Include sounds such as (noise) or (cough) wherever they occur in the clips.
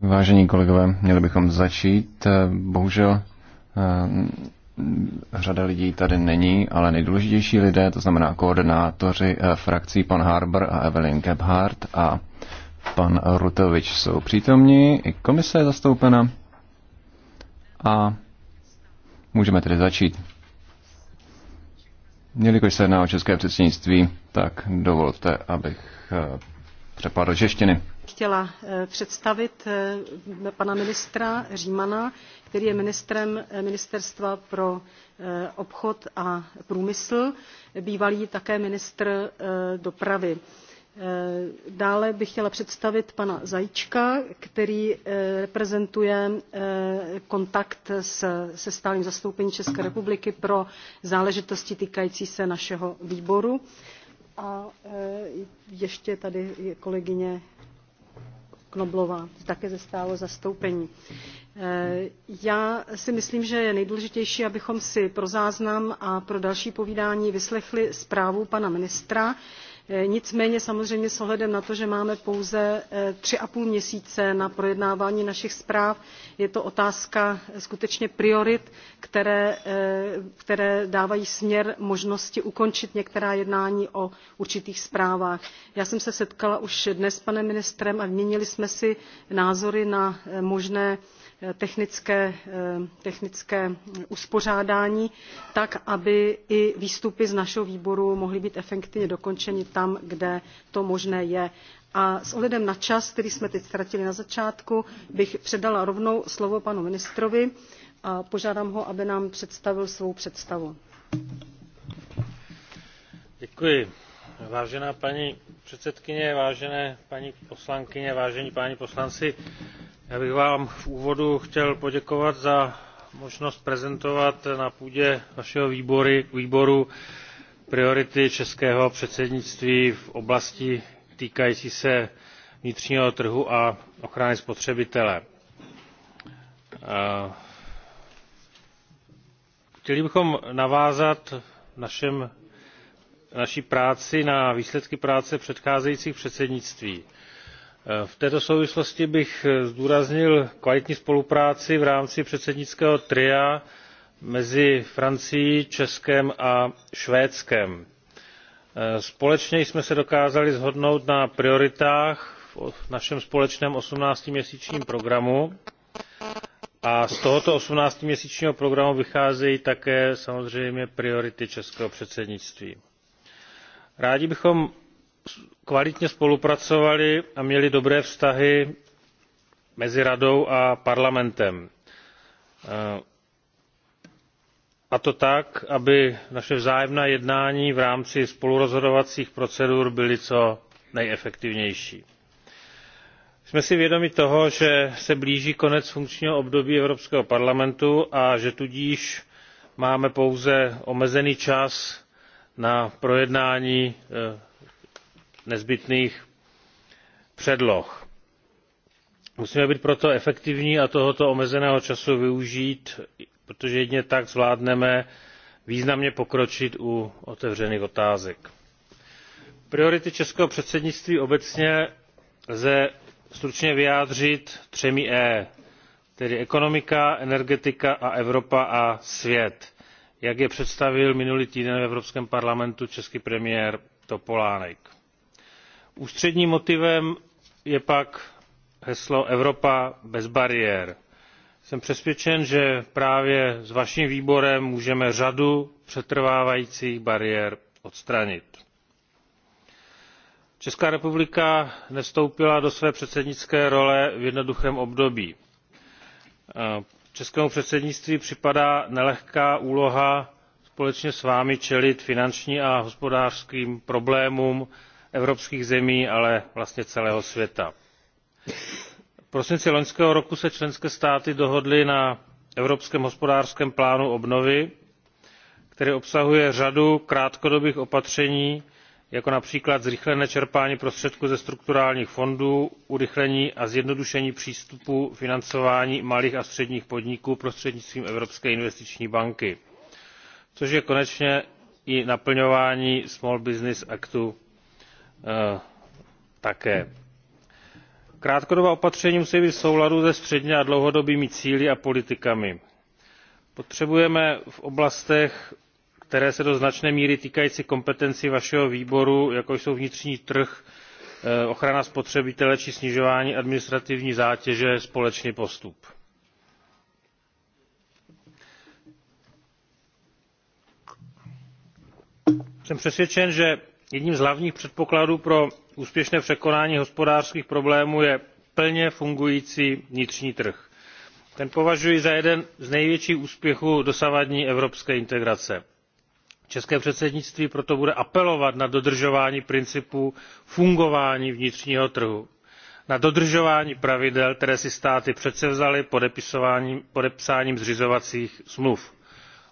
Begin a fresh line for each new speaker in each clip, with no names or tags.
Vážení kolegové, měli bychom začít. Eh, bohužel eh, řada lidí tady není, ale nejdůležitější lidé, to znamená koordinátoři eh, frakcí pan Harbour a Evelyn Gebhardt a pan Rutovič jsou přítomní, i komise je zastoupena a můžeme tedy začít. Jelikož se jedná o české předsednictví, tak dovolte, abych eh, přepadl češtiny.
Chtěla eh, představit eh, pana ministra Římana, který je ministrem Ministerstva pro obchod a průmysl, bývalý také ministr dopravy Eh, dále bych chtěla představit pana Zajíčka, který eh, reprezentuje eh, kontakt se, stálým zastoupením České republiky pro záležitosti týkající se našeho výboru. A ještě tady je kolegyně Knoblová, také ze stálo zastoupení. Já si myslím, že je nejdůležitější, abychom si pro záznam a pro další povídání vyslechli zprávu pana ministra, Eh, nicméně samozřejmě s ohledem na to že máme pouze eh, tři a půl měsíce na projednávání našich zpráv je to otázka eh, skutečně priorit které, dávají směr možnosti ukončit některá jednání o určitých zprávách. já jsem se setkala už dnes s panem ministrem a vyměnili jsme si názory na možné Eh, technické, uspořádání tak aby i výstupy z našeho výboru mohly být efektivně dokončeny tam kde to možné je. a s ohledem na čas který jsme teď ztratili na začátku bych předala rovnou slovo panu ministrovi a požádám ho aby nám představil svou představu.
Děkuji. vážená paní předsedkyně vážené paní poslankyně vážení páni poslanci já bych vám v úvodu chtěl poděkovat za možnost prezentovat na půdě vašeho výboru priority českého předsednictví v oblasti týkající se vnitřního trhu a ochrany spotřebitele. Eh, chtěli bychom navázat naši naší práci na výsledky práce předcházejících předsednictví v této souvislosti bych zdůraznil kvalitní spolupráci v rámci předsednického tria mezi francií českem a švédskem. společně jsme se dokázali shodnout na prioritách v našem společném osmnáctiměsíčním programu a z tohoto osmnáctiměsíčního programu vycházejí také samozřejmě priority českého předsednictví. rádi bychom kvalitně spolupracovali a měli dobré vztahy mezi radou a parlamentem eh, a to tak aby naše vzájemná jednání v rámci spolurozhodovacích procedur byla co nejefektivnější. jsme si vědomi toho že se blíží konec funkčního období evropského parlamentu a že tudíž máme pouze omezený čas na projednání eh, nezbytných předloh. musíme být proto efektivní a tohoto omezeného času využít protože jedině tak zvládneme významně pokročit u otevřených otázek. priority českého předsednictví obecně lze stručně vyjádřit třemi e tedy ekonomika energetika a evropa a svět jak je představil minulý týden v evropském parlamentu český premiér topolánek ústředním motivem je pak heslo evropa bez bariér. jsem přesvědčen že právě s vaším výborem můžeme řadu přetrvávajících bariér odstranit. česká republika nevstoupila do své předsednické role v jednoduchém období. Eh, českému předsednictví připadá nelehká úloha společně s vámi čelit finančním a hospodářským problémům evropských zemí ale vlastně celého světa. v prosinci loňského roku se členské státy dohodly na evropském hospodářském plánu obnovy který obsahuje řadu krátkodobých opatření jako například zrychlené čerpání prostředků ze strukturálních fondů urychlení a zjednodušení přístupu k financování malých a středních podniků prostřednictvím evropské investiční banky což je konečně i naplňování small business actu Eh, také. krátkodobá opatření musí být v souladu se středně a dlouhodobými cíli a politikami. potřebujeme v oblastech které se do značné míry týkají kompetencí vašeho výboru jako jsou vnitřní trh eh, ochrana spotřebitele či snižování administrativní zátěže společný postup. jsem přesvědčen že jedním z hlavních předpokladů pro úspěšné překonání hospodářských problémů je plně fungující vnitřní trh. ten považuji za jeden z největších úspěchů dosavadní evropské integrace. české předsednictví proto bude apelovat na dodržování principu fungování vnitřního trhu na dodržování pravidel která si státy předsevzaly podepsáním zřizovacích smluv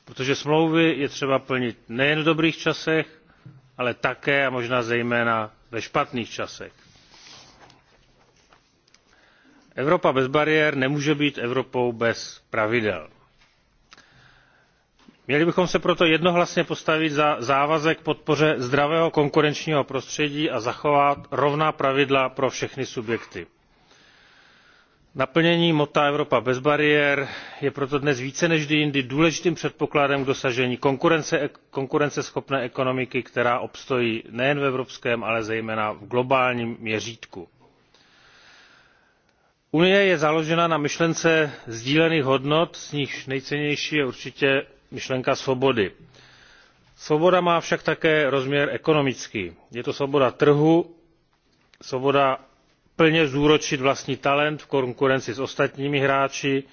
protože smlouvy je třeba plnit nejen v dobrých časech ale také a možná zejména ve špatných časech. evropa bez bariér nemůže být evropou bez pravidel. měli bychom se proto jednohlasně postavit za závazek k podpoře zdravého konkurenčního prostředí a zachovat rovná pravidla pro všechny subjekty naplnění motta evropa bez bariér je proto dnes více než kdy jindy důležitým předpokladem k dosažení konkurenceschopné ekonomiky která obstojí nejen v evropském ale zejména v globálním měřítku. unie je založena na myšlence sdílených hodnot z nichž nejcennější je určitě myšlenka svobody. svoboda má však také rozměr ekonomický je to svoboda trhu svoboda plně zúročit vlastní talent v konkurenci s ostatními hráči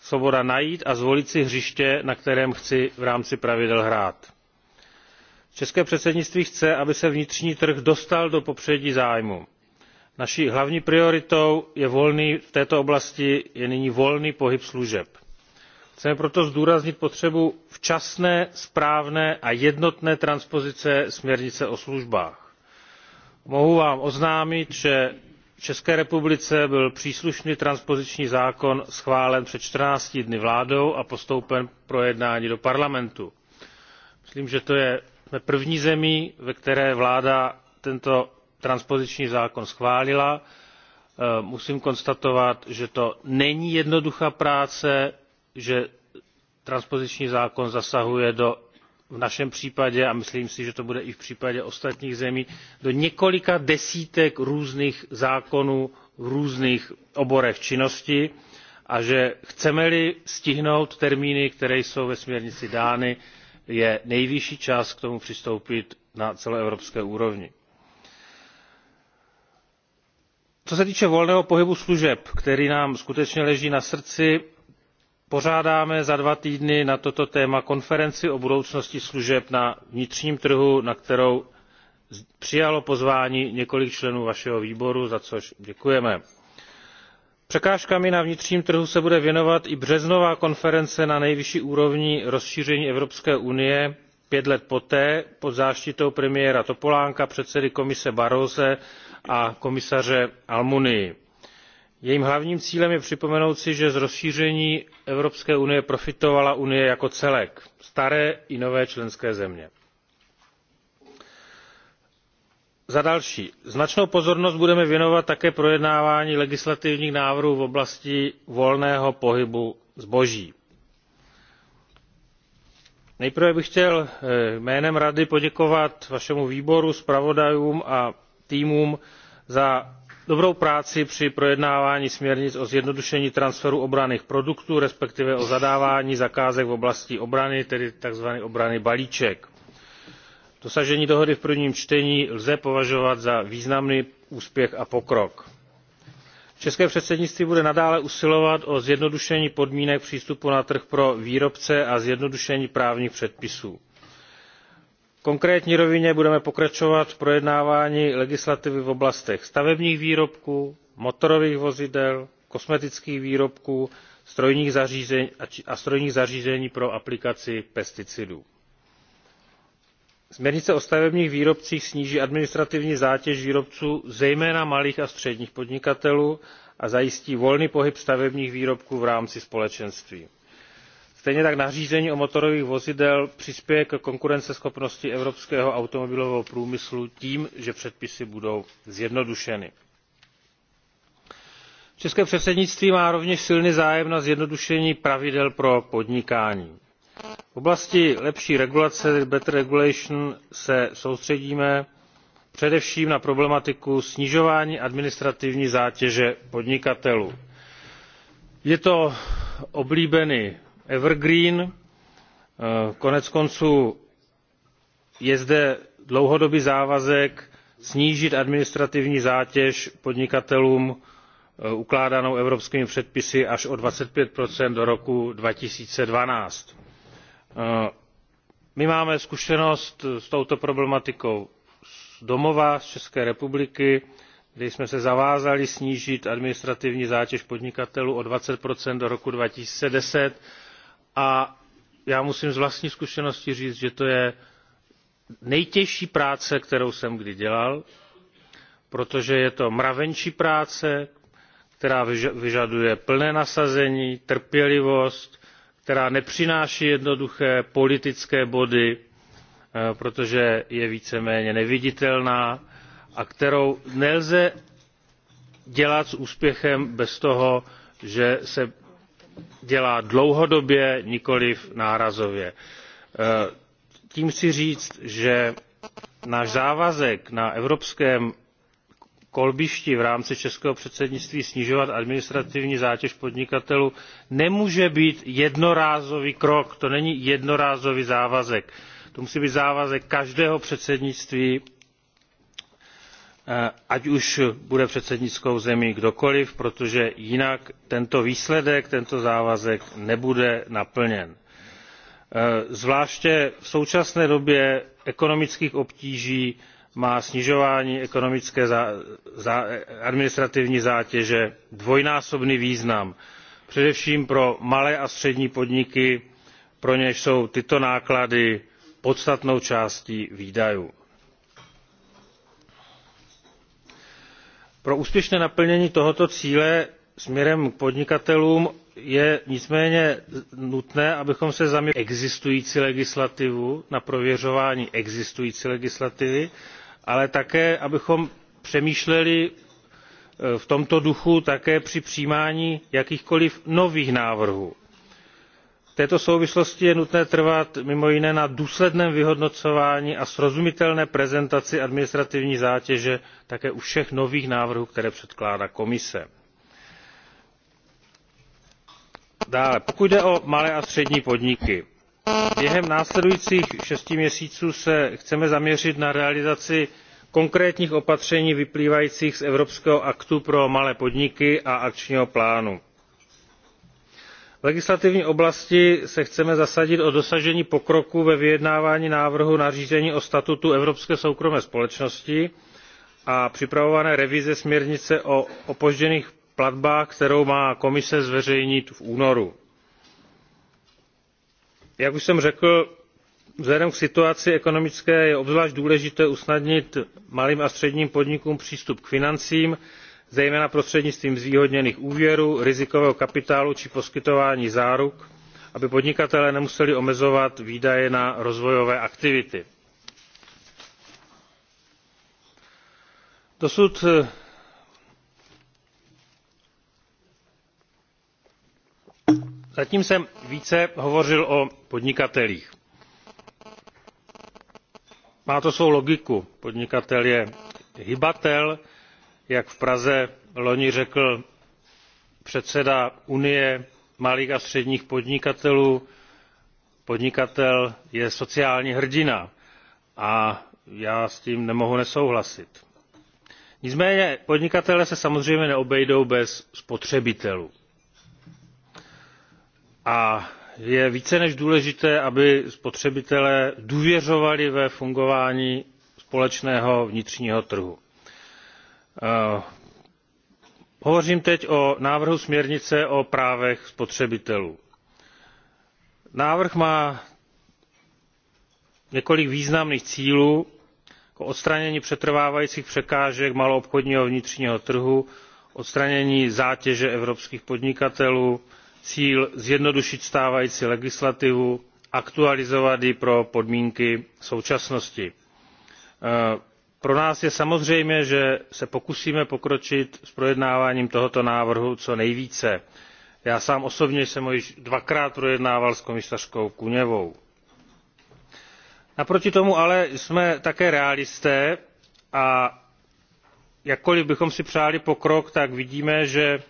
svoboda najít a zvolit si hřiště na kterém chci v rámci pravidel hrát. české předsednictví chce aby se vnitřní trh dostal do popředí zájmu. naší hlavní prioritou je v této oblasti je nyní volný pohyb služeb. chceme proto zdůraznit potřebu včasné správné a jednotné transpozice směrnice o službách. mohu vám oznámit že v české republice byl příslušný transpoziční zákon schválen před čtrnácti dny vládou a postoupen k projednání do parlamentu. myslím že jsme první zemí ve které vláda tento transpoziční zákon schválila. E, musím konstatovat že to není jednoduchá práce že transpoziční zákon zasahuje do v našem případě a myslím si že to bude i v případě ostatních zemí do několika desítek různých zákonů v různých oborech činnosti a že chceme li stihnout termíny které jsou ve směrnici dány je nejvyšší čas k tomu přistoupit na celoevropské úrovni. co se týče volného pohybu služeb který nám skutečně leží na srdci pořádáme za dva týdny na toto téma konferenci o budoucnosti služeb na vnitřním trhu na kterou přijalo pozvání několik členů vašeho výboru za což děkujeme. překážkám na vnitřním trhu se bude věnovat i březnová konference na nejvyšší úrovni rozšíření evropské unie pět let poté pod záštitou premiéra topolánka předsedy komise barrosa a komisaře almuniho jejím hlavním cílem je připomenout si že z rozšíření evropské unie profitovala unie jako celek staré i nové členské země. za další značnou pozornost budeme věnovat také projednávání legislativních návrhů v oblasti volného pohybu zboží. nejprve bych chtěl eh, jménem rady poděkovat vašemu výboru zpravodajům a týmům za dobrou práci při projednávání směrnic o zjednodušení transferu obranných produktů respektive o zadávání zakázek v oblasti obrany tedy tzv. obranný balíček. dosažení dohody v prvním čtení lze považovat za významný úspěch a pokrok. české předsednictví bude nadále usilovat o zjednodušení podmínek přístupu na trh pro výrobce a zjednodušení právních předpisů konkrétní rovině budeme pokračovat v projednávání legislativy v oblastech stavebních výrobků motorových vozidel kosmetických výrobků a strojních zařízení pro aplikaci pesticidů. směrnice o stavebních výrobcích sníží administrativní zátěž výrobců zejména malých a středních podnikatelů a zajistí volný pohyb stavebních výrobků v rámci společenství stejně tak nařízení o motorových vozidlech přispěje ke konkurenceschopnosti evropského automobilového průmyslu tím že předpisy budou zjednodušeny. české předsednictví má rovněž silný zájem na zjednodušení pravidel pro podnikání. v oblasti lepší regulace better regulation se soustředíme především na problematiku snižování administrativní zátěže podnikatelů. je to oblíbený evergreen eh, konec konců je zde dlouhodobý závazek snížit administrativní zátěž podnikatelům eh, ukládanou evropskými předpisy až o twenty five do roku. two thousand and twelve my máme zkušenost s touto problematikou z domova z české republiky kde jsme se zavázali snížit administrativní zátěž podnikatelů o twenty do roku two thousand and ten a já musím z vlastní zkušenosti říct že to je nejtěžší práce kterou jsem kdy dělal protože je to mravenčí práce která vyžaduje plné nasazení trpělivost která nepřináší jednoduché politické body eh, protože je víceméně neviditelná a kterou nelze dělat s úspěchem bez toho že se dělá dlouhodobě nikoliv nárazově. E, tím chci říct že náš závazek na evropském kolbišti v rámci českého předsednictví snižovat administrativní zátěž podnikatelů nemůže být jednorázový krok to není jednorázový závazek to musí být závazek každého předsednictví Eh, ať už bude předsednickou zemí kdokoliv protože jinak tento výsledek tento závazek nebude naplněn. Eh, zvláště v současné době ekonomických obtíží má snižování administrativní zátěže dvojnásobný význam především pro malé a střední podniky pro něž jsou tyto náklady podstatnou částí výdajů pro úspěšné naplnění tohoto cíle směrem k podnikatelům je nicméně nutné abychom se zaměřili na existující legislativu na prověřování existující legislativy ale také abychom přemýšleli e, v tomto duchu také při přijímání jakýchkoliv nových návrhů této souvislosti je nutné trvat mimo jiné na důsledném vyhodnocování a srozumitelné prezentaci administrativní zátěže také u všech nových návrhů které předkládá komise. dále pokud jde o malé a střední podniky během následujících šesti měsíců se chceme zaměřit na realizaci konkrétních opatření vyplývajících z evropského aktu pro malé podniky a akčního plánu v legislativní oblasti se chceme zasadit o dosažení pokroku ve vyjednávání návrhu nařízení o statutu evropské soukromé společnosti a připravované revize směrnice o opožděných platbách kterou má komise zveřejnit v únoru. jak už jsem řekl vzhledem k situaci ekonomické je obzvlášť důležité usnadnit malým a středním podnikům přístup k financím zejména prostřednictvím zvýhodněných úvěrů rizikového kapitálu či poskytování záruk aby podnikatelé nemuseli omezovat výdaje na rozvojové aktivity. dosud eh, zatím jsem více hovořil o podnikatelích. má to svou logiku podnikatel je hybatel jak v praze loni řekl předseda unie malých a středních podnikatelů podnikatel je sociální hrdina a já s tím nemohu nesouhlasit. nicméně podnikatelé se samozřejmě neobejdou bez spotřebitelů a je více než důležité aby spotřebitelé důvěřovali ve fungování společného vnitřního trhu Eh, hovořím teď o návrhu směrnice o právech spotřebitelů. návrh má několik významných cílů jako odstranění přetrvávajících překážek maloobchodního vnitřního trhu odstranění zátěže evropských podnikatelů cíl zjednodušit stávající legislativu aktualizovat ji pro podmínky současnosti. Eh, pro nás je samozřejmé že se pokusíme pokročit s projednáváním tohoto návrhu co nejvíce. já sám osobně jsem ho již dvakrát projednával s komisařkou kuněvou. naproti tomu ale jsme také realisté a jakkoliv bychom si přáli pokrok tak vidíme že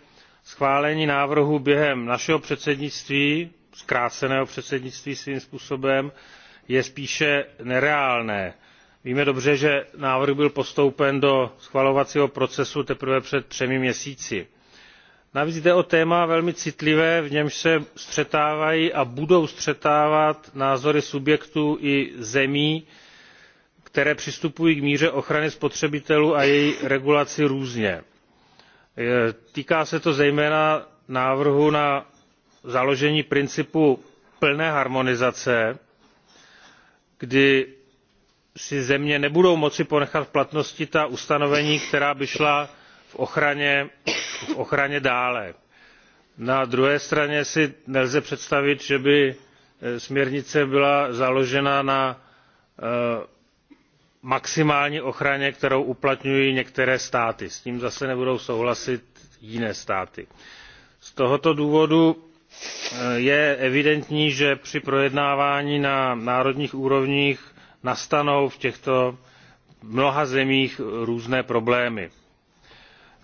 schválení návrhu během našeho předsednictví zkráceného předsednictví svým způsobem je spíše nereálné víme dobře že návrh byl postoupen do schvalovacího procesu teprve před třemi měsíci. navíc jde o téma velmi citlivé v němž se střetávají a budou střetávat názory subjektů i zemí které přistupují k míře ochrany spotřebitelů a její regulaci různě. E, týká se to zejména návrhu na založení principu plné harmonizace kdy si země nebudou moci ponechat v platnosti ta ustanovení která by šla v ochraně, dále. na druhé straně si nelze představit že by eh, směrnice byla založena na eh, maximální ochraně kterou uplatňují některé státy s tím zase nebudou souhlasit jiné státy. z tohoto důvodu eh, je evidentní že při projednávání na národních úrovních nastanou v těchto mnoha zemích různé problémy.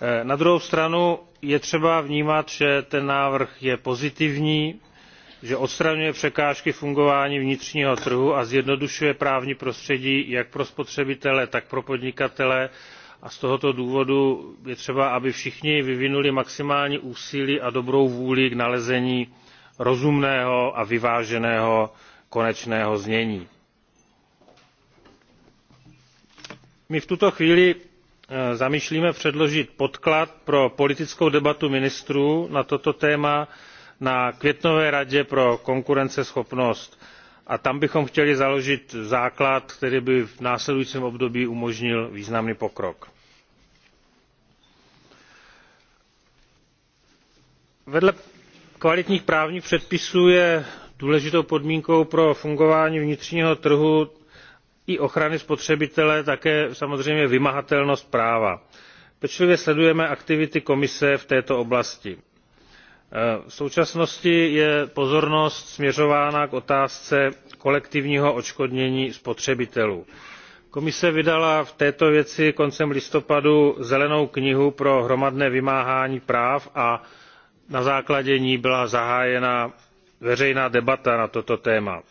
E, na druhou stranu je třeba vnímat že ten návrh je pozitivní že odstraňuje překážky fungování vnitřního trhu a zjednodušuje právní prostředí jak pro spotřebitele tak pro podnikatele a z tohoto důvodu je třeba aby všichni vyvinuli maximální úsilí a dobrou vůli k nalezení rozumného a vyváženého konečného znění. my v tuto chvíli eh, zamýšlíme předložit podklad pro politickou debatu ministrů na toto téma na květnové radě pro konkurenceschopnost a tam bychom chtěli založit základ který by v následujícím období umožnil významný pokrok. vedle kvalitních právních předpisů je důležitou podmínkou pro fungování vnitřního trhu i ochrany spotřebitele také samozřejmě vymahatelnost práva. pečlivě sledujeme aktivity komise v této oblasti. E, v současnosti je pozornost směřována k otázce kolektivního odškodnění spotřebitelů. komise vydala v této věci koncem listopadu zelenou knihu pro hromadné vymáhání práv a na základě ní byla zahájena veřejná debata na toto téma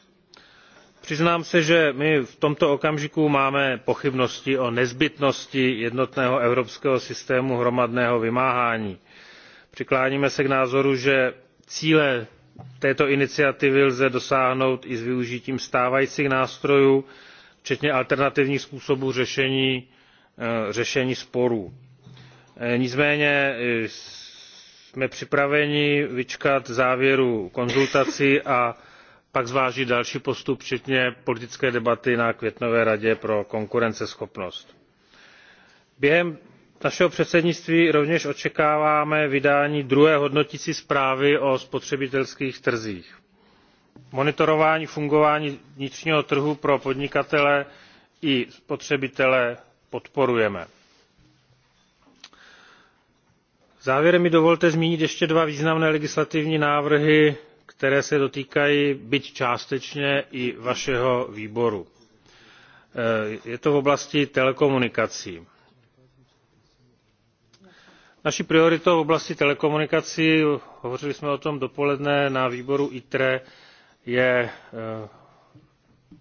přiznám se že my v tomto okamžiku máme pochybnosti o nezbytnosti jednotného evropského systému hromadného vymáhání. přikláníme se k názoru že cíle této iniciativy lze dosáhnout i s využitím stávajících nástrojů včetně alternativních způsobů řešení, eh, sporů. Eh, nicméně eh, jsme připraveni vyčkat závěrů konzultací a pak zváží další postup včetně politické debaty na květnové radě pro konkurenceschopnost. během našeho předsednictví rovněž očekáváme vydání druhé hodnotící zprávy o spotřebitelských trzích. monitorování fungování vnitřního trhu pro podnikatele i spotřebitele podporujeme. závěrem mi dovolte zmínit ještě dva významné legislativní návrhy které se dotýkají byť částečně i vašeho výboru. Eh, je to v oblasti telekomunikací. naší prioritou v oblasti telekomunikací hovořili jsme o tom dopoledne na výboru itre je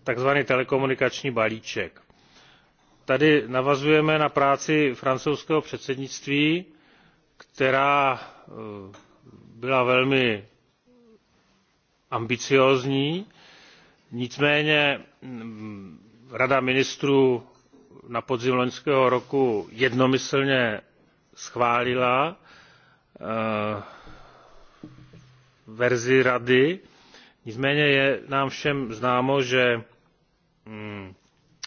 eh, tzv. telekomunikační balíček. tady navazujeme na práci francouzského předsednictví která eh, byla velmi ambiciózní nicméně mm, rada ministrů na podzim loňského roku jednomyslně schválila eh, verzi rady nicméně je nám všem známo že mm,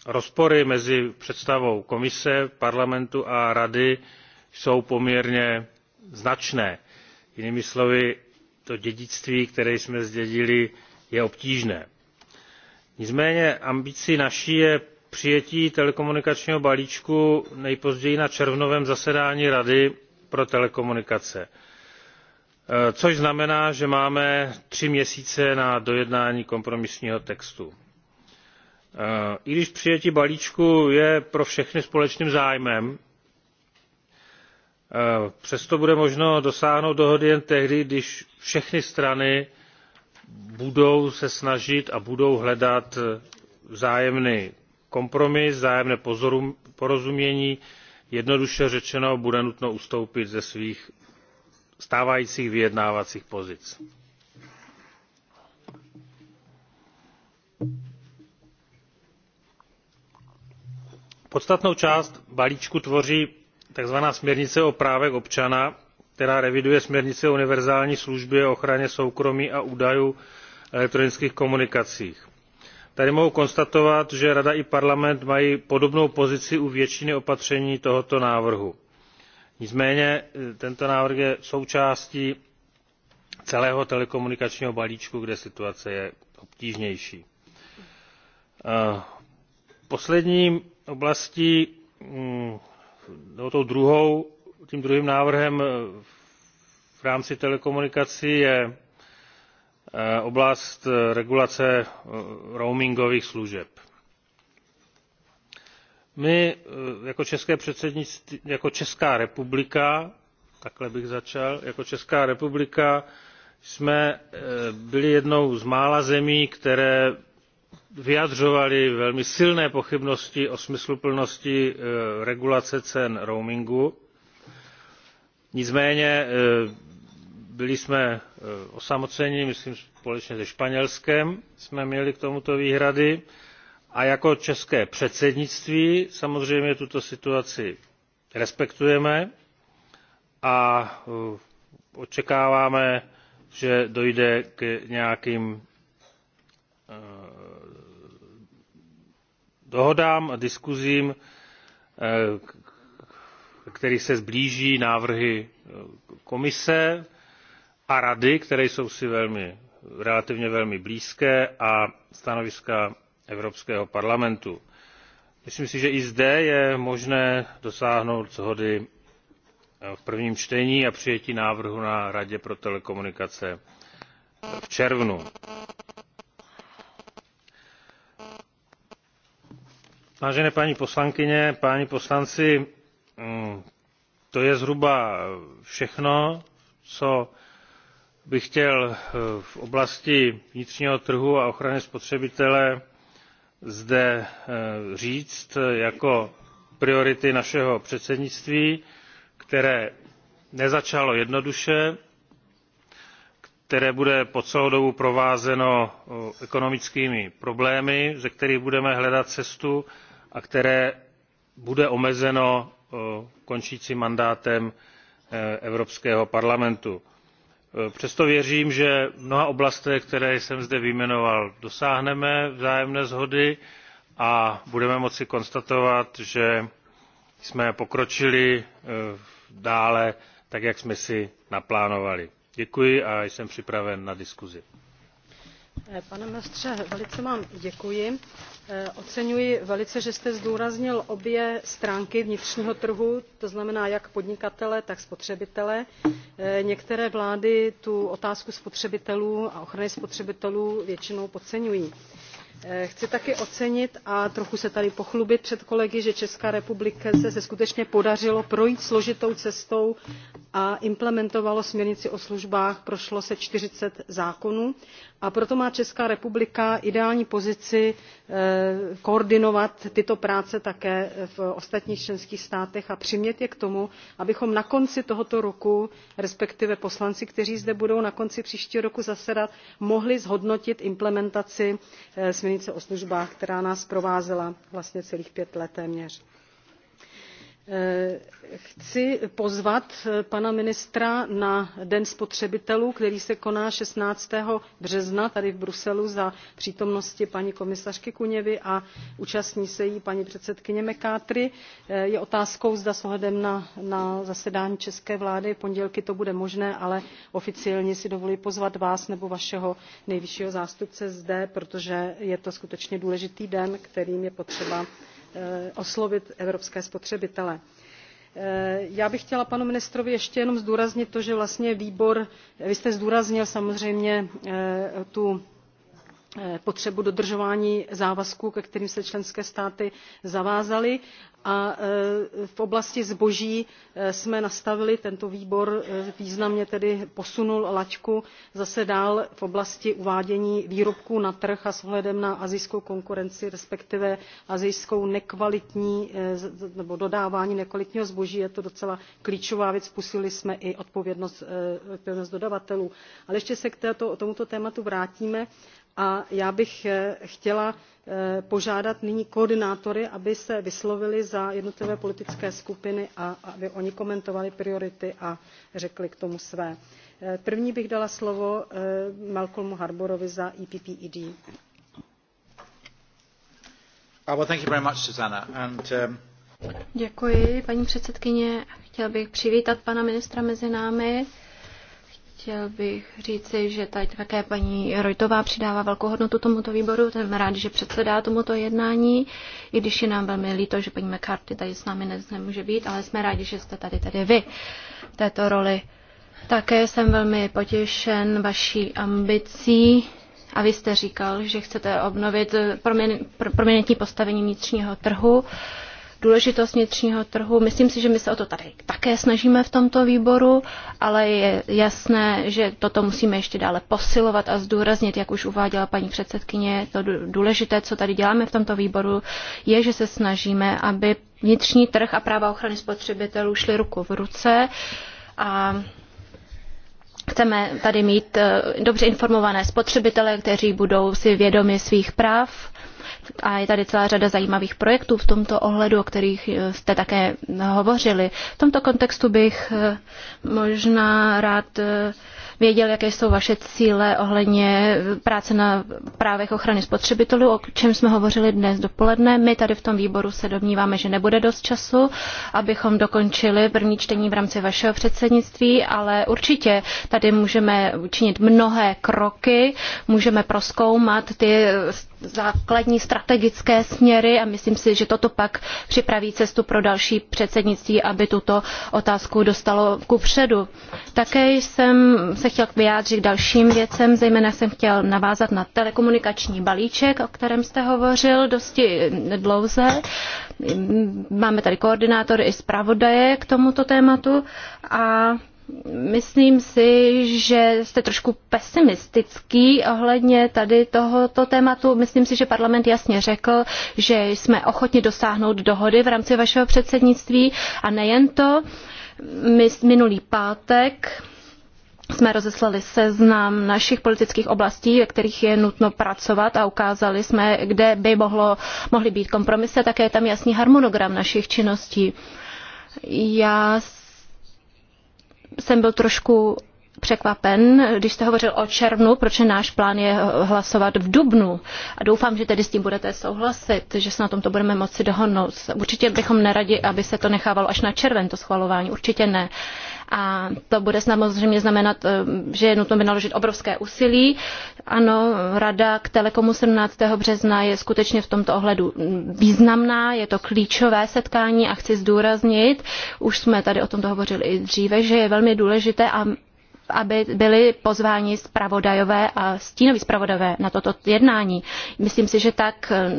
rozpory mezi představou komise parlamentu a rady jsou poměrně značné. jinými slovy to dědictví které jsme zdědili je obtížné. nicméně ambicí naší je přijetí telekomunikačního balíčku nejpozději na červnovém zasedání rady pro telekomunikace e, což znamená že máme tři měsíce na dojednání kompromisního textu. E, i když přijetí balíčku je pro všechny společným zájmem e, přesto bude možno dosáhnout dohody jen tehdy když všechny strany budou se snažit a budou hledat vzájemný kompromis vzájemné porozumění jednoduše řečeno bude nutno ustoupit ze svých stávajících vyjednávacích pozic. podstatnou část balíčku tvoří tzv. směrnice o právech občana která reviduje směrnici o univerzální službě o ochraně soukromí a údajů v elektronických komunikacích. tady mohu konstatovat že rada i parlament mají podobnou pozici u většiny opatření tohoto návrhu. nicméně eh, tento návrh je součástí celého telekomunikačního balíčku kde situace je obtížnější. Eh, poslední oblastí mm, nebo tou druhou tím druhým návrhem eh, v rámci telekomunikací je eh, oblast eh, regulace roamingových služeb. my jako české předsednictví jako česká republika takhle bych začal jako česká republika jsme byli jednou z mála zemí které vyjadřovaly velmi silné pochybnosti o smysluplnosti regulace cen roamingu nicméně eh, byli jsme eh, osamoceni myslím společně se španělskem jsme měli k tomuto výhrady a jako české předsednictví samozřejmě tuto situaci respektujeme a eh, očekáváme že dojde k nějakým dohodám a diskusím který se sblíží návrhy eh, komise a rady které jsou si velmi, relativně velmi blízké a stanoviska evropského parlamentu. myslím si že i zde je možné dosáhnout shody eh, v prvním čtení a přijetí návrhu na radě pro telekomunikace v červnu. vážené paní poslankyně páni poslanci Mm, to je zhruba všechno co bych chtěl eh, v oblasti vnitřního trhu a ochrany spotřebitele zde eh, říct jako priority našeho předsednictví které nezačalo jednoduše které bude po celou dobu provázeno eh, ekonomickými problémy ze kterých budeme hledat cestu a které bude omezeno končícím mandátem eh, evropského parlamentu. Eh, přesto věřím že v mnoha oblastech které jsem zde vyjmenoval dosáhneme vzájemné shody a budeme moci konstatovat že jsme pokročili eh, dále tak jak jsme si naplánovali. děkuji a jsem připraven na diskusi.
Eh, pane ministře, velice vám děkuji. Eh, oceňuji velice, že jste zdůraznil obě stránky vnitřního trhu, to znamená jak podnikatele, tak spotřebitele. Eh, některé vlády tu otázku spotřebitelů a ochrany spotřebitelů většinou podceňují chci také ocenit a trochu se tady pochlubit před kolegy že české republice se skutečně podařilo projít složitou cestou a implementovalo směrnici o službách prošlo se forty zákonů a proto má česká republika ideální pozici eh, koordinovat tyto práce také v ostatních členských státech a přimět je k tomu abychom na konci tohoto roku respektive poslanci kteří zde budou na konci příštího roku zasedat mohli zhodnotit implementaci eh, směrnice o službách která nás provázela vlastně celých pět let téměř. Eh, chci pozvat eh, pana ministra na den spotřebitelů který se koná. sixteen března tady v bruselu za přítomnosti paní komisařky kunevy a účastní se jí paní předsedkyně mccarthyová. Eh, je otázkou zda s ohledem na, na zasedání české vlády v pondělí to bude možné ale oficiálně si dovoluji pozvat vás nebo vašeho nejvyššího zástupce zde protože je to skutečně důležitý den kterým je potřeba Eh, oslovit evropské spotřebitele. Eh, já bych chtěla panu ministrovi ještě jenom zdůraznit to, že vlastně výbor, vy jste zdůraznil samozřejmě eh, tu Eh, potřebu dodržování závazků ke kterým se členské státy zavázaly a eh, v oblasti zboží eh, jsme nastavili tento výbor významně tedy posunul laťku zase dál v oblasti uvádění výrobků na trh a s ohledem na asijskou konkurenci respektive asijskou nekvalitní nebo dodávání nekvalitního zboží je to docela klíčová věc posílili jsme i odpovědnost, dodavatelů. ale ještě se k tomuto tématu vrátíme a já bych eh, chtěla eh, požádat nyní koordinátory aby se vyslovili za jednotlivé politické skupiny a aby oni komentovali priority a řekli k tomu své. Eh, první bych dala slovo malcolmu harbourovi za epped.
Uh, um,
Děkuji, paní předsedkyně. Chtěl
bych přivítat pana ministra mezi námi. Chtěl bych říci, že tady také paní Rojtová přidává velkou hodnotu tomuto výboru. Jsem rád, že předsedá tomuto jednání, i když je nám velmi líto, že paní McCarthy tady s námi dnes nemůže být, ale jsme rádi, že jste tady tady vy v této roli. Také jsem velmi potěšen vaší ambicí a vy jste říkal, že chcete obnovit proměn, proměnitní postavení vnitřního trhu. Uh, důležitost vnitřního trhu. Myslím si, že my se o to tady také snažíme v tomto výboru, ale je jasné, že toto musíme ještě dále posilovat a zdůraznit, jak už uváděla paní předsedkyně. To důležité, co tady děláme v tomto výboru, je, že se snažíme, aby vnitřní trh a práva ochrany spotřebitelů šly ruku v ruce. A chceme tady mít eh, dobře informované spotřebitele, kteří budou si vědomi svých práv a je tady celá řada zajímavých projektů v tomto ohledu, o kterých eh, jste také hovořili. V tomto kontextu bych eh, možná rád eh, věděl, jaké jsou vaše cíle ohledně práce na právech ochrany spotřebitelů, o čem jsme hovořili dnes dopoledne. My tady v tom výboru se domníváme, že nebude dost času, abychom dokončili první čtení v rámci vašeho předsednictví, ale určitě tady můžeme učinit mnohé kroky, můžeme proskoumat ty základní strategické směry a myslím si, že toto pak připraví cestu pro další předsednictví, aby tuto otázku dostalo kupředu. Také jsem se chtěla vyjádřit k dalším věcem, zejména jsem chtěl navázat na telekomunikační balíček, o kterém jste hovořil dosti dlouze. Máme tady koordinátory i zpravodaje k tomuto tématu a myslím si, že jste trošku pesimistický ohledně tady tohoto tématu. Myslím si, že parlament jasně řekl, že jsme ochotni dosáhnout dohody v rámci vašeho předsednictví a nejen to. My minulý pátek jsme rozeslali seznam našich politických oblastí, ve kterých je nutno pracovat a ukázali jsme, kde by mohlo, mohly být kompromisy, také je tam jasný harmonogram našich činností. Já jsem byl trošku překvapen, když jste hovořil o červnu, proč náš plán je hlasovat v dubnu. A doufám, že tedy s tím budete souhlasit, že se na tomto to budeme moci dohodnout. Určitě bychom neradi, aby se to nechávalo až na červen, to schvalování. Určitě ne a to bude samozřejmě znamenat, eh, že je nutno vynaložit obrovské úsilí. Ano, rada k Telekomu 17. března je skutečně v tomto ohledu významná, je to klíčové setkání a chci zdůraznit, už jsme tady o tomto hovořili i dříve, že je velmi důležité a aby byli pozváni zpravodajové a stínoví zpravodajové na toto jednání. Myslím si, že tak, eh,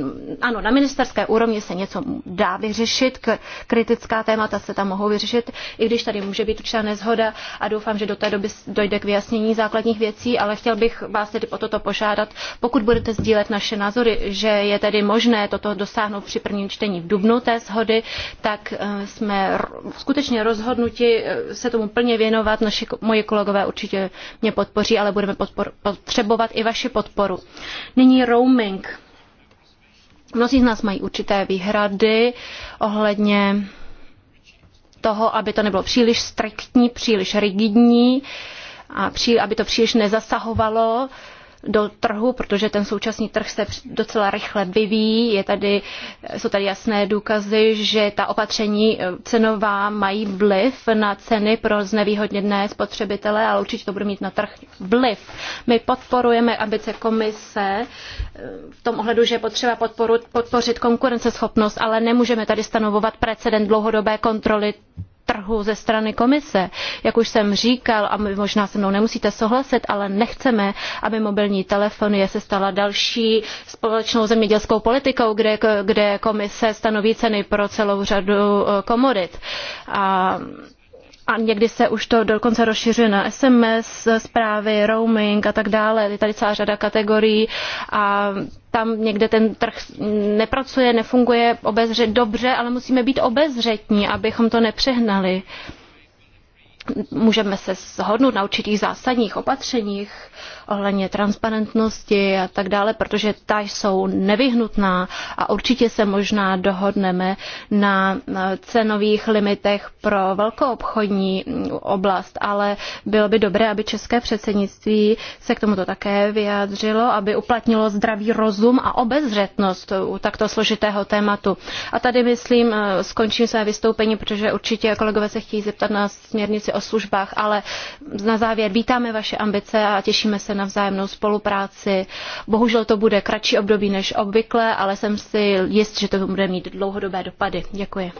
ano, na ministerské úrovni se něco dá vyřešit, kritická témata se tam mohou vyřešit, i když tady může být určitá nezhoda a doufám, že do té doby dojde k vyjasnění základních věcí, ale chtěl bych vás tedy o toto požádat, pokud budete sdílet naše názory, že je tedy možné toto dosáhnout při prvním čtení v dubnu té shody, tak eh, jsme skutečně rozhodnuti eh, se tomu plně věnovat, naši, moji kolegové kolegové určitě mě podpoří, ale budeme podpor- potřebovat i vaši podporu. Nyní roaming. Mnozí z nás mají určité výhrady ohledně toho, aby to nebylo příliš striktní, příliš rigidní a aby to příliš nezasahovalo uh, do trhu, protože ten současný trh se docela rychle vyvíjí. Je tady, jsou tady jasné důkazy, že ta opatření e, cenová mají vliv na ceny pro znevýhodněné spotřebitele, ale určitě to bude mít na trh vliv. My podporujeme se komise e, v tom ohledu, že je potřeba podporu, podpořit konkurenceschopnost, ale nemůžeme tady stanovovat precedent dlouhodobé kontroly trhu ze strany komise. Jak už jsem říkal, a možná se mnou nemusíte souhlasit, ale nechceme, aby mobilní telefonie se stala další společnou zemědělskou politikou, kde, kde komise stanoví ceny pro celou řadu eh, komodit. A a někdy se už to dokonce rozšiřuje na SMS, zprávy, roaming a tak dále. Je tady celá řada kategorií a tam někde ten trh nepracuje, nefunguje obezře, dobře, ale musíme být obezřetní, abychom to nepřehnali. Můžeme se shodnout na určitých zásadních opatřeních, ohledně transparentnosti a tak dále, protože ta jsou nevyhnutná a určitě se možná dohodneme na cenových limitech pro velkoobchodní oblast, ale bylo by dobré, aby české předsednictví se k tomuto také vyjádřilo, aby uplatnilo zdravý rozum a obezřetnost u takto složitého tématu. A tady, myslím, skončím své vystoupení, protože určitě kolegové se chtějí zeptat na směrnici o službách, ale na závěr vítáme vaše ambice a těšíme se na vzájemnou spolupráci. Bohužel to bude kratší období než obvykle, ale jsem si jist, že to bude mít dlouhodobé dopady. Děkuji.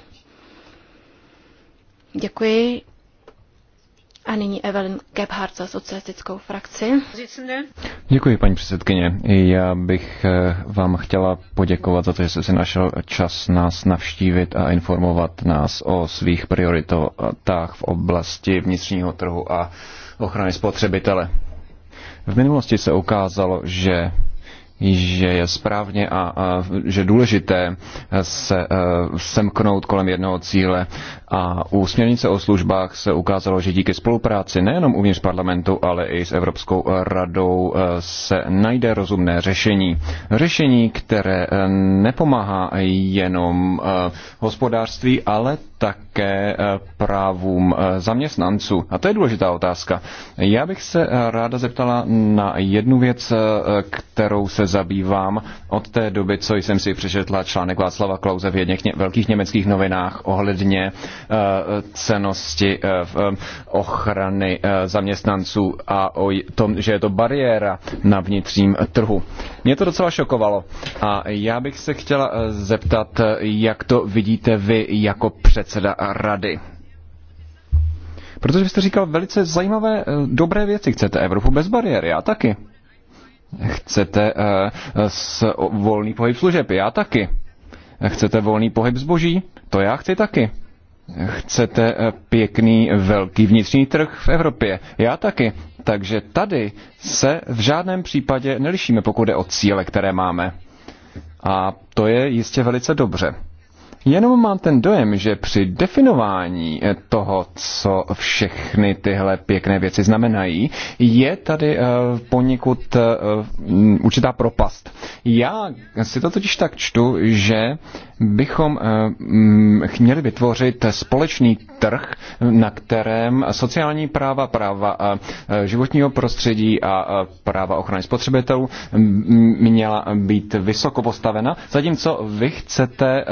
Děkuji. A nyní Evelyn Gebhardt za socialistickou frakci.
Děkuji, paní předsedkyně. Já bych eh, vám chtěla poděkovat za to, že jste si našel čas nás navštívit a informovat nás o svých prioritách v oblasti vnitřního trhu a ochrany spotřebitele. V minulosti se ukázalo, že že je správně a, a že důležité se e, semknout kolem jednoho cíle. A u směrnice o službách se ukázalo, že díky spolupráci nejenom uvnitř parlamentu, ale i s Evropskou radou e, se najde rozumné řešení. Řešení, které e, nepomáhá jenom hospodářství, ale také právům zaměstnanců. A to je důležitá otázka. Já bych se ráda zeptala na jednu věc, kterou se zabývám od té doby, co jsem si přečetla článek Václava Klauze v ně- velkých německých novinách ohledně eh, cenosti eh, eh, ochrany zaměstnanců a o tom, že je to bariéra na vnitřním trhu. Mě to docela šokovalo a já bych se chtěla zeptat, jak to vidíte vy jako předseda rady. Protože vy jste říkal velice zajímavé, dobré věci. Chcete Evropu bez bariéry, já taky. Chcete eh, s volný pohyb služeb? Já taky. Chcete volný pohyb zboží? To já chci taky. Chcete eh, pěkný velký vnitřní trh v Evropě? Já taky. Takže tady se v žádném případě nelišíme, pokud je o cíle, které máme. A to je jistě velice dobře. Jenom mám ten dojem, že při definování eh, toho, co všechny tyhle pěkné věci znamenají, je tady eh, poněkud eh, mm, určitá propast. Já si to totiž tak čtu, že bychom měli mm, vytvořit společný trh, na kterém sociální práva, práva životního prostředí a práva ochrany spotřebitelů mm, měla být vysoko postavena, zatímco vy chcete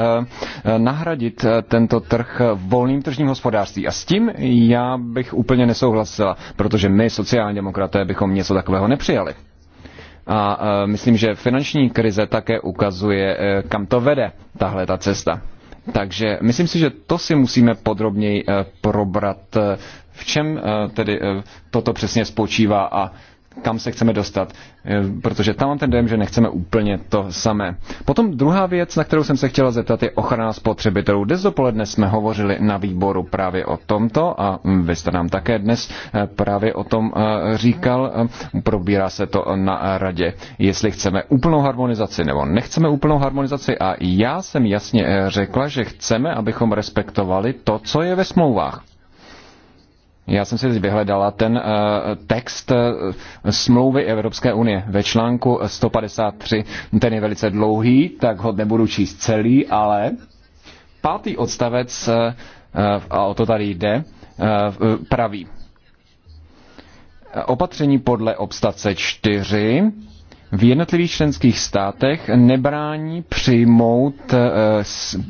nahradit eh, tento trh eh, volným tržním hospodářství. A s tím já bych úplně nesouhlasila, protože my, sociální demokraté, bychom něco takového nepřijali. A eh, myslím, že finanční krize také ukazuje, kam to vede tahle ta cesta. Takže myslím si, že to si musíme podrobněji probrat, v čem tedy toto přesně spočívá a kam se chceme dostat, eh, protože tam mám ten dojem, že nechceme úplně to samé. Potom druhá věc, na kterou jsem se chtěla zeptat, je ochrana spotřebitelů. Dnes dopoledne jsme hovořili na výboru právě o tomto a vy jste nám také dnes eh, právě o tom eh, říkal. Probírá se to na radě, jestli chceme úplnou harmonizaci nebo nechceme úplnou harmonizaci a já jsem jasně řekla, že chceme, abychom respektovali to, co je ve smlouvách. Já jsem si vyhledala ten eh, text eh, smlouvy Evropské unie ve článku 153. Ten je velice dlouhý, tak ho nebudu číst celý, ale pátý odstavec, eh, a o to tady jde, praví. Opatření podle obstace 4 v jednotlivých členských státech nebrání přijmout eh,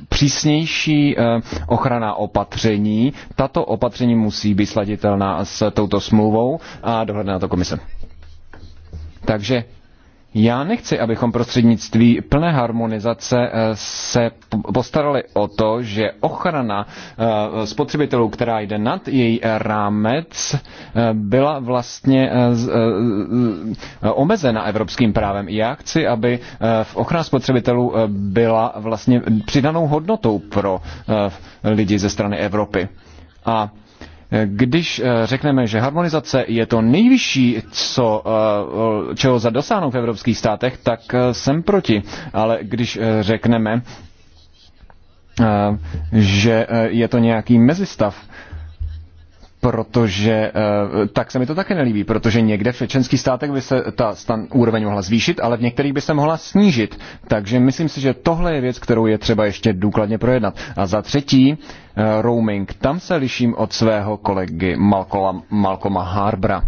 přísnější eh, ochrana opatření. Tato opatření musí být sladitelná s touto smlouvou a dohledná na to komise. Takže já nechci, abychom prostřednictví plné harmonizace eh, se postarali o to, že ochrana eh, spotřebitelů, která jde nad její eh, rámec, byla vlastně omezena evropským právem. Já chci, aby ochrana spotřebitelů byla vlastně přidanou hodnotou pro lidi ze strany Evropy. A když eh, řekneme, že harmonizace je to nejvyšší, co, eh, čeho zadosáhnou v evropských státech, tak eh, jsem proti. Ale když řekneme, že je to nějaký mezistav, protože eh, tak se mi to také nelíbí, protože někde v členských státech by se ta stan úroveň mohla zvýšit, ale v některých by se mohla snížit. Takže myslím si, že tohle je věc, kterou je třeba ještě důkladně projednat. A za třetí, eh, roaming. Tam se liším od svého kolegy Malcola, Malcoma Harbra.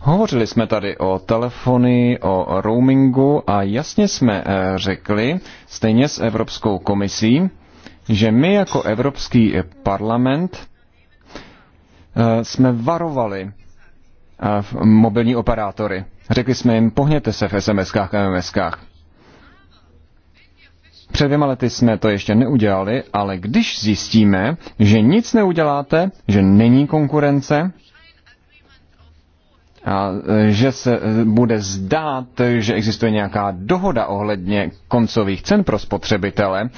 Hovořili jsme tady o telefony, o roamingu a jasně jsme eh, řekli, stejně s Evropskou komisí, že my jako Evropský parlament eh, jsme varovali eh, mobilní operátory. Řekli jsme jim, pohněte se v SMS-kách a MMS-kách. Před dvěma lety jsme to ještě neudělali, ale když zjistíme, že nic neuděláte, že není konkurence, a e, že se e, bude zdát, že existuje nějaká dohoda ohledně koncových cen pro spotřebitele e,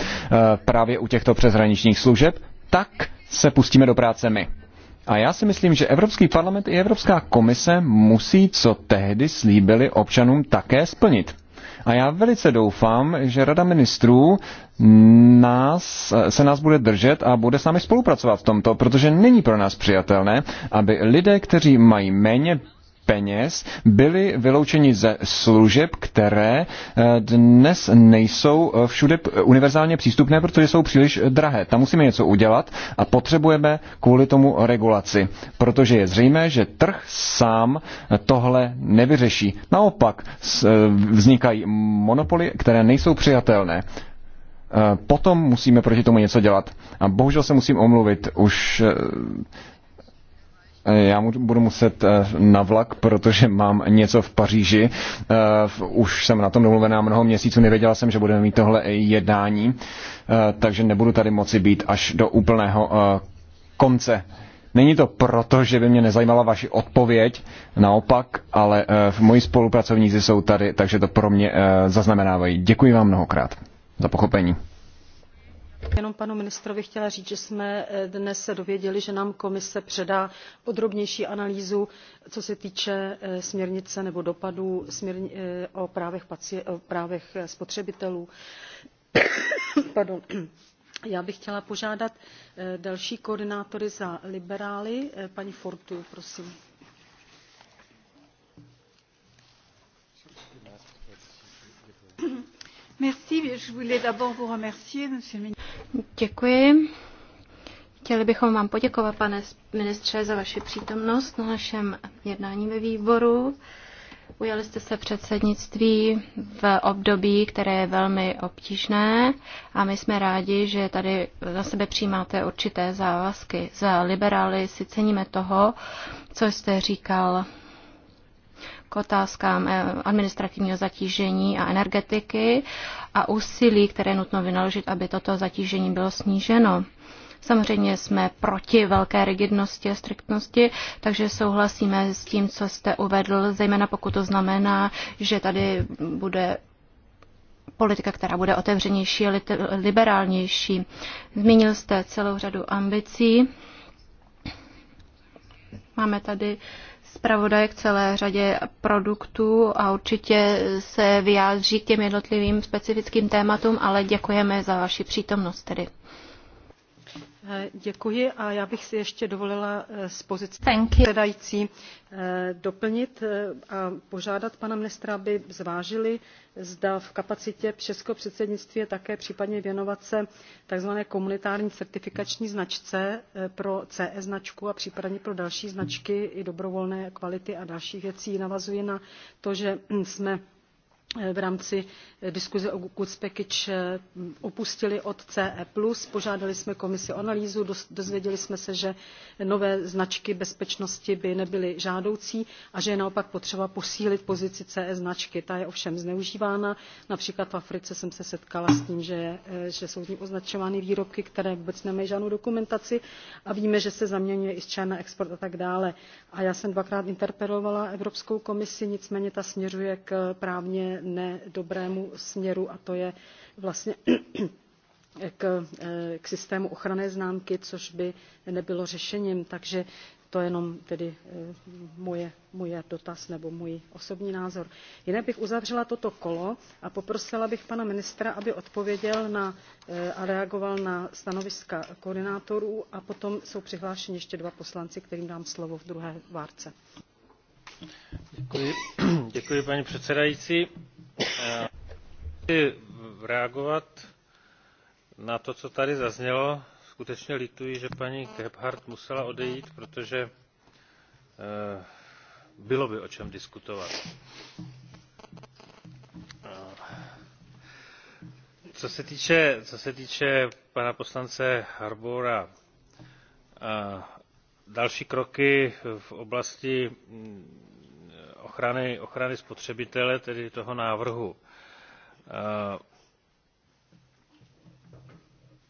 právě u těchto přeshraničních služeb, tak se pustíme do práce my. A já si myslím, že Evropský parlament i Evropská komise musí, co tehdy slíbili občanům, také splnit. A já velice doufám, že Rada ministrů nás, se nás bude držet a bude s námi spolupracovat v tomto, protože není pro nás přijatelné, aby lidé, kteří mají méně peněz byli vyloučeni ze služeb, které eh, dnes nejsou eh, všude univerzálně přístupné, protože jsou příliš drahé. Tam musíme něco udělat a potřebujeme kvůli tomu regulaci, protože je zřejmé, že trh sám eh, tohle nevyřeší. Naopak vznikají monopoly, které nejsou přijatelné potom musíme proti tomu něco dělat. A bohužel se musím omluvit, už Eh, já budu muset eh, na vlak, protože mám něco v Paříži. Eh, už jsem na tom domluvená mnoho měsíců, nevěděla jsem, že budeme mít tohle jednání, takže nebudu tady moci být až do úplného konce. Není to proto, že by mě nezajímala vaši odpověď, naopak, ale moji spolupracovníci jsou tady, takže to pro mě zaznamenávají. Děkuji vám mnohokrát za pochopení
jenom panu ministrovi chtěla říct že jsme eh, dnes se dověděli že nám komise předá podrobnější analýzu co se týče eh, směrnice nebo dopadů eh, o právech, spotřebitelů. (coughs) já bych chtěla požádat další koordinátory za liberály paní fortu prosím.
Děkuji. Chtěli bychom vám poděkovat, pane ministře, za vaši přítomnost na našem jednání ve výboru. Ujali jste se předsednictví v období, které je velmi obtížné a my jsme rádi, že tady na sebe přijímáte určité závazky. Za liberály si ceníme toho, co jste říkal k otázkám eh, administrativního zatížení a energetiky a úsilí, které nutno vynaložit, aby toto zatížení bylo sníženo. Samozřejmě jsme proti velké rigidnosti a striktnosti, takže souhlasíme s tím, co jste uvedl, zejména pokud to znamená, že tady bude politika, která bude otevřenější a liberálnější. Zmínil jste celou řadu ambicí. Máme tady uh, zpravodaj k celé řadě produktů a určitě se vyjádří k těm jednotlivým specifickým tématům, ale děkujeme za vaši přítomnost tedy.
Děkuji a já bych si ještě dovolila eh, z pozice předsedající eh, doplnit eh, a požádat pana ministra, aby zvážili, zda v kapacitě českého předsednictví je také případně věnovat se tzv. komunitární certifikační značce pro CE značku a případně pro další značky i dobrovolné kvality a dalších věcí. Navazuji na to, že jsme v rámci eh, diskuze o goods package upustili eh, od ce požádali jsme komisi o analýzu dozvěděli jsme se že nové značky bezpečnosti by nebyly žádoucí a že je naopak potřeba posílit pozici ce značky. ta je ovšem zneužívána například v africe jsem se setkala s tím že, eh, že jsou označovány výrobky které vůbec nemají žádnou dokumentaci a víme že se zaměňuje i z na export a tak dále. a já jsem dvakrát interpelovala evropskou komisi nicméně ta směřuje k právně ne dobrému směru a to je vlastně (clears throat) k, eh, k systému ochranné známky, což by nebylo řešením. Takže to je jenom tedy eh, moje, moje dotaz nebo můj osobní názor. Jinak bych uzavřela toto kolo a poprosila bych pana ministra, aby odpověděl na, eh, a reagoval na stanoviska koordinátorů a potom jsou přihlášeni ještě dva poslanci, kterým dám slovo v druhé várce.
Děkuji, (clears throat) děkuji paní předsedající Eh, chci reagovat na to, co tady zaznělo. Skutečně lituji, že paní Gebhardt musela odejít, protože eh, bylo by o čem diskutovat. Eh, co se týče, co se týče pana poslance Harbora, další kroky v oblasti mm, ochrany, ochrany spotřebitele tedy toho návrhu. Eh,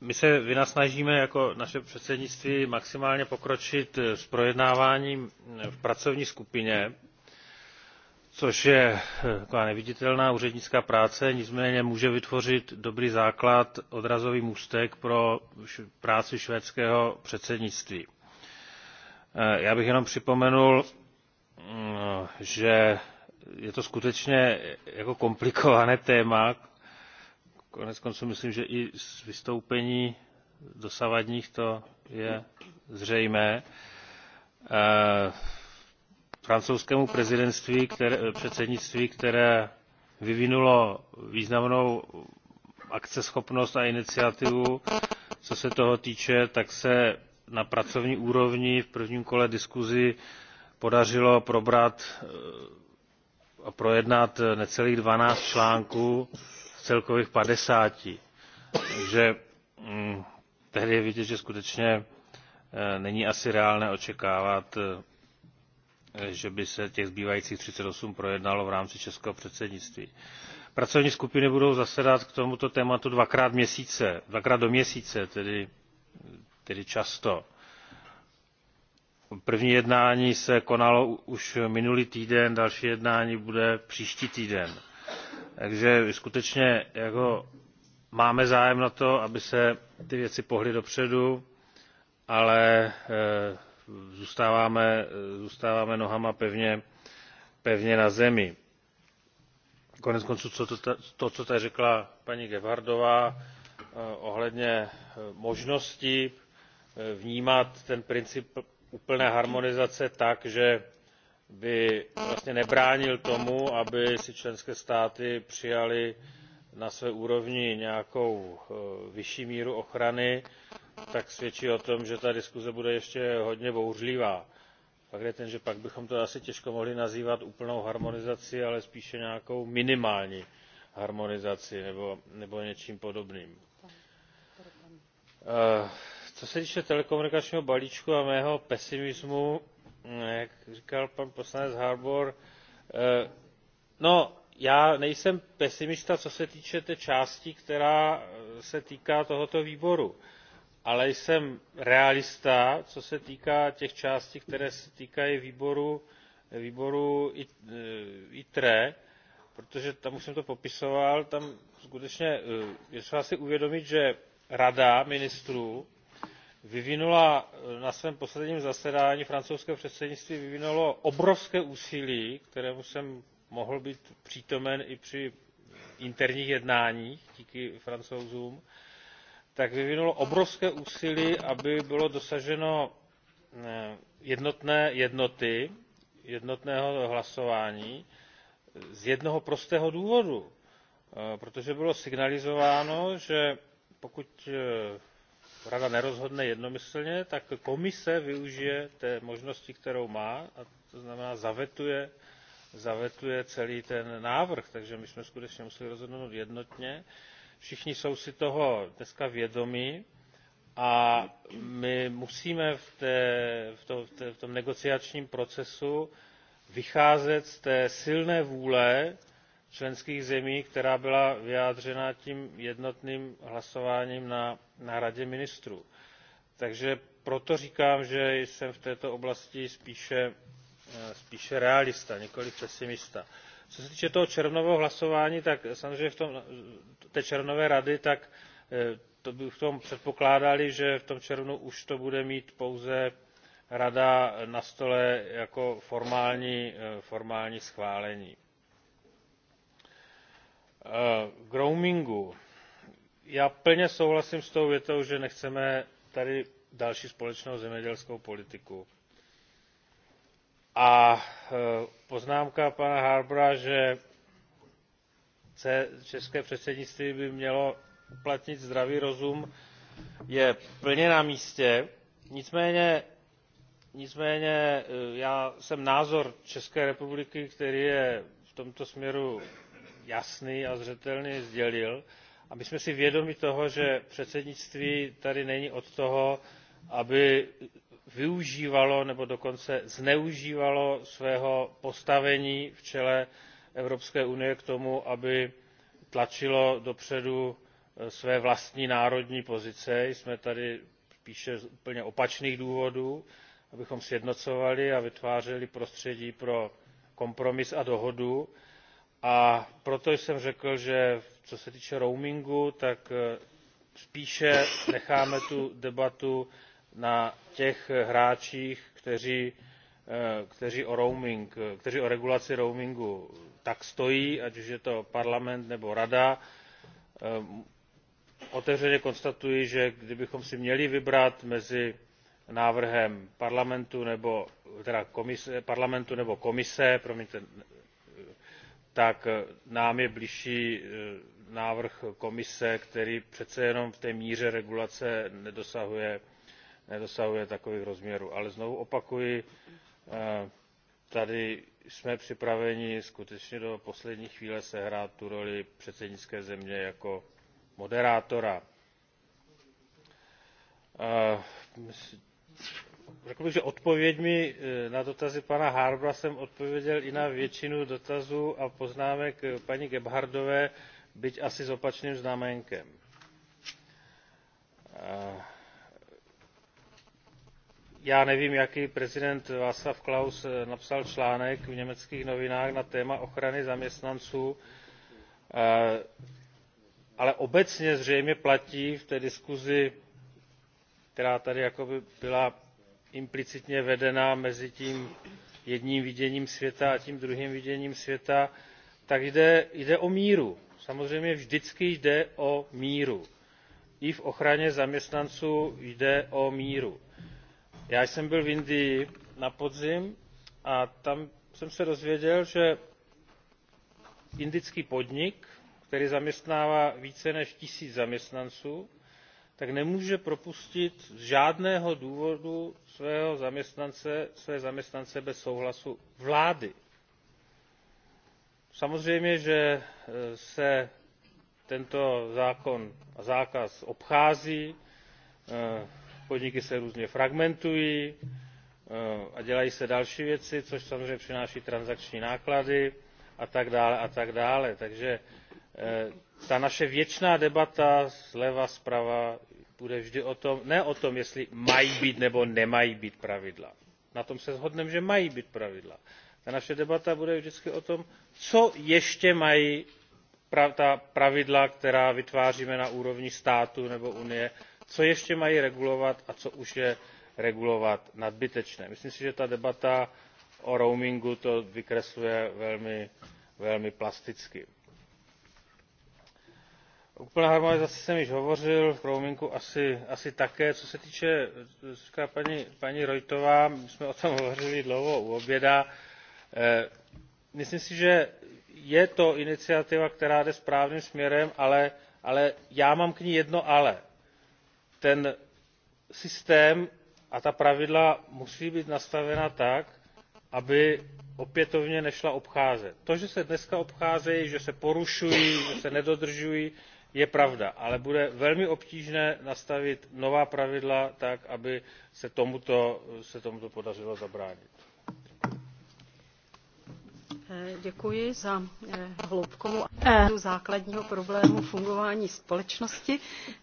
my se vynasnažíme jako naše předsednictví maximálně pokročit s projednáváním v pracovní skupině což je eh, taková neviditelná úřednická práce nicméně může vytvořit dobrý základ odrazový můstek pro práci švédského předsednictví. Eh, já bych jenom připomenul Mm, že je to skutečně jako komplikované téma. Konec konců myslím, že i z vystoupení dosavadních to je zřejmé. Eh, francouzskému prezidentství, které, předsednictví, které vyvinulo významnou akceschopnost a iniciativu, co se toho týče, tak se na pracovní úrovni v prvním kole diskuzí podařilo probrat eh, a projednat eh, necelých twelve článků z celkových fifty takže mm, tehdy je vidět že skutečně eh, není asi reálné očekávat že by se těch zbývajících thirty eight projednalo v rámci českého předsednictví. pracovní skupiny budou zasedat k tomuto tématu dvakrát, měsíce, dvakrát do měsíce tedy, tedy často první jednání se konalo už minulý týden další jednání bude příští týden takže skutečně jako máme zájem na tom aby se ty věci pohnuly dopředu ale eh, zůstáváme, zůstáváme nohama pevně, pevně na zemi. konec konců to, to co tady řekla paní gebhardová eh, ohledně eh, možnosti vnímat ten princip úplné harmonizace tak že by vlastně nebránil tomu aby si členské státy přijaly na své úrovni nějakou eh, vyšší míru ochrany tak svědčí o tom že ta diskuse bude ještě hodně bouřlivá. fakt je ten že pak bychom to asi těžko mohli nazývat úplnou harmonizací ale spíše nějakou minimální harmonizací nebo, nebo něčím podobným. Eh, co se týče telekomunikačního balíčku a mého pesimismu eh, jak říkal pan poslanec harbour eh, no já nejsem pesimista co se týče té části která eh, se týká tohoto výboru ale jsem realista co se týká těch částí které se týkají výboru, itre protože tam už jsem to popisoval tam skutečně je třeba si uvědomit že rada ministrů vyvinula eh, na svém posledním zasedání francouzské předsednictví vyvinulo obrovské úsilí kterému jsem mohl být přítomen i při interních jednáních díky francouzům tak vyvinulo obrovské úsilí aby bylo dosaženo eh, jednotné jednoty jednotného hlasování eh, z jednoho prostého důvodu protože bylo signalizováno že pokud rada nerozhodne jednomyslně tak komise využije té možnosti kterou má a to znamená zavetuje, celý ten návrh takže my jsme skutečně museli rozhodnout jednotně. všichni jsou si toho dnes vědomi a my musíme v, v tom negociačním procesu vycházet z té silné vůle členských zemí která byla vyjádřena tím jednotným hlasováním na, radě ministrů. takže proto říkám že jsem v této oblasti spíše, eh, realista nikoliv pesimista. co se týče toho červnového hlasování tak samozřejmě v tom, té červnové rady tak eh, to bychom předpokládali že v tom červnu už to bude mít pouze rada na stole jako formální eh, schválení Eh, k roamingu já plně souhlasím s tou větou že nechceme tady další společnou zemědělskou politiku a eh, poznámka pana harboura že české předsednictví by mělo uplatnit zdravý rozum je plně na místě nicméně, nicméně eh, já jsem názor české republiky který je v tomto směru jasný a zřetelný sdělil a my jsme si vědomi toho že předsednictví tady není od toho aby využívalo nebo dokonce zneužívalo svého postavení v čele evropské unie k tomu aby tlačilo dopředu eh, své vlastní národní pozice jsme tady spíše z úplně opačných důvodů abychom sjednocovali a vytvářeli prostředí pro kompromis a dohodu a proto jsem řekl že co se týče roamingu tak eh, spíše necháme tu debatu na těch hráčích kteří, eh, kteří o eh, kteří o regulaci roamingu tak stojí ať už je to parlament nebo rada. otevřeně konstatuji že kdybychom si měli vybrat mezi návrhem parlamentu nebo, teda komise, parlamentu nebo komise promiňte tak eh, nám je bližší eh, návrh komise který přece jenom v té míře regulace nedosahuje, takových rozměrů. ale znovu opakuji eh, tady jsme připraveni skutečně do poslední chvíle sehrát tu roli předsednické země jako moderátora řekl bych že odpověďmi e, na dotazy pana harboura jsem odpověděl i na většinu dotazů a poznámek e, paní gebhardtové byť asi s opačným znaménkem. já nevím jaký prezident václav klaus e, napsal článek v německých novinách na téma ochrany zaměstnanců ale obecně zřejmě platí v té diskusi která tady jakoby byla implicitně vedena mezi tím jedním viděním světa a tím druhým viděním světa tak jde, o míru. samozřejmě vždycky jde o míru. i v ochraně zaměstnanců jde o míru. já jsem byl v indii na podzim a tam jsem se dozvěděl že indický podnik který zaměstnává více než tisíc zaměstnanců tak nemůže propustit z žádného důvodu svého zaměstnance, své zaměstnance bez souhlasu vlády. Samozřejmě, že e, se tento zákon a zákaz obchází, e, podniky se různě fragmentují e, a dělají se další věci, což samozřejmě přináší transakční náklady a tak dále a tak dále. Takže ta naše věčná debata zleva zprava půjde vždy o tom, ne o tom jestli mají být nebo nemají být pravidla na tom se shodneme že mají být pravidla ta naše debata bude vždycky o tom co ještě mají ta pravidla která vytváříme na úrovni státu nebo unie co ještě mají regulovat a co už je regulovat nadbytečné. myslím si že ta debata o roamingu to vykresluje velmi plasticky o úplné harmonizaci jsem již hovořil o roamingu asi, asi také. co se týče říká paní, paní roithová my jsme o tom (laughs) hovořili dlouho u oběda. E, myslím si že je to iniciativa která jde správným směrem ale, ale já mám k ní jedno ale ten systém a ta pravidla musí být nastavena tak aby opětovně nešla obcházet. to že se dneska obcházejí že se porušují že se nedodržují je pravda ale bude velmi obtížné nastavit nová pravidla tak aby se tomuto, se podařilo zabránit.
Eh, děkuji za eh, hloubkovou analýzu základního problému fungování společnosti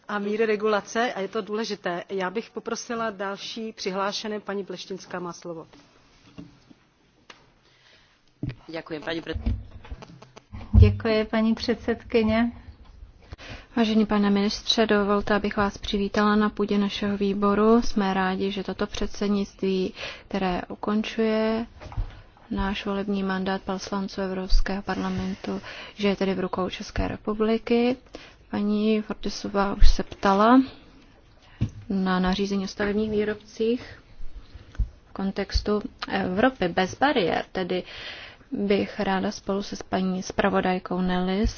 a míry regulace a je to důležité. Já bych poprosila další přihlášené, paní Pleštinská má slovo. paní, Děkuji, paní předsedkyně. Vážený
pane ministře, dovolte, abych vás přivítala na půdě našeho výboru. Jsme rádi, že toto předsednictví, které ukončuje náš volební mandát poslanců Evropského parlamentu, že je tedy v rukou České republiky. Paní Fortisová už se ptala na nařízení o stavebních výrobcích v kontextu Evropy bez bariér, tedy bych ráda spolu se s paní spravodajkou Nelis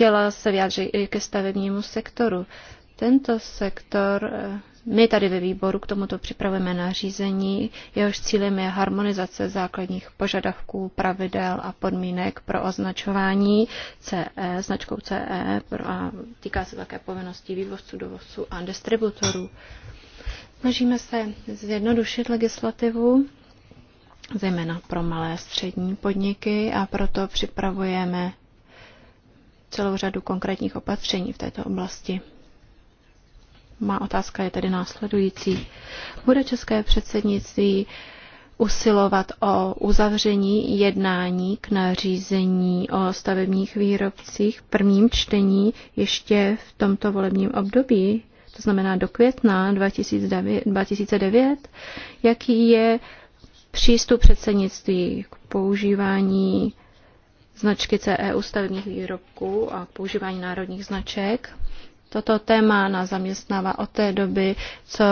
chtěla se vyjádřit i ke stavebnímu sektoru. Tento sektor, eh, my tady ve výboru k tomuto připravujeme nařízení, jehož cílem je harmonizace základních požadavků, pravidel a podmínek pro označování CE, značkou CE a týká se také povinností vývozců, dovozců a distributorů. Snažíme se zjednodušit legislativu, zejména pro malé střední podniky a proto připravujeme celou řadu konkrétních opatření v této oblasti. Má otázka je tedy následující. Bude české předsednictví usilovat o uzavření jednání k nařízení o stavebních výrobcích v prvním čtení ještě v tomto volebním období, to znamená do května 2009, jaký je přístup předsednictví k používání značky u e stavebních výrobků a používání národních značek. Toto téma nás zaměstnává od té doby, co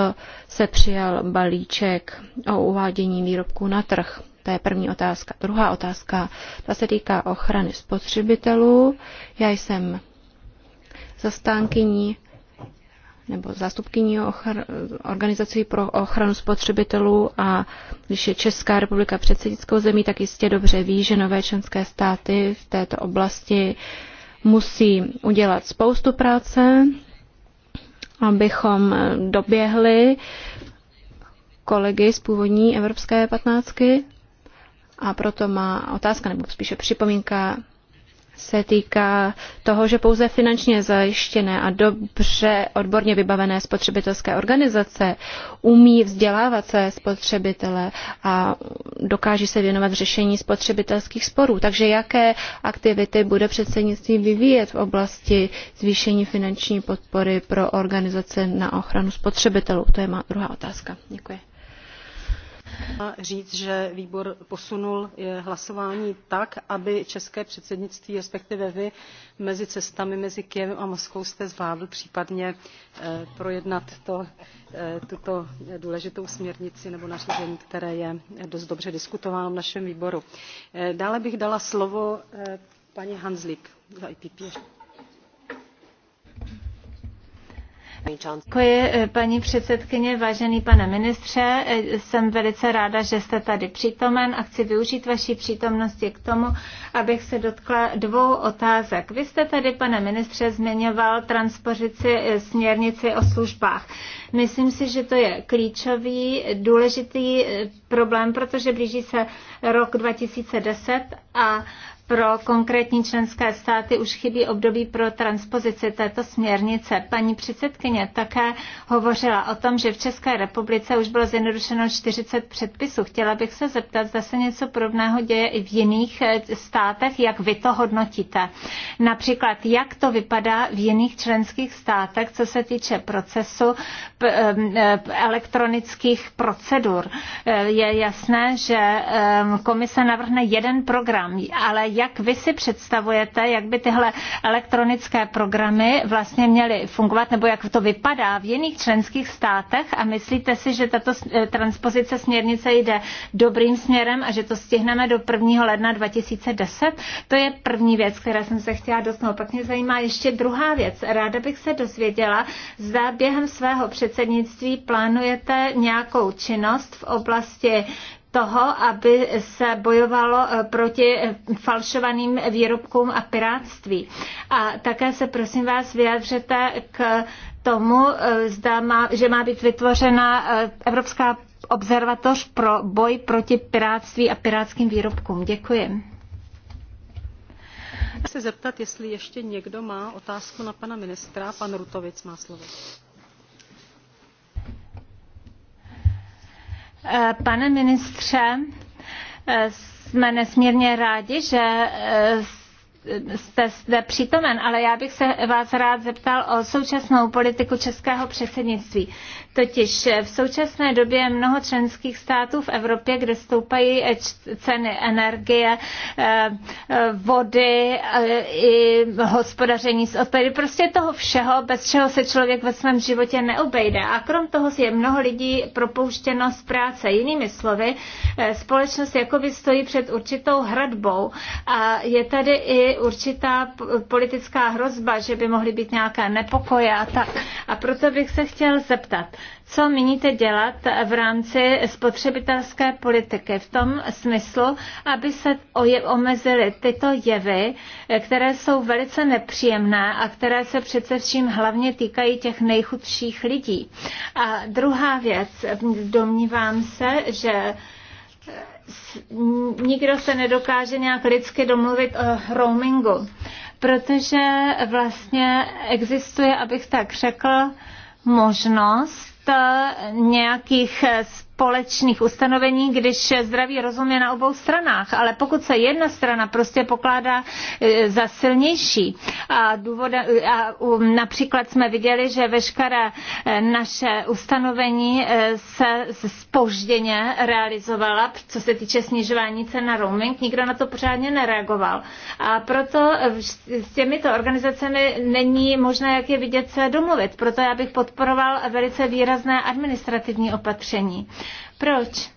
se přijal balíček o uvádění výrobků na trh. To je první otázka. Druhá otázka, ta se týká ochrany spotřebitelů. Já jsem zastánkyní nebo zástupkyní ochr- organizací pro ochranu spotřebitelů a když je Česká republika předsednickou zemí, tak jistě dobře ví, že nové členské státy v této oblasti musí udělat spoustu práce, abychom doběhli kolegy z původní evropské patnáctky. A proto má otázka, nebo spíše připomínka se týká toho, že pouze finančně zajištěné a dobře odborně vybavené spotřebitelské organizace umí vzdělávat se spotřebitele a dokáží se věnovat řešení spotřebitelských sporů. Takže jaké aktivity bude předsednictví vyvíjet v oblasti zvýšení finanční podpory pro organizace na ochranu spotřebitelů? To je má druhá otázka. Děkuji
říct, že výbor posunul eh, hlasování tak, aby české předsednictví, respektive vy, mezi cestami mezi Kyjevem a Moskou jste zvládl případně eh, projednat to, eh, tuto důležitou směrnici nebo nařízení, které je dost dobře diskutováno v našem výboru. Dále bych dala slovo paní Hanzlik za IPP. Děkuji,
eh, paní předsedkyně, vážený pane ministře. Eh, Jsem velice ráda, že jste tady přítomen a chci využít vaší přítomnosti k tomu, abych se dotkla dvou otázek. Vy jste tady, pane ministře, zmiňoval transpozici eh, směrnici o službách. Myslím si, že to je klíčový, důležitý problém, protože blíží se rok 2010 a pro konkrétní členské státy už chybí období pro transpozici této směrnice. Paní předsedkyně také hovořila o tom, že v České republice už bylo zjednodušeno 40 předpisů. Chtěla bych se zeptat, zda se něco podobného děje i v jiných eh, státech, jak vy to hodnotíte. Například, jak to vypadá v jiných členských státech, co se týče procesu eh, eh, elektronických procedur. Je jasné, že komise navrhne jeden program, ale jak vy si představujete, jak by tyhle elektronické programy vlastně měly fungovat, nebo jak to vypadá v jiných členských státech a myslíte si, že tato eh, transpozice směrnice jde dobrým směrem a že to stihneme do 1. ledna 2010? To je první věc, která jsem se chtěla dostat. Pak mě zajímá ještě druhá věc. Ráda bych se dozvěděla, zda během svého předsednictví plánujete nějakou činnost v oblasti toho, aby se bojovalo eh, proti eh, falšovaným výrobkům a pirátství. A také se prosím vás vyjadřete k tomu, eh, zda má, že má být vytvořena Evropská observatoř pro boj proti pirátství a pirátským výrobkům. Děkuji.
Chci se zeptat, jestli ještě někdo má otázku na pana ministra. Pan Rutovic má slovo.
Eh, pane ministře, eh, jsme nesmírně rádi, že eh, jste zde přítomen, ale já bych se vás rád zeptal o současnou politiku českého předsednictví. Totiž v současné době mnoho členských států v Evropě, kde stoupají ceny energie, eh, eh, vody eh, i hospodaření s odpady. Prostě toho všeho, bez čeho se člověk ve svém životě neobejde. A krom toho je mnoho lidí propouštěno z práce. Jinými slovy, společnost jakoby stojí před určitou hradbou a je tady i určitá politická hrozba, že by mohly být nějaké nepokoje a tak. A proto bych se chtěl zeptat, co míníte dělat v rámci spotřebitelské politiky v tom smyslu, aby se omezily tyto jevy, které jsou velice nepříjemné a které se přece vším hlavně týkají těch nejchudších lidí? A druhá věc, domnívám se, že nikdo se nedokáže nějak lidsky domluvit o roamingu, protože vlastně existuje, abych tak řekl, možnost nějakých společných ustanovení, když zdraví rozum je na obou stranách. Ale pokud se jedna strana prostě pokládá e, za silnější a, důvoda, a například jsme viděli, že veškeré e, naše ustanovení e, se spožděně realizovala, co se týče snižování cen na roaming, nikdo na to pořádně nereagoval. A proto s těmito organizacemi není možné, jak je vidět, se domluvit. Proto já bych podporoval velice výrazné administrativní opatření. Proč?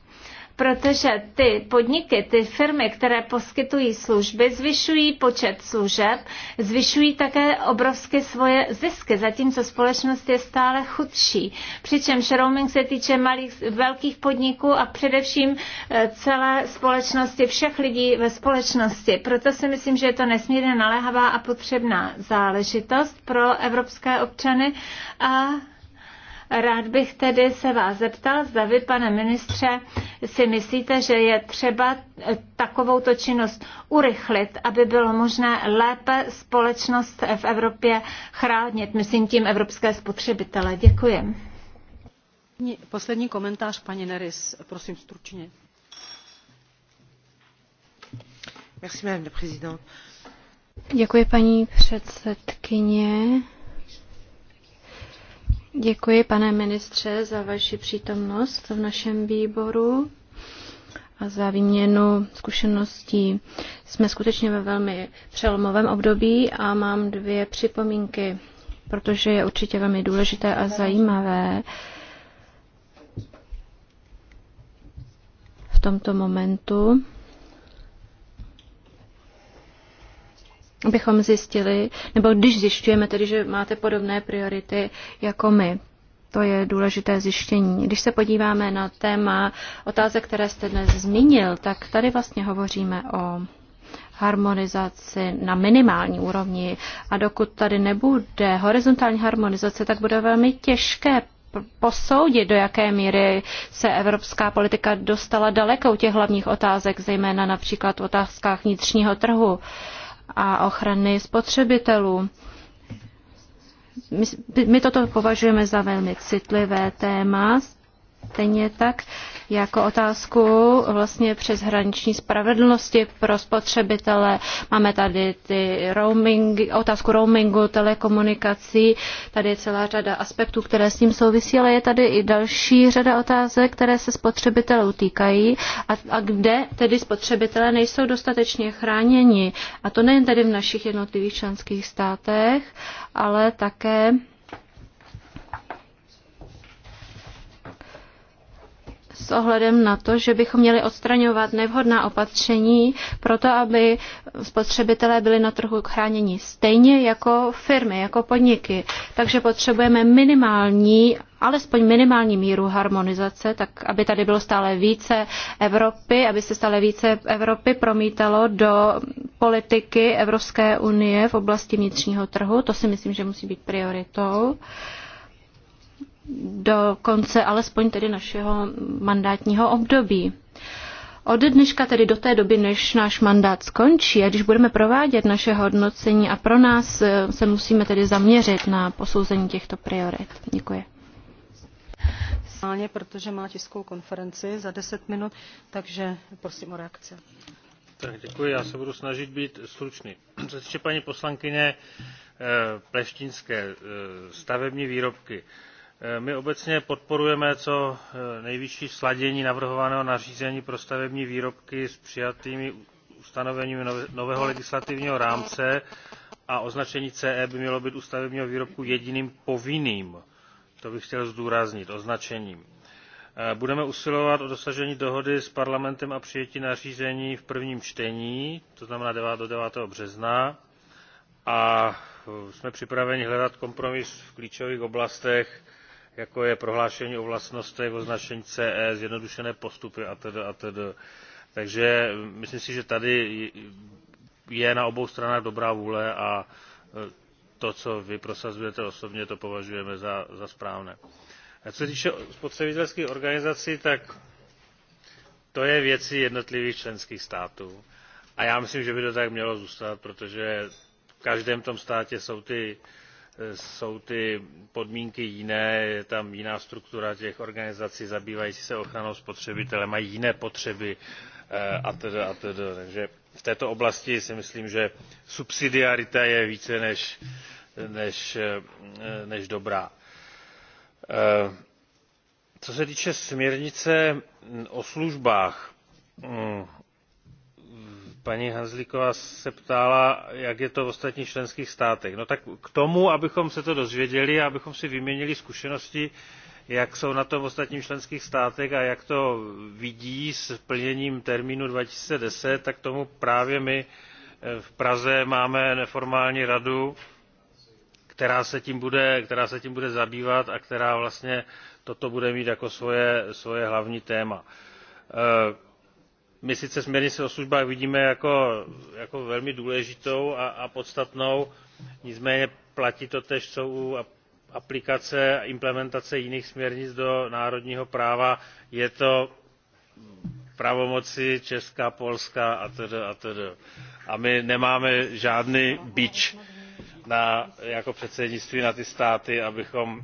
protože ty podniky, ty firmy, které poskytují služby, zvyšují počet služeb, zvyšují také obrovské svoje zisky, zatímco společnost je stále chudší. Přičemž roaming se týče malých, velkých podniků a především eh, celé společnosti, všech lidí ve společnosti. Proto si myslím, že je to nesmírně naléhavá a potřebná záležitost pro evropské občany a Rád bych tedy se vás zeptal, zda vy, pane ministře, si myslíte, že je třeba eh, takovouto činnost urychlit, aby bylo možné lépe společnost v Evropě chránit, myslím tím evropské spotřebitele. Děkuji.
Poslední komentář, paní Neris, prosím stručně. Merci,
Děkuji, paní předsedkyně. Děkuji, pane ministře, za vaši přítomnost v našem výboru a za výměnu zkušeností. Jsme skutečně ve velmi přelomovém období a mám dvě připomínky, protože je určitě velmi důležité a zajímavé v tomto momentu abychom zjistili, nebo když zjišťujeme tedy, že máte podobné priority jako my. To je důležité zjištění. Když se podíváme na téma otázek, které jste dnes zmínil, tak tady vlastně hovoříme o harmonizaci na minimální úrovni a dokud tady nebude horizontální harmonizace, tak bude velmi těžké posoudit, do jaké míry se evropská politika dostala daleko u těch hlavních otázek, zejména například v otázkách vnitřního trhu. Uh, a ochrany spotřebitelů. My, my toto považujeme za velmi citlivé téma, stejně tak jako otázku vlastně přes hraniční spravedlnosti pro spotřebitele. Máme tady ty roaming, otázku roamingu, telekomunikací, tady je celá řada aspektů, které s tím souvisí, ale je tady i další řada otázek, které se spotřebitelů týkají a, a kde tedy spotřebitelé nejsou dostatečně chráněni. A to nejen tedy v našich jednotlivých členských státech, ale také s ohledem na to, že bychom měli odstraňovat nevhodná opatření proto, aby spotřebitelé byli na trhu chráněni stejně jako firmy, jako podniky. Takže potřebujeme minimální, alespoň minimální míru harmonizace, tak aby tady bylo stále více Evropy, aby se stále více Evropy promítalo do politiky Evropské unie v oblasti vnitřního trhu. To si myslím, že musí být prioritou. Uh, do konce alespoň tedy našeho mandátního období. Od dneška, tedy do té doby, než náš mandát skončí a když budeme provádět naše hodnocení a pro nás eh, se musíme tedy zaměřit na posouzení těchto priorit. Děkuji.
Protože má tiskovou konferenci za 10 minut, takže prosím o reakci.
Tak děkuji, já se budu snažit být stručný. (clears throat) Co se paní poslankyně eh, Pleštinské, eh, stavební výrobky my obecně podporujeme co eh, nejvyšší sladění navrhovaného nařízení pro stavební výrobky s přijatými ustanoveními nového legislativního rámce a označení ce by mělo být u stavebního výrobku jediným povinným to bych chtěl zdůraznit označením. Eh, budeme usilovat o dosažení dohody s parlamentem a přijetí nařízení v prvním čtení to znamená do. nine března a eh, jsme připraveni hledat kompromis v klíčových oblastech jako je prohlášení o vlastnostech označení ce zjednodušené postupy atd. atd. takže myslím si že tady je na obou stranách dobrá vůle a e, to co vy prosazujete osobně to považujeme za, za správné. co se týče spotřebitelských organizací tak to je věcí jednotlivých členských států a já myslím že by to tak mělo zůstat protože v každém tom státě jsou ty jsou ty podmínky jiné je tam jiná struktura těch organizací zabývajících se ochranou spotřebitele mají jiné potřeby atd. Eh, atd. takže v této oblasti si myslím že subsidiarita je více než, než, eh, než dobrá. Eh, co se týče směrnice o službách hmm, paní hanzlíková se ptala jak je to v ostatních členských státech. no tak k tomu abychom se to dozvěděli a abychom si vyměnili zkušenosti jak jsou na tom v ostatních členských státech a jak to vidí s plněním termínu two thousand and ten tak tomu právě my eh, v praze máme neformální radu která se tím bude, která se tím bude zabývat a která vlastně toto bude mít jako svoje, svoje hlavní téma. E, my sice směrnici o službách vidíme jako, jako velmi důležitou a, a podstatnou nicméně platí totéž co u aplikace a implementace jiných směrnic do národního práva je to v pravomoci česka polska atd. atd. a my nemáme žádný bič na, jako předsednictví na ty státy abychom,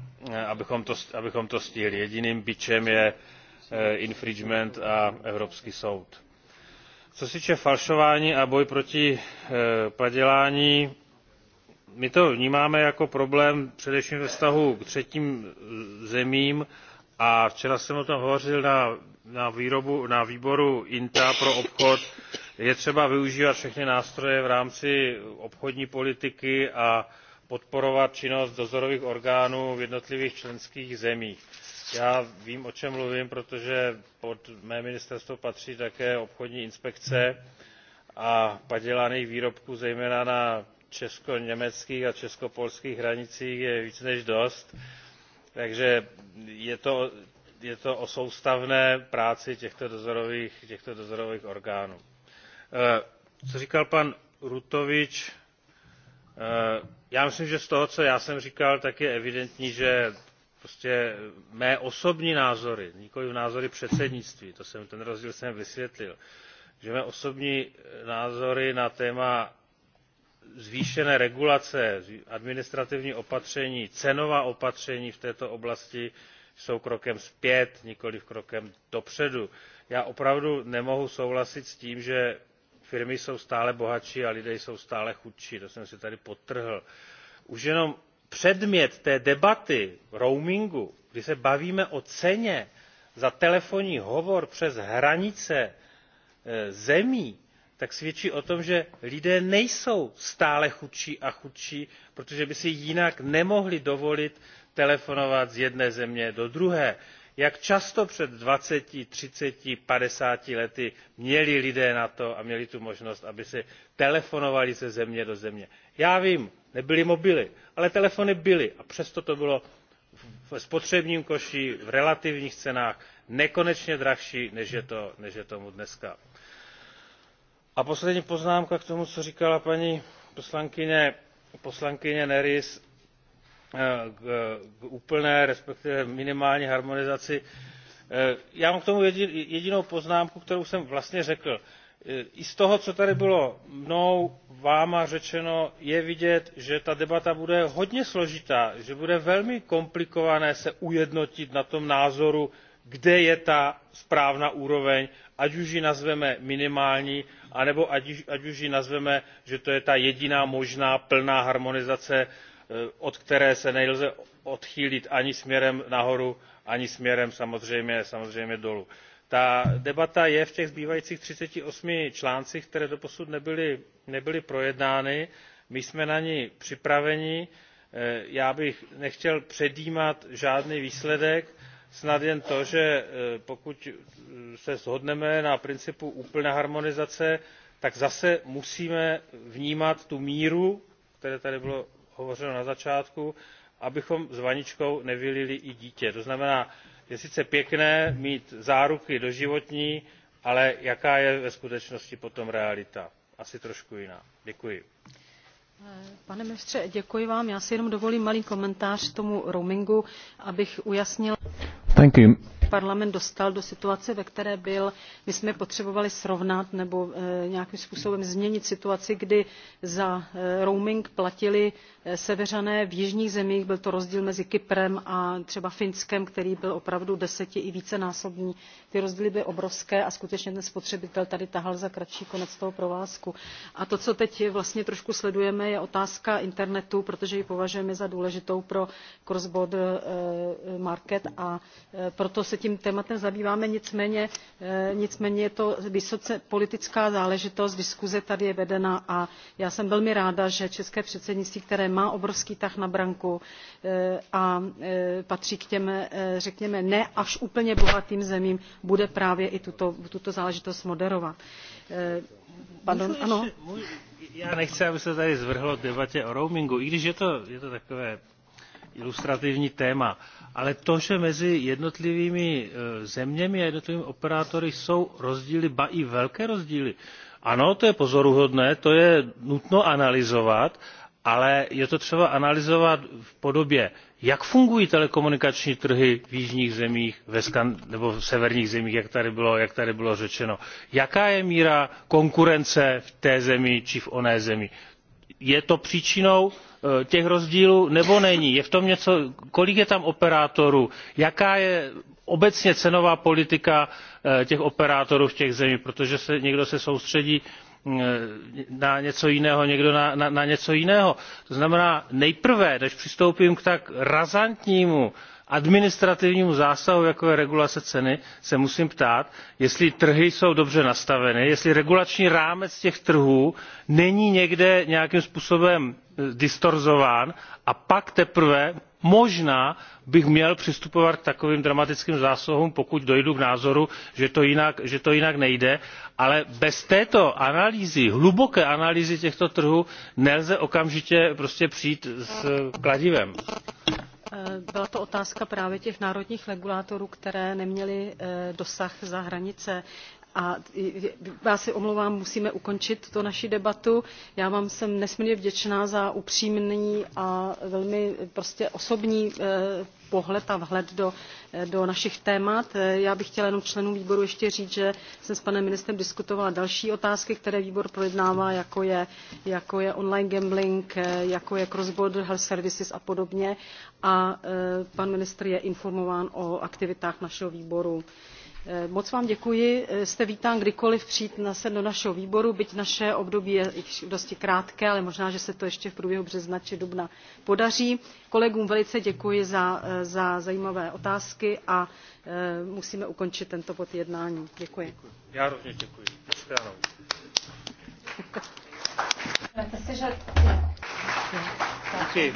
abychom, to, abychom to stihli. jediným bičem je eh, infringement a evropský soud co se týče falšování a boje proti eh, padělání my to vnímáme jako problém především ve vztahu k třetím eh, zemím a včera jsem o tom hovořil na, na, na výboru inta pro obchod je třeba využívat všechny nástroje v rámci obchodní politiky a podporovat činnost dozorových orgánů v jednotlivých členských zemích já vím o čem mluvím protože pod mé ministerstvo patří také obchodní inspekce a padělaných výrobků zejména na česko německých a česko polských hranicích je více než dost takže je to, o soustavné práci těchto dozorových, těchto dozorových orgánů. Eh, co říkal pan rutovič eh, já myslím že z toho co já jsem říkal tak je evidentní že prostě mé osobní názory nikoliv názory předsednictví to jsem, ten rozdíl jsem vysvětlil že mé osobní eh, názory na téma zvýšené regulace administrativní opatření cenová opatření v této oblasti jsou krokem zpět nikoliv krokem dopředu. já opravdu nemohu souhlasit s tím že firmy jsou stále bohatší a lidé jsou stále chudší to jsem si tady podtrhl. už jenom předmět té debaty roamingu kdy se bavíme o ceně za telefonní hovor přes hranice e, zemí tak svědčí o tom že lidé nejsou stále chudší a chudší protože by si jinak nemohli dovolit telefonovat z jedné země do druhé. jak často před dvaceti třiceti padesáti lety měli lidé na to a měli tu možnost aby si telefonovali ze země do země? já vím nebyly mobily ale telefony byly a přesto to bylo ve spotřebním koši v relativních cenách nekonečně dražší než je tomu dnes. a poslední poznámka k tomu co říkala paní poslankyně, nerys eh, k úplné respektive minimální harmonizaci eh, já mám k tomu jedinou poznámku kterou jsem vlastně řekl. E, i z toho co tady bylo mnou vámi řečeno je vidět že ta debata bude hodně složitá že bude velmi komplikované se ujednotit na tom názoru kde je ta správná úroveň ať už ji nazveme minimální anebo ať už ji nazveme že to je ta jediná možná plná harmonizace e, od které se nelze odchýlit ani směrem nahoru ani směrem samozřejmě dolů ta debata je v těch zbývajících třiceti osmi článcích které doposud nebyly projednány my jsme na ni připraveni eh, já bych nechtěl předjímat žádný výsledek snad jen to že eh, pokud eh, se shodneme na principu úplné harmonizace tak zase musíme vnímat tu míru o které tady bylo hovořeno na začátku abychom s vaničkou nevylili i dítě. to znamená je sice pěkné mít záruky doživotní ale jaká je ve skutečnosti potom realita? asi trošku jiná. děkuji.
Pane ministře, děkuji vám. Já si jenom dovolím malý komentář k tomu roamingu, abych ujasnila parlament dostal do situace ve které byl my jsme potřebovali srovnat nebo eh, nějakým způsobem změnit situaci kdy za eh, roaming platili eh, severané v jižních zemích byl to rozdíl mezi kyprem a třeba finskem který byl opravdu deseti i vícenásobný ty rozdíly byly obrovské a skutečně ten spotřebitel tady tahal za kratší konec toho provázku. a to co teď vlastně trošku sledujeme je otázka internetu protože ji považujeme za důležitou pro cross border market a proto tím tématem zabýváme eh, nicméně, je to vysoce politická záležitost diskuze tady je vedena a já jsem velmi ráda že české předsednictví které má obrovský tah na branku eh, a eh, patří k těm řekněme ne až úplně bohatým zemím bude právě i tuto, záležitost moderovat. ano?
já nechci aby se tady zvrhlo k debatě o roamingu i když je to takové ilustrativní téma ale to že mezi jednotlivými e, zeměmi a jednotlivými operátory jsou rozdíly ba i velké rozdíly ano to je pozoruhodné to je nutno analyzovat ale je to třeba analyzovat v podobě jak fungují telekomunikační trhy v jižních zemích nebo v severních zemích jak tady, bylo, jak tady bylo řečeno jaká je míra konkurence v té zemi či v oné zemi je to příčinou? Eh, těch rozdílů nebo není? Je v tom něco, kolik je tam operátorů? Jaká je obecně cenová politika eh, těch operátorů v těch zemích? Protože se, někdo se soustředí eh, na něco jiného někdo na, na, na něco jiného. to znamená nejprve než přistoupím k tak razantnímu administrativnímu zásahu jako je regulace ceny se musím ptát jestli trhy jsou dobře nastaveny jestli regulační rámec těch trhů není někde nějakým způsobem e, distorzován a pak teprve možná bych měl přistupovat k takovým dramatickým zásahům pokud dojdu k názoru že to jinak, že to jinak nejde ale bez této analýzy hluboké analýzy těchto trhů nelze okamžitě prostě přijít s e, kladivem.
Eh, byla to otázka právě těch národních regulátorů, které neměly eh, dosah za hranice a já se omlouvám musíme ukončit tu naši debatu. já vám jsem nesmírně vděčná za upřímný a velmi prostě osobní eh, pohled a vhled do, eh, do našich témat. Eh, já bych chtěla jenom členům výboru ještě říct že jsem s panem ministrem diskutovala další otázky které výbor projednává jako je, jako je online gambling jako je cross border health services a podobně a pan ministr je informován o aktivitách našeho výboru. Eh, moc vám děkuji eh, jste vítán kdykoliv přijít sem do našeho výboru byť naše období je již dosti krátké ale možná že se to ještě v průběhu března či dubna podaří. kolegům velice děkuji za, eh, zajímavé otázky a musíme ukončit tento bod jednání. děkuji.
já rovněž děkuji.
děkuji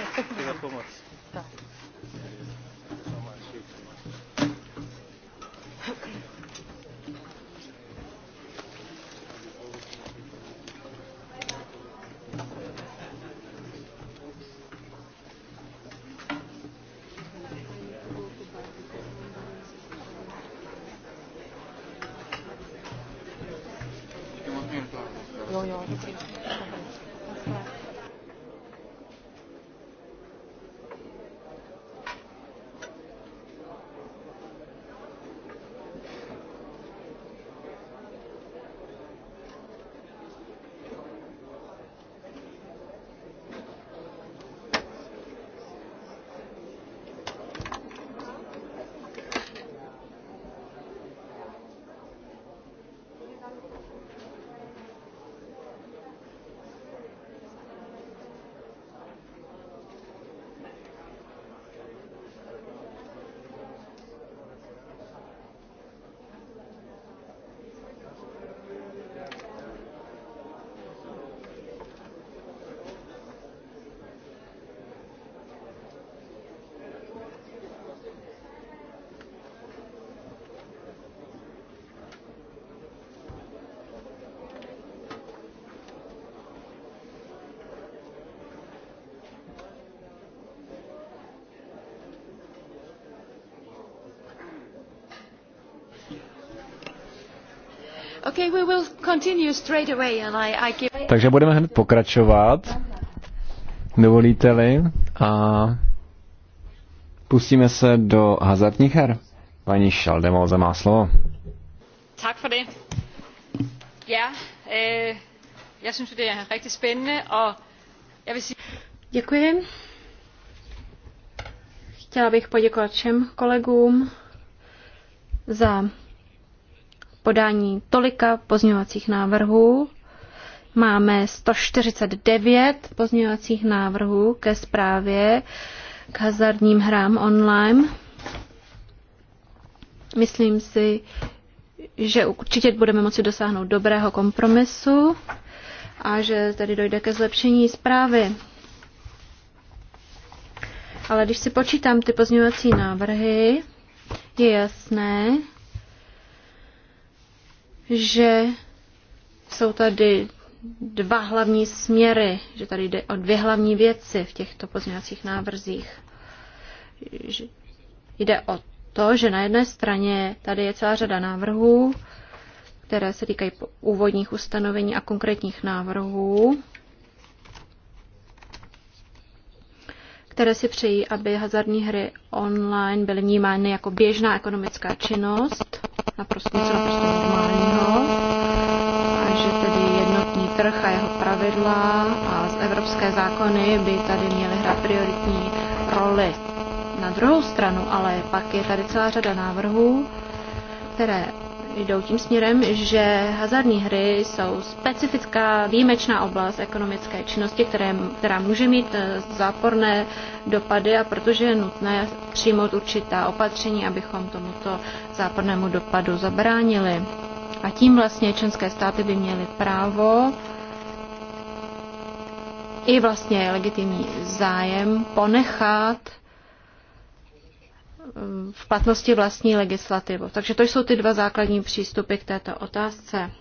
Takže budeme hned pokračovat, dovolíte-li, a pustíme se do hazardních her. Paní Šaldemoze má slovo.
Tak for det. Ja, øh,
jeg synes, det er rigtig spændende, og jeg vil sige...
Děkuji. Chtěla bych poděkovat všem kolegům za podání tolika pozměňovacích návrhů. Máme 149 pozměňovacích návrhů ke zprávě k hazardním hrám online. Myslím si, že určitě budeme moci dosáhnout dobrého kompromisu a že tady dojde ke zlepšení zprávy. Ale když si počítám ty pozměňovací návrhy, je jasné, že jsou tady dva hlavní směry, že tady jde o dvě hlavní věci v těchto pozměňovacích návrzích. Že jde o to, že na jedné straně tady je celá řada návrhů, které se týkají úvodních ustanovení a konkrétních návrhů, které si přejí, aby hazardní hry online byly vnímány jako běžná ekonomická činnost naprosto něco naprosto normálního a že tedy jednotný trh a jeho pravidla a evropské zákony by tady měly hrát prioritní roli. Na druhou stranu ale pak je tady celá řada návrhů, které jdou tím směrem, že hazardní hry jsou specifická výjimečná oblast ekonomické činnosti, které, která může mít eh, záporné dopady a protože je nutné přijmout určitá opatření, abychom tomuto zápornému dopadu zabránili. A tím vlastně členské státy by měly právo i vlastně legitimní zájem ponechat Eh, v platnosti vlastní legislativu. Takže to jsou ty dva základní přístupy k této otázce.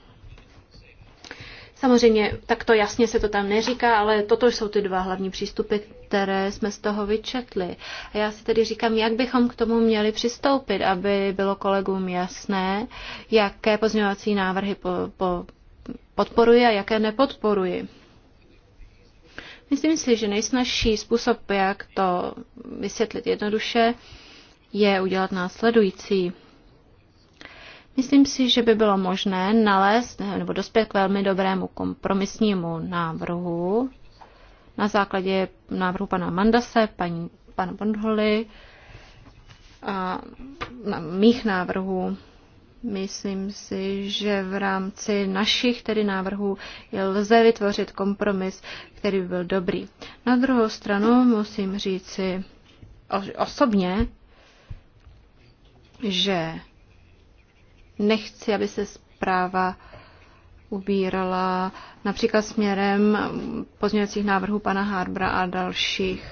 Samozřejmě, takto jasně se to tam neříká, ale toto jsou ty dva hlavní přístupy, které jsme z toho vyčetli. A já si tedy říkám, jak bychom k tomu měli přistoupit, aby bylo kolegům jasné, jaké pozměňovací návrhy po, po, podporuji a jaké nepodporuji. Myslím si, že nejsnažší způsob, jak to vysvětlit jednoduše, je udělat následující. Myslím si, že by bylo možné nalézt nebo dospět k velmi dobrému kompromisnímu návrhu na základě návrhu pana Mandase, paní, pana Bondholy a mých návrhů. Myslím si, že v rámci našich tedy návrhů lze vytvořit kompromis, který by byl dobrý. Na druhou stranu musím říci osobně, že nechci, aby se zpráva ubírala například směrem pozměňovacích návrhů pana Harbra a dalších.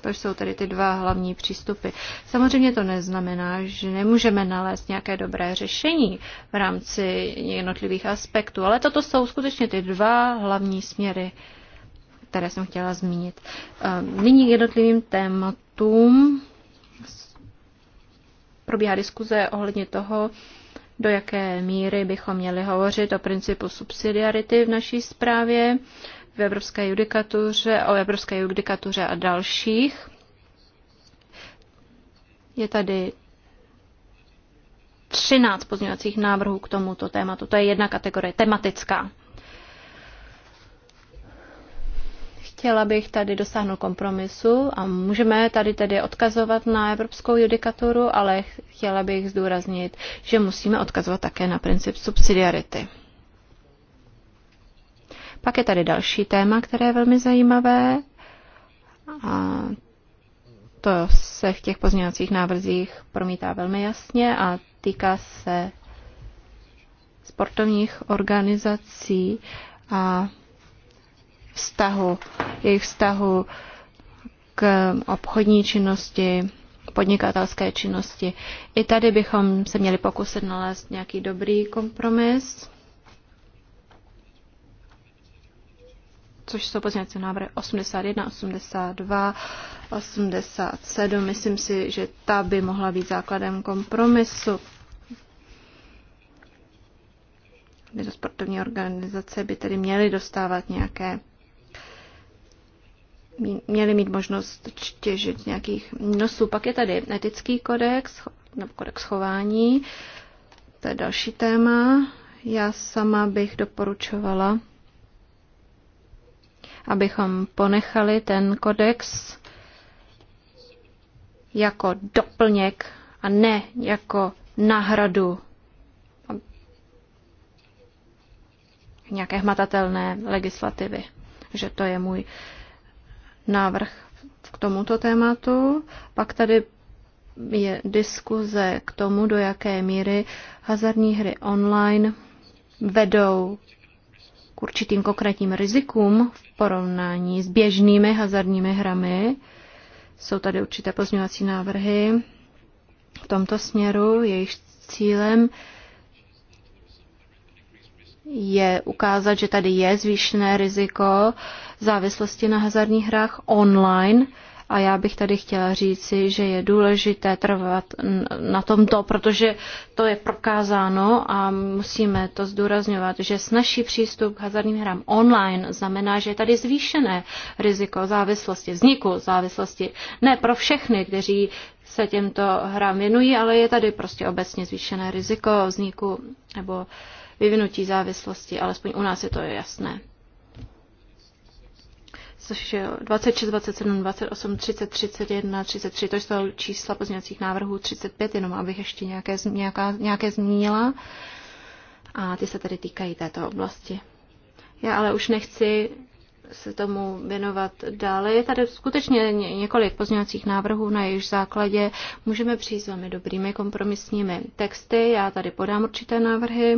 To jsou tedy ty dva hlavní přístupy. Samozřejmě to neznamená, že nemůžeme nalézt nějaké dobré řešení v rámci jednotlivých aspektů, ale toto jsou skutečně ty dva hlavní směry, které jsem chtěla zmínit. Ehm, nyní k jednotlivým tématům probíhá diskuze ohledně toho, do jaké míry bychom měli hovořit o principu subsidiarity v naší zprávě, v evropské judikatuře, o evropské judikatuře a dalších. Je tady 13 pozměňovacích návrhů k tomuto tématu. To je jedna kategorie, tematická. Chtěla bych tady dosáhnout kompromisu a můžeme tady tedy odkazovat na evropskou judikaturu, ale chtěla bych zdůraznit, že musíme odkazovat také na princip subsidiarity. Pak je tady další téma, které je velmi zajímavé. A to se v těch pozměňovacích návrzích promítá velmi jasně a týká se sportovních organizací a vztahu, jejich vztahu k obchodní činnosti, podnikatelské činnosti. I tady bychom se měli pokusit nalézt nějaký dobrý kompromis. což jsou pozměňovací návrhy 81, 82, 87. Myslím si, že ta by mohla být základem kompromisu. Tyto sportovní organizace by tedy měly dostávat nějaké měli mít možnost těžit nějakých nosů. Pak je tady etický kodex, nebo kodex chování, to je další téma. Já sama bych doporučovala, abychom ponechali ten kodex jako doplněk a ne jako náhradu nějaké hmatatelné legislativy. Že to je můj návrh k tomuto tématu. Pak tady je diskuze k tomu, do jaké míry hazardní hry online vedou k určitým konkrétním rizikům v porovnání s běžnými hazardními hrami. Jsou tady určité pozměňovací návrhy v tomto směru, jejich cílem je ukázat, že tady je zvýšené riziko závislosti na hazardních hrách online. A já bych tady chtěla říci, že je důležité trvat na tomto, protože to je prokázáno a musíme to zdůrazňovat, že snažší přístup k hazardním hrám online znamená, že je tady zvýšené riziko závislosti, vzniku závislosti. Ne pro všechny, kteří se těmto hrám věnují, ale je tady prostě obecně zvýšené riziko vzniku nebo vyvinutí závislosti, alespoň u nás je to jasné. Což je 26, 27, 28, 30, 31, 33, to jsou čísla pozměňovacích návrhů, 35, jenom abych ještě nějaké, nějaká, nějaké zmínila. A ty se tedy týkají této oblasti. Já ale už nechci se tomu věnovat dále. Je tady skutečně několik pozměňovacích návrhů, na jejich základě můžeme přijít s velmi dobrými kompromisními texty. Já tady podám určité návrhy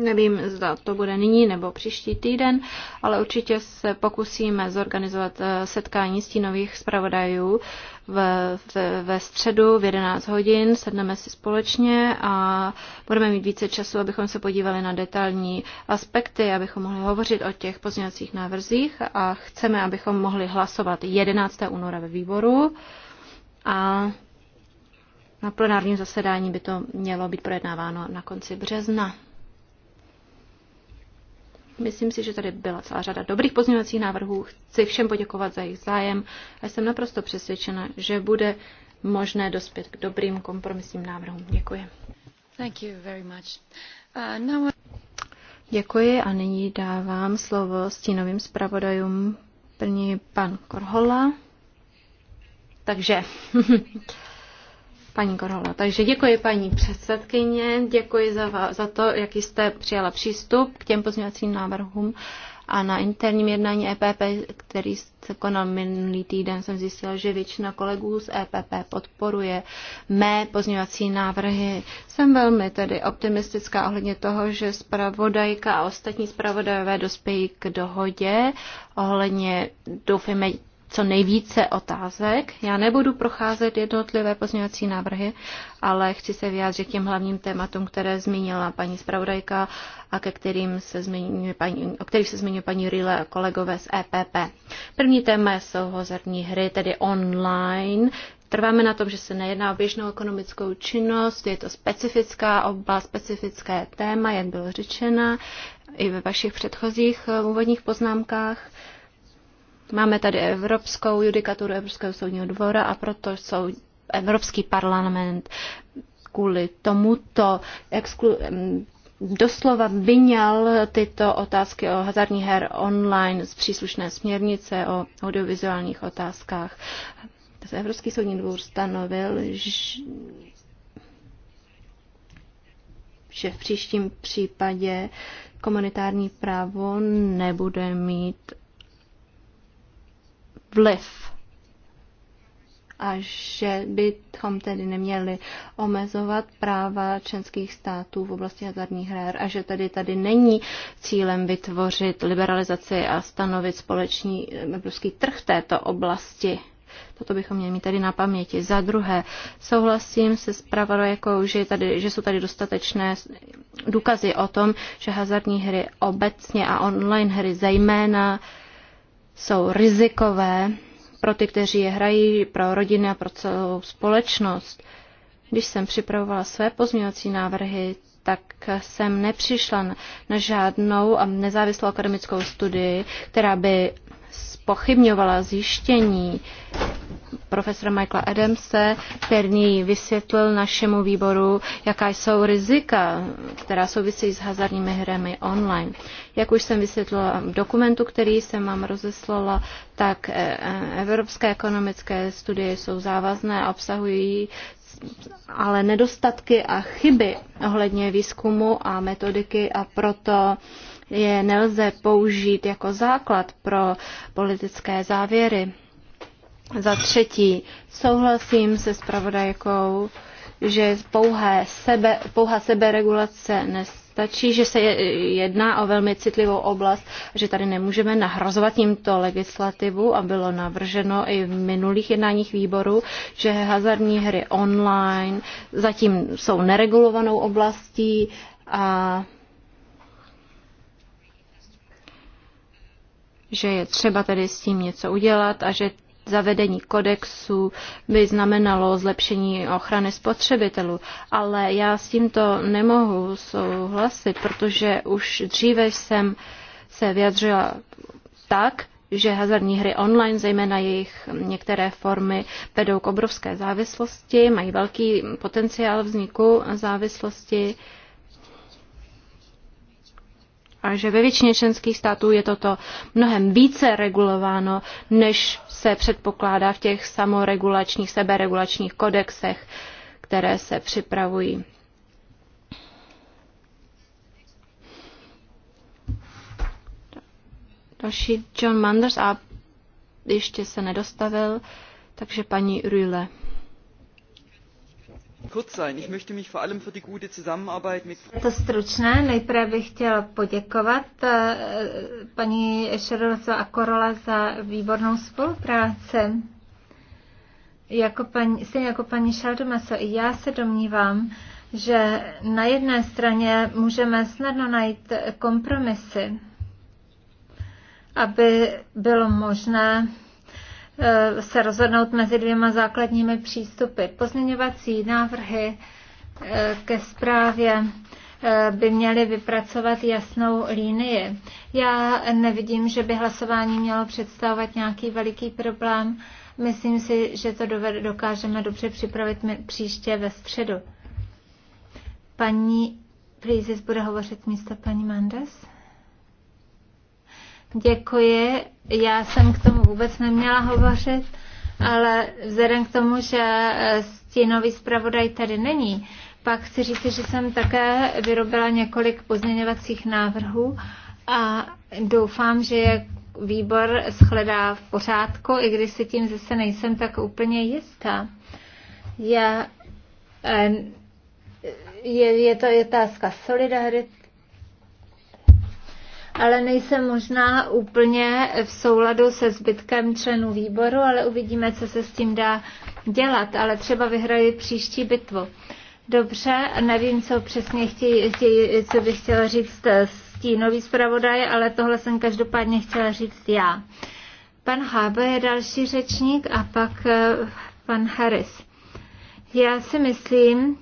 Nevím, zda to bude nyní nebo příští týden, ale určitě se pokusíme zorganizovat eh, setkání stínových zpravodajů ve, ve, ve středu v 11 hodin. Sedneme si společně a budeme mít více času, abychom se podívali na detailní aspekty, abychom mohli hovořit o těch pozměňovacích návrzích a chceme, abychom mohli hlasovat 11. února ve výboru. A na plenárním zasedání by to mělo být projednáváno na konci března. Myslím si, že tady byla celá řada dobrých pozměňovacích návrhů. Chci všem poděkovat za jejich zájem a jsem naprosto přesvědčena, že bude možné dospět k dobrým kompromisním návrhům. Děkuji.
Thank you very much.
Uh, now... Děkuji a nyní dávám slovo stínovým zpravodajům. První pan Korhola. Takže (laughs) Paní Korhola, takže děkuji paní předsedkyně, děkuji za, za to, jaký jste přijala přístup k těm pozměňovacím návrhům. A na interním jednání EPP, který se konal minulý týden, jsem zjistila, že většina kolegů z EPP podporuje mé pozměňovací návrhy. Jsem velmi tedy optimistická ohledně toho, že zpravodajka a ostatní zpravodajové dospějí k dohodě ohledně, doufejme, co nejvíce otázek. Já nebudu procházet jednotlivé pozměňovací návrhy, ale chci se vyjádřit těm hlavním tématům, které zmínila paní zpravodajka a ke kterým se zmiňuje paní, o kterých se zmiňuje paní Rile a kolegové z EPP. První téma jsou hozerní hry, tedy online. Trváme na tom, že se nejedná o běžnou ekonomickou činnost, je to specifická oba, specifické téma, jak bylo řečeno i ve vašich předchozích eh, úvodních poznámkách. Máme tady Evropskou judikaturu Evropského soudního dvora a proto jsou Evropský parlament kvůli tomuto exklu- doslova vyňal tyto otázky o hazardní her online z příslušné směrnice o audiovizuálních otázkách. Evropský soudní dvůr stanovil, že v příštím případě komunitární právo nebude mít vliv. A že bychom tedy neměli omezovat práva členských států v oblasti hazardních her a že tedy tady není cílem vytvořit liberalizaci a stanovit společný evropský trh této oblasti. Toto bychom měli mít tady na paměti. Za druhé, souhlasím se s pravodajkou, že, tady, že jsou tady dostatečné důkazy o tom, že hazardní hry obecně a online hry zejména jsou rizikové pro ty, kteří je hrají, pro rodiny a pro celou společnost. Když jsem připravovala své pozměňovací návrhy, tak jsem nepřišla na žádnou nezávislou akademickou studii, která by spochybňovala zjištění profesora Michaela Adamse, který vysvětlil našemu výboru, jaká jsou rizika, která souvisí s hazardními hrami online. Jak už jsem vysvětlila v dokumentu, který jsem vám rozeslala, tak eh, evropské ekonomické studie jsou závazné a obsahují ale nedostatky a chyby ohledně výzkumu a metodiky a proto je nelze použít jako základ pro politické závěry. Za třetí, souhlasím se spravodajkou, že pouhé sebe, pouhá seberegulace nestačí, že se jedná o velmi citlivou oblast, že tady nemůžeme nahrazovat tímto legislativu a bylo navrženo i v minulých jednáních výboru, že hazardní hry online zatím jsou neregulovanou oblastí a že je třeba tedy s tím něco udělat a že zavedení kodexu by znamenalo zlepšení ochrany spotřebitelů, ale já s tímto nemohu souhlasit, protože už dříve jsem se vyjadřila tak, že hazardní hry online, zejména jejich některé formy, vedou k obrovské závislosti, mají velký potenciál vzniku závislosti a že ve většině členských států je toto mnohem více regulováno, než se předpokládá v těch samoregulačních, seberegulačních kodexech, které se připravují. Další John Manders a ještě se nedostavil, takže paní Rüle.
To stručné.
Nejprve bych chtěl poděkovat eh, paní Šerozo a Korola za výbornou spolupráci. Jako paní, stejně jako paní Šaldomaso, i já se domnívám, že na jedné straně můžeme snadno najít kompromisy, aby bylo možné Eh, se rozhodnout mezi dvěma základními přístupy. Pozměňovací návrhy eh, ke zprávě eh, by měli vypracovat jasnou línii. Já nevidím, že by hlasování mělo představovat nějaký veliký problém. Myslím si, že to dokážeme dobře připravit příště ve středu. Paní Prýzis bude hovořit místo paní Mendes. Děkuji. Já jsem k tomu vůbec neměla hovořit, ale vzhledem k tomu, že eh, stínový zpravodaj tady není, pak chci říct, že jsem také vyrobila několik pozměňovacích návrhů a doufám, že je výbor shledá v pořádku, i když si tím zase nejsem tak úplně jistá. Je eh, je, je to otázka solidarity, ale nejsem možná úplně v souladu se zbytkem členů výboru, ale uvidíme, co se s tím dá dělat, ale třeba vyhrají příští bitvu. Dobře, nevím, co přesně chtějí, chtějí, co bych chtěla říct eh, stínový zpravodaj, ale tohle jsem každopádně chtěla říct já. Pan Hábe je další řečník a pak eh, pan Harris. Já si myslím,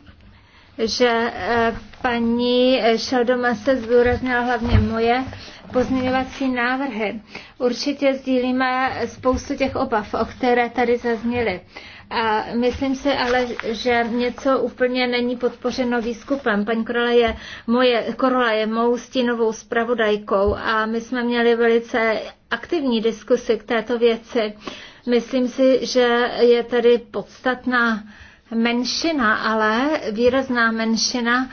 že e, paní Šeldoma se zdůraznila hlavně moje pozměňovací návrhy. Určitě sdílíme spoustu těch obav, o které tady zazněly. A myslím si ale, že něco úplně není podpořeno výzkupem. Paní Korola je, moje, Korola je mou stínovou spravodajkou a my jsme měli velice aktivní diskusy k této věci. Myslím si, že je tady podstatná menšina, ale výrazná menšina,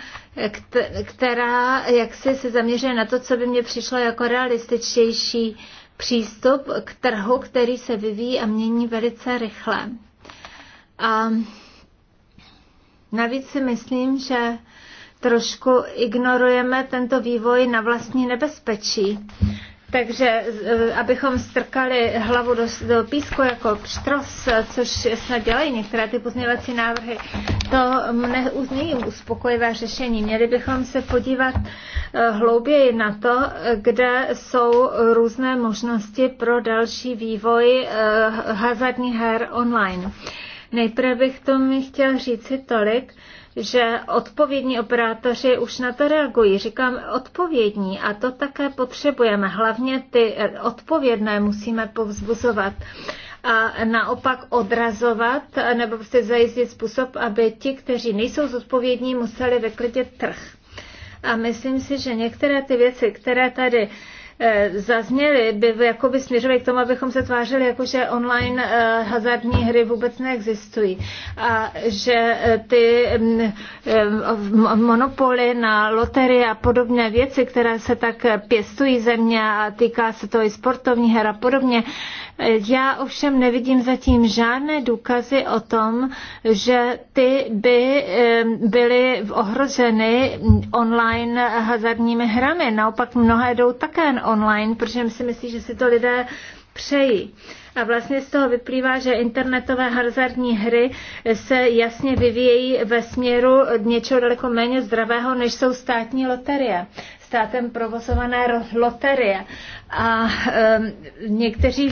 která jaksi se zaměřuje na to, co by mě přišlo jako realističtější přístup k trhu, který se vyvíjí a mění velice rychle. A navíc si myslím, že trošku ignorujeme tento vývoj na vlastní nebezpečí. Takže e, abychom strkali hlavu do, do písku jako pštros, což snad dělají některé ty pozměňovací návrhy, to mne není uspokojivé řešení. Měli bychom se podívat e, hlouběji na to, kde jsou různé možnosti pro další vývoj e, hazardních her online. Nejprve bych tomu chtěl říci tolik, že odpovědní operátoři už na to reagují. Říkám odpovědní a to také potřebujeme. Hlavně ty eh, odpovědné musíme povzbuzovat a naopak odrazovat eh, nebo se prostě zajistit způsob, aby ti, kteří nejsou zodpovědní, museli vyklidit trh. A myslím si, že některé ty věci, které tady Eh, zazněly, by jako by směřovaly k tomu, abychom se tvářili, jako že online eh, hazardní hry vůbec neexistují a že eh, ty mm, monopoly na loterie a podobné věci, které se tak pěstují země a týká se to i sportovní her a podobně, já ovšem nevidím zatím žádné důkazy o tom, že ty by byly ohroženy online hazardními hrami. Naopak mnohé jdou také online, protože si myslí, že si to lidé přejí. A vlastně z toho vyplývá, že internetové hazardní hry se jasně vyvíjejí ve směru něčeho daleko méně zdravého, než jsou státní loterie státem provozované loterie. A um, někteří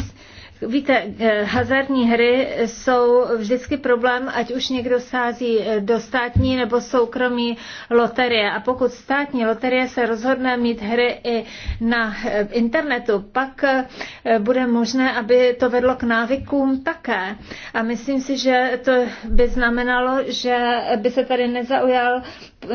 Víte, eh, hazardní hry jsou vždycky problém, ať už někdo sází eh, do státní nebo soukromí loterie. A pokud státní loterie se rozhodne mít hry i na eh, internetu, pak bude možné, aby to vedlo k návykům také. A myslím si, že to by znamenalo, že by se tady nezaujal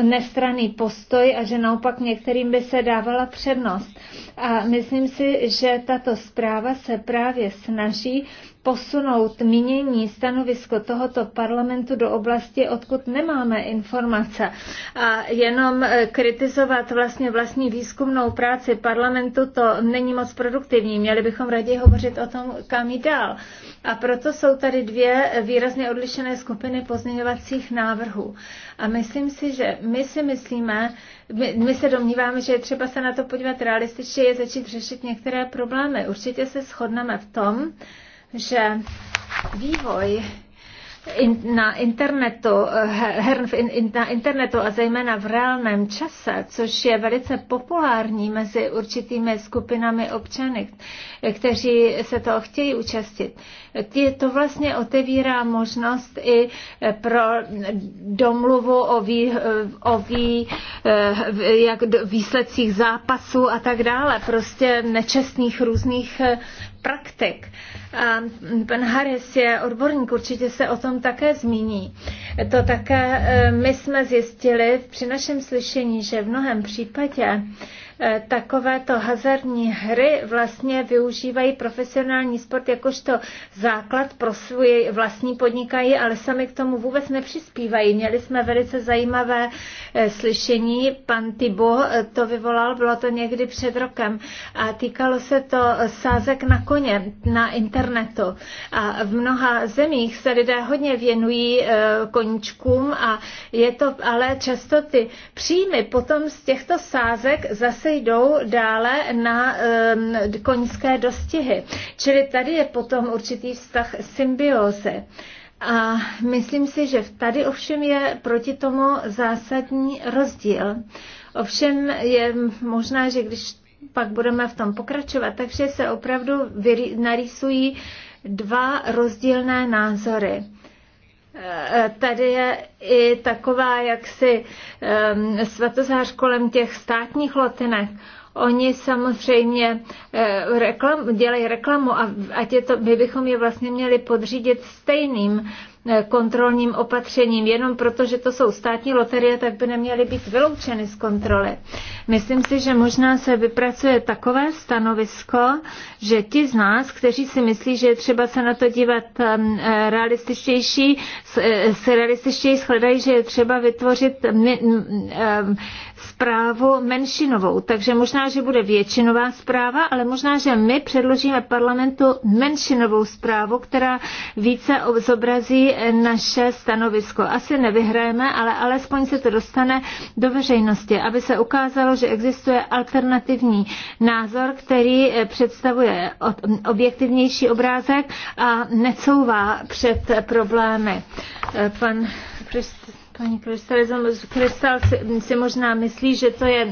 nestraný postoj a že naopak některým by se dávala přednost. A myslím si, že tato zpráva se právě snaží posunout mínění stanovisko tohoto parlamentu do oblasti, odkud nemáme informace. A jenom eh, kritizovat vlastně vlastní výzkumnou práci parlamentu, to není moc produktivní. Měli bychom raději hovořit o tom, kam jít dál. A proto jsou tady dvě výrazně odlišené skupiny pozměňovacích návrhů. A myslím si, že my si myslíme, my, my se domníváme, že je třeba se na to podívat realističně a začít řešit některé problémy. Určitě se shodneme v tom, že vývoj na internetu, eh, her na internetu a zejména v reálném čase, což je velice populární mezi určitými skupinami občany, kteří se toho chtějí účastnit, Tě to vlastně otevírá možnost i pro domluvu o, vý, o vý, eh, jak výsledcích zápasů a tak dále, prostě nečestných různých eh, praktik. A mm, pan Harris je odborník, určitě se o tom také zmíní. To také eh, my jsme zjistili při našem slyšení, že v mnohem případě Eh, takovéto hazardní hry vlastně využívají profesionální sport jakožto základ pro svůj vlastní podnikají, ale sami k tomu vůbec nepřispívají. Měli jsme velice zajímavé eh, slyšení, pan Tibo eh, to vyvolal, bylo to někdy před rokem a týkalo se to sázek na koně na internetu. A v mnoha zemích se lidé hodně věnují koníčkům a je to ale často ty příjmy potom z těchto sázek zase dokonce jdou dále na ehm, koňské dostihy. Čili tady je potom určitý vztah symbioze. A myslím si, že tady ovšem je proti tomu zásadní rozdíl. Ovšem je možná, že když pak budeme v tom pokračovat, takže se opravdu narýsují dva rozdílné názory tady je i taková jaksi svatozář kolem těch státních lotinek. Oni samozřejmě eh, reklam, dělají reklamu a ať je to, my bychom je vlastně měli podřídit stejným Eh, kontrolním opatřením. Jenom proto, že to jsou státní loterie, tak by neměly být vyloučeny z kontroly. Myslím si, že možná se vypracuje takové stanovisko, že ti z nás, kteří si myslí, že je třeba se na to dívat ehm, eh, realističtější, se eh, realističtěji shledají, že je třeba vytvořit ehm, zprávu menšinovou. Takže možná, že bude většinová zpráva, ale možná, že my předložíme parlamentu menšinovou zprávu, která více zobrazí naše stanovisko. Asi nevyhrajeme, ale alespoň se to dostane do veřejnosti, aby se ukázalo, že existuje alternativní názor, který eh, představuje objektivnější obrázek a necouvá před problémy. Eh, pan Christ Paní Krystal si možná myslí, že to je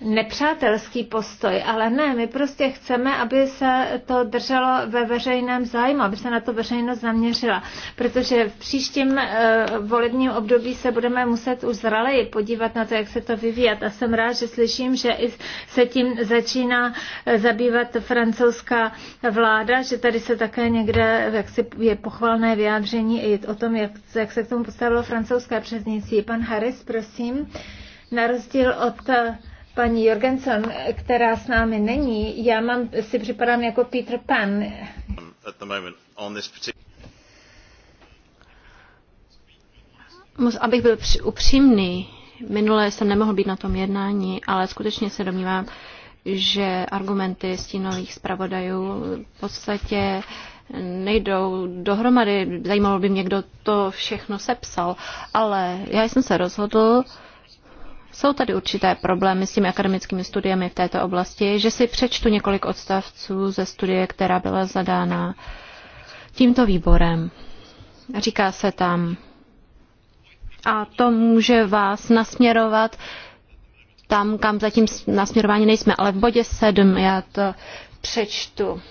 nepřátelský postoj, ale ne, my prostě chceme, aby se to drželo ve veřejném zájmu, aby se na to veřejnost zaměřila, protože v příštím eh, volebním období se budeme muset už zraleji podívat na to, jak se to vyvíjet a jsem rád, že slyším, že i se tím začíná eh, zabývat francouzská vláda, že tady se také někde jak si je pochvalné vyjádření i o tom, jak, jak se k tomu postavilo francouzské předsednictví. Pan Harris, prosím, na rozdíl od eh, paní Jorgenson, která s námi není. Já mám, si připadám jako Peter Pan.
Abych byl upřímný, minule jsem nemohl být na tom jednání, ale skutečně se domnívám, že argumenty stínových zpravodajů v podstatě nejdou dohromady. Zajímalo by mě, kdo to všechno sepsal, ale já jsem se rozhodl, jsou tady určité problémy s těmi akademickými studiemi v této oblasti, že si přečtu několik odstavců ze studie, která byla zadána tímto výborem. Říká se tam, a to může vás nasměrovat tam, kam zatím nasměrování nejsme, ale v bodě 7 já to přečtu.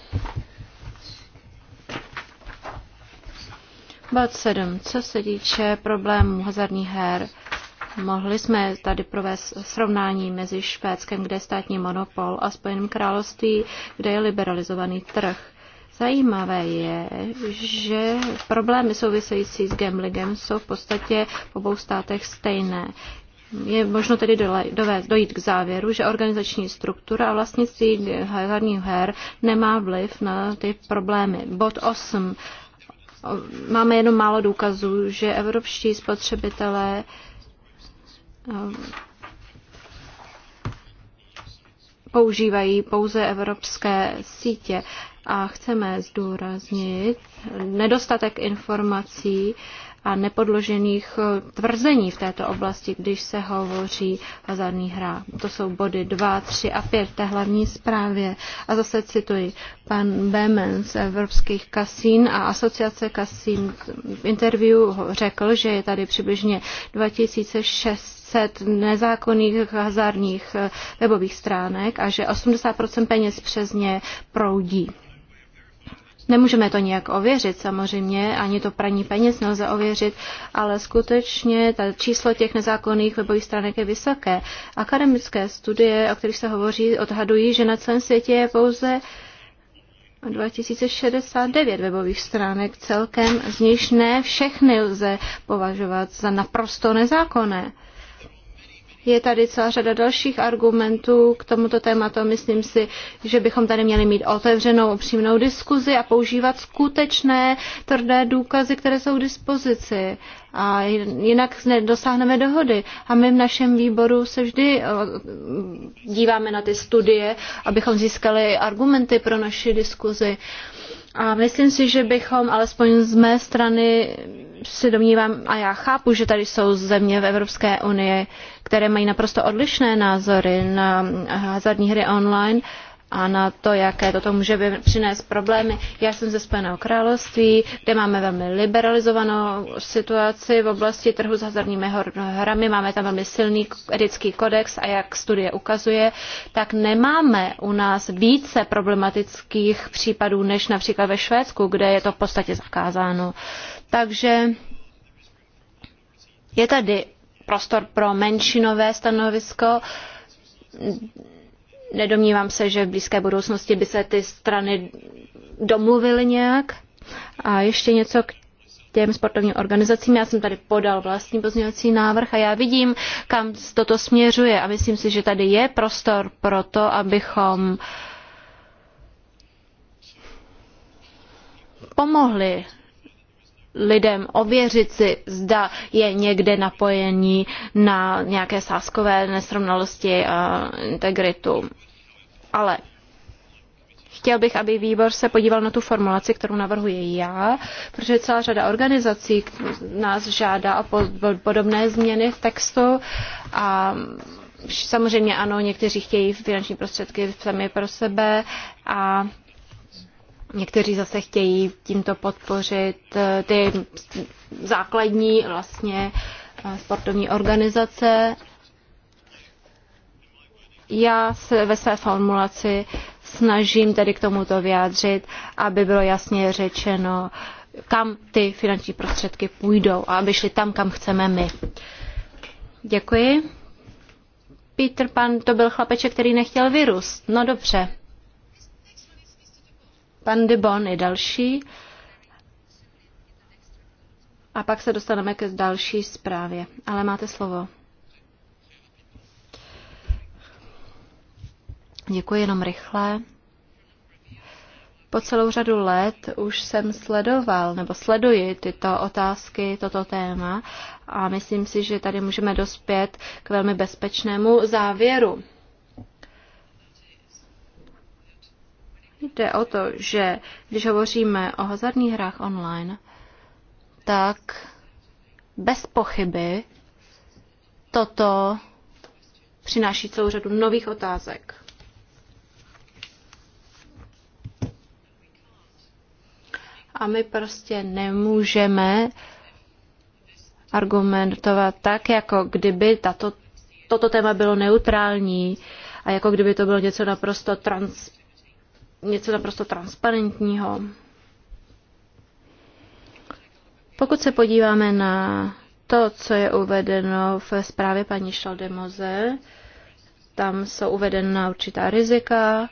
Bod 7. Co se týče problémů hazardních her, Mohli jsme tady provést srovnání mezi Švédskem, kde je státní monopol, a Spojeným království, kde je liberalizovaný trh. Zajímavé je, že problémy související s gamblingem jsou v podstatě v obou státech stejné. Je možno tedy dole, dovést, dojít k závěru, že organizační struktura a vlastnictví hazardních her nemá vliv na ty problémy. Bod 8. Máme jenom málo důkazů, že evropští spotřebitelé používají pouze evropské sítě. A chceme zdůraznit nedostatek informací a nepodložených eh, tvrzení v této oblasti, když se hovoří o hazardní hra. To jsou body 2, 3 a 5 té hlavní zprávě. A zase cituji, pan Bemen z Evropských kasín a asociace kasín v interview řekl, že je tady přibližně 2006 nezákonných hazardních eh, webových stránek a že 80% peněz přes ně proudí. Nemůžeme to nějak ověřit samozřejmě, ani to praní peněz nelze ověřit, ale skutečně ta číslo těch nezákonných webových stránek je vysoké. Akademické studie, o kterých se hovoří, odhadují, že na celém světě je pouze 2069 webových stránek celkem, z nichž ne všechny lze považovat za naprosto nezákonné. Je tady celá řada dalších argumentů k tomuto tématu. Myslím si, že bychom tady měli mít otevřenou, upřímnou diskuzi a používat skutečné tvrdé důkazy, které jsou k dispozici. A jinak nedosáhneme dohody. A my v našem výboru se vždy eh, díváme na ty studie, abychom získali argumenty pro naši diskuzi. A myslím si, že bychom, alespoň z mé strany, si domnívám, a já chápu, že tady jsou země v Evropské unii, které mají naprosto odlišné názory na hazardní hry online, a na to, jaké toto může přinést problémy. Já jsem ze Spojeného království, kde máme velmi liberalizovanou situaci v oblasti trhu s hazardními hrami, máme tam velmi silný etický kodex a jak studie ukazuje, tak nemáme u nás více problematických případů než například ve Švédsku, kde je to v podstatě zakázáno. Takže je tady prostor pro menšinové stanovisko Nedomnívám se, že v blízké budoucnosti by se ty strany domluvily nějak. A ještě něco k těm sportovním organizacím. Já jsem tady podal vlastní pozměňovací návrh a já vidím, kam toto směřuje a myslím si, že tady je prostor pro to, abychom pomohli lidem ověřit si, zda je někde napojení na nějaké sáskové nesrovnalosti a eh, integritu. Ale chtěl bych, aby výbor se podíval na tu formulaci, kterou navrhuji já, protože celá řada organizací nás žádá o podobné změny v textu a samozřejmě ano, někteří chtějí finanční prostředky sami pro sebe a Někteří zase chtějí tímto podpořit eh, ty základní vlastně eh, sportovní organizace. Já se ve své formulaci snažím tedy k tomuto vyjádřit, aby bylo jasně řečeno, kam ty finanční prostředky půjdou a aby šly tam, kam chceme my. Děkuji. Peter Pan to byl chlapeček, který nechtěl virus. No dobře. Pan Bon i další. A pak se dostaneme ke další zprávě. Ale máte slovo. Děkuji jenom rychle. Po celou řadu let už jsem sledoval nebo sleduji tyto otázky, toto téma a myslím si, že tady můžeme dospět k velmi bezpečnému závěru. Jde o to, že když hovoříme o hazardních hrách online, tak bez pochyby toto přináší celou řadu nových otázek. A my prostě nemůžeme argumentovat tak, jako kdyby tato, toto téma bylo neutrální a jako kdyby to bylo něco naprosto transparentní něco naprosto transparentního. Pokud se podíváme na to, co je uvedeno v zprávě paní Šaldemoze, tam jsou uvedena určitá rizika,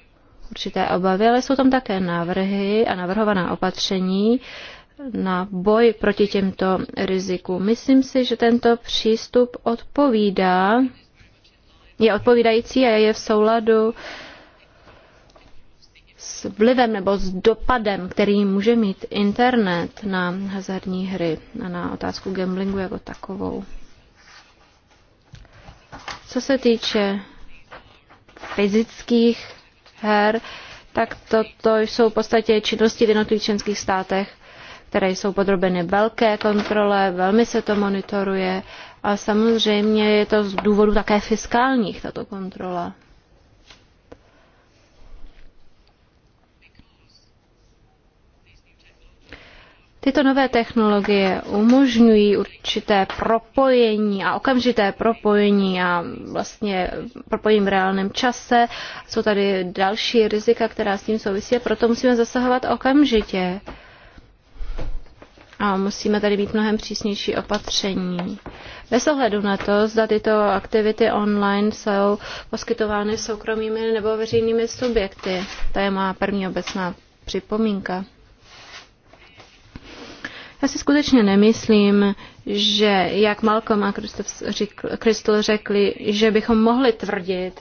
určité obavy, ale jsou tam také návrhy a navrhovaná opatření na boj proti těmto rizikům. Myslím si, že tento přístup odpovídá, je odpovídající a je v souladu uh, s vlivem nebo s dopadem, který může mít internet na hazardní hry a na otázku gamblingu jako takovou. Co se týče fyzických her, tak toto jsou v podstatě činnosti v jednotlivých členských státech, které jsou podrobeny velké kontrole, velmi se to monitoruje a samozřejmě je to z důvodu také fiskálních, tato kontrola. Tyto nové technologie umožňují určité propojení a okamžité propojení a vlastně propojení v reálném čase. Jsou tady další rizika, která s tím souvisí a proto musíme zasahovat okamžitě. A musíme tady být mnohem přísnější opatření. Bez ohledu na to, zda tyto aktivity online jsou poskytovány soukromými nebo veřejnými subjekty. To je má první obecná připomínka. Já si skutečně nemyslím, že jak Malcolm a Kristol řekli, že bychom mohli tvrdit,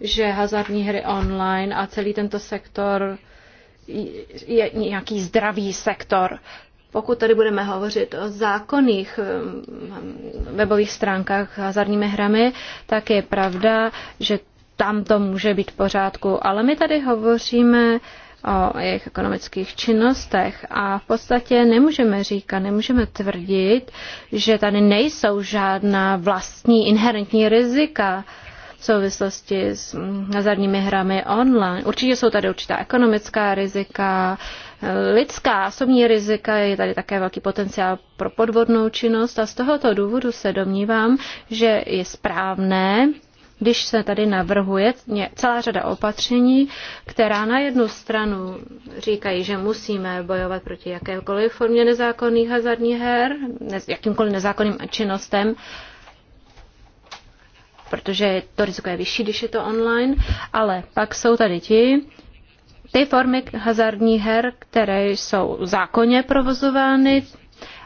že hazardní hry online a celý tento sektor je nějaký zdravý sektor. Pokud tady budeme hovořit o zákonných mm, webových stránkách hazardními hrami, tak je pravda, že tam to může být v pořádku. Ale my tady hovoříme o jejich ekonomických činnostech a v podstatě nemůžeme říkat, nemůžeme tvrdit, že tady nejsou žádná vlastní inherentní rizika v souvislosti s hazardními hrami online. Určitě jsou tady určitá ekonomická rizika, lidská osobní rizika, je tady také velký potenciál pro podvodnou činnost a z tohoto důvodu se domnívám, že je správné když se tady navrhuje celá řada opatření, která na jednu stranu říkají, že musíme bojovat proti jakékoliv formě nezákonných hazardních her, jakýmkoliv nezákonným činnostem, protože to riziko je vyšší, když je to online, ale pak jsou tady ti, ty formy hazardních her, které jsou zákonně provozovány,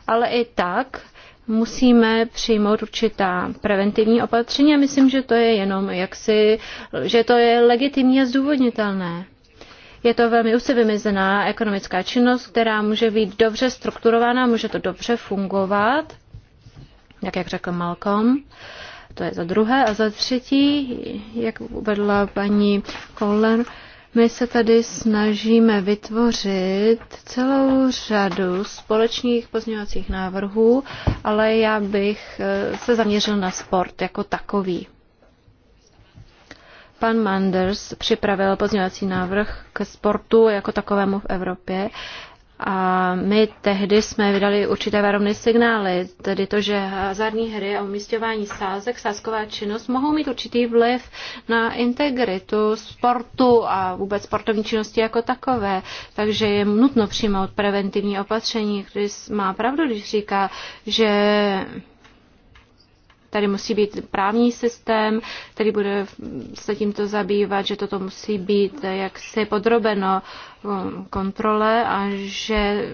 ale i tak musíme přijmout určitá preventivní opatření a myslím, že to je jenom jaksi, že to je legitimní a zdůvodnitelné. Je to velmi úzce vymezená ekonomická činnost, která může být dobře strukturována, může to dobře fungovat, tak jak řekl Malcolm. To je za druhé. A za třetí, jak uvedla paní Kohler, my se tady snažíme vytvořit celou řadu společných pozměňovacích návrhů, ale já bych eh, se zaměřil na sport jako takový. Pan Manders připravil pozměňovací návrh k sportu jako takovému v Evropě. A my tehdy jsme vydali určité varovné signály, tedy to, že hazardní hry a umístěvání sázek, sázková činnost mohou mít určitý vliv na integritu sportu a vůbec sportovní činnosti jako takové. Takže je nutno přijmout preventivní opatření, když má pravdu, když říká, že Tady musí být právní systém, který bude se tímto zabývat, že toto musí být eh, jaksi podrobeno um, kontrole a že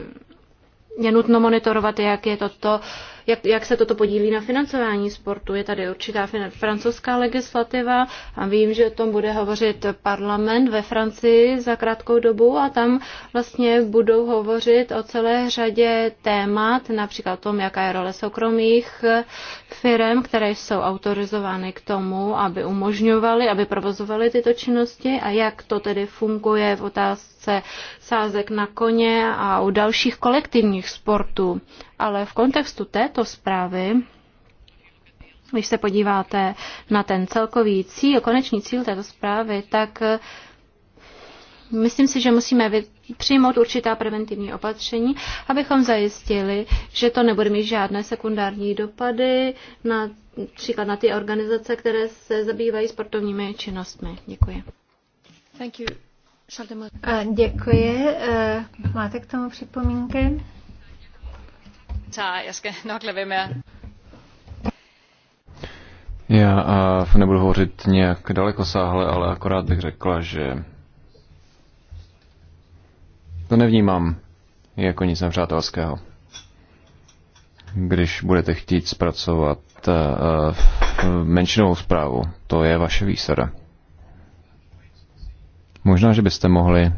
je nutno monitorovat, jak je toto jak, jak se toto podílí na financování sportu. Je tady určitá francouzská legislativa a vím, že o tom bude hovořit parlament ve Francii za krátkou dobu a tam vlastně budou hovořit o celé řadě témat, například o tom, jaká je role soukromých firm, které jsou autorizovány k tomu, aby umožňovaly, aby provozovaly tyto činnosti a jak to tedy funguje v otázce sázek na koně a u dalších kolektivních sportů ale v kontextu této zprávy když se podíváte na ten celkový cíl, konečný cíl této zprávy, tak eh, myslím si, že musíme přijmout určitá preventivní opatření, abychom zajistili, že to nebude mít žádné sekundární dopady, na, například na ty organizace, které se zabývají sportovními činnostmi. Děkuji. Thank you. Eh, děkuji.
Eh, máte k tomu připomínky? já
uh, (laughs) nebudu hovořit nějak daleko sáhle, ale akorát bych řekla, že to nevnímám jako nic nepřátelského. Když budete chtít zpracovat uh, menšinovou zprávu, to je vaše výsada. Možná, že byste mohli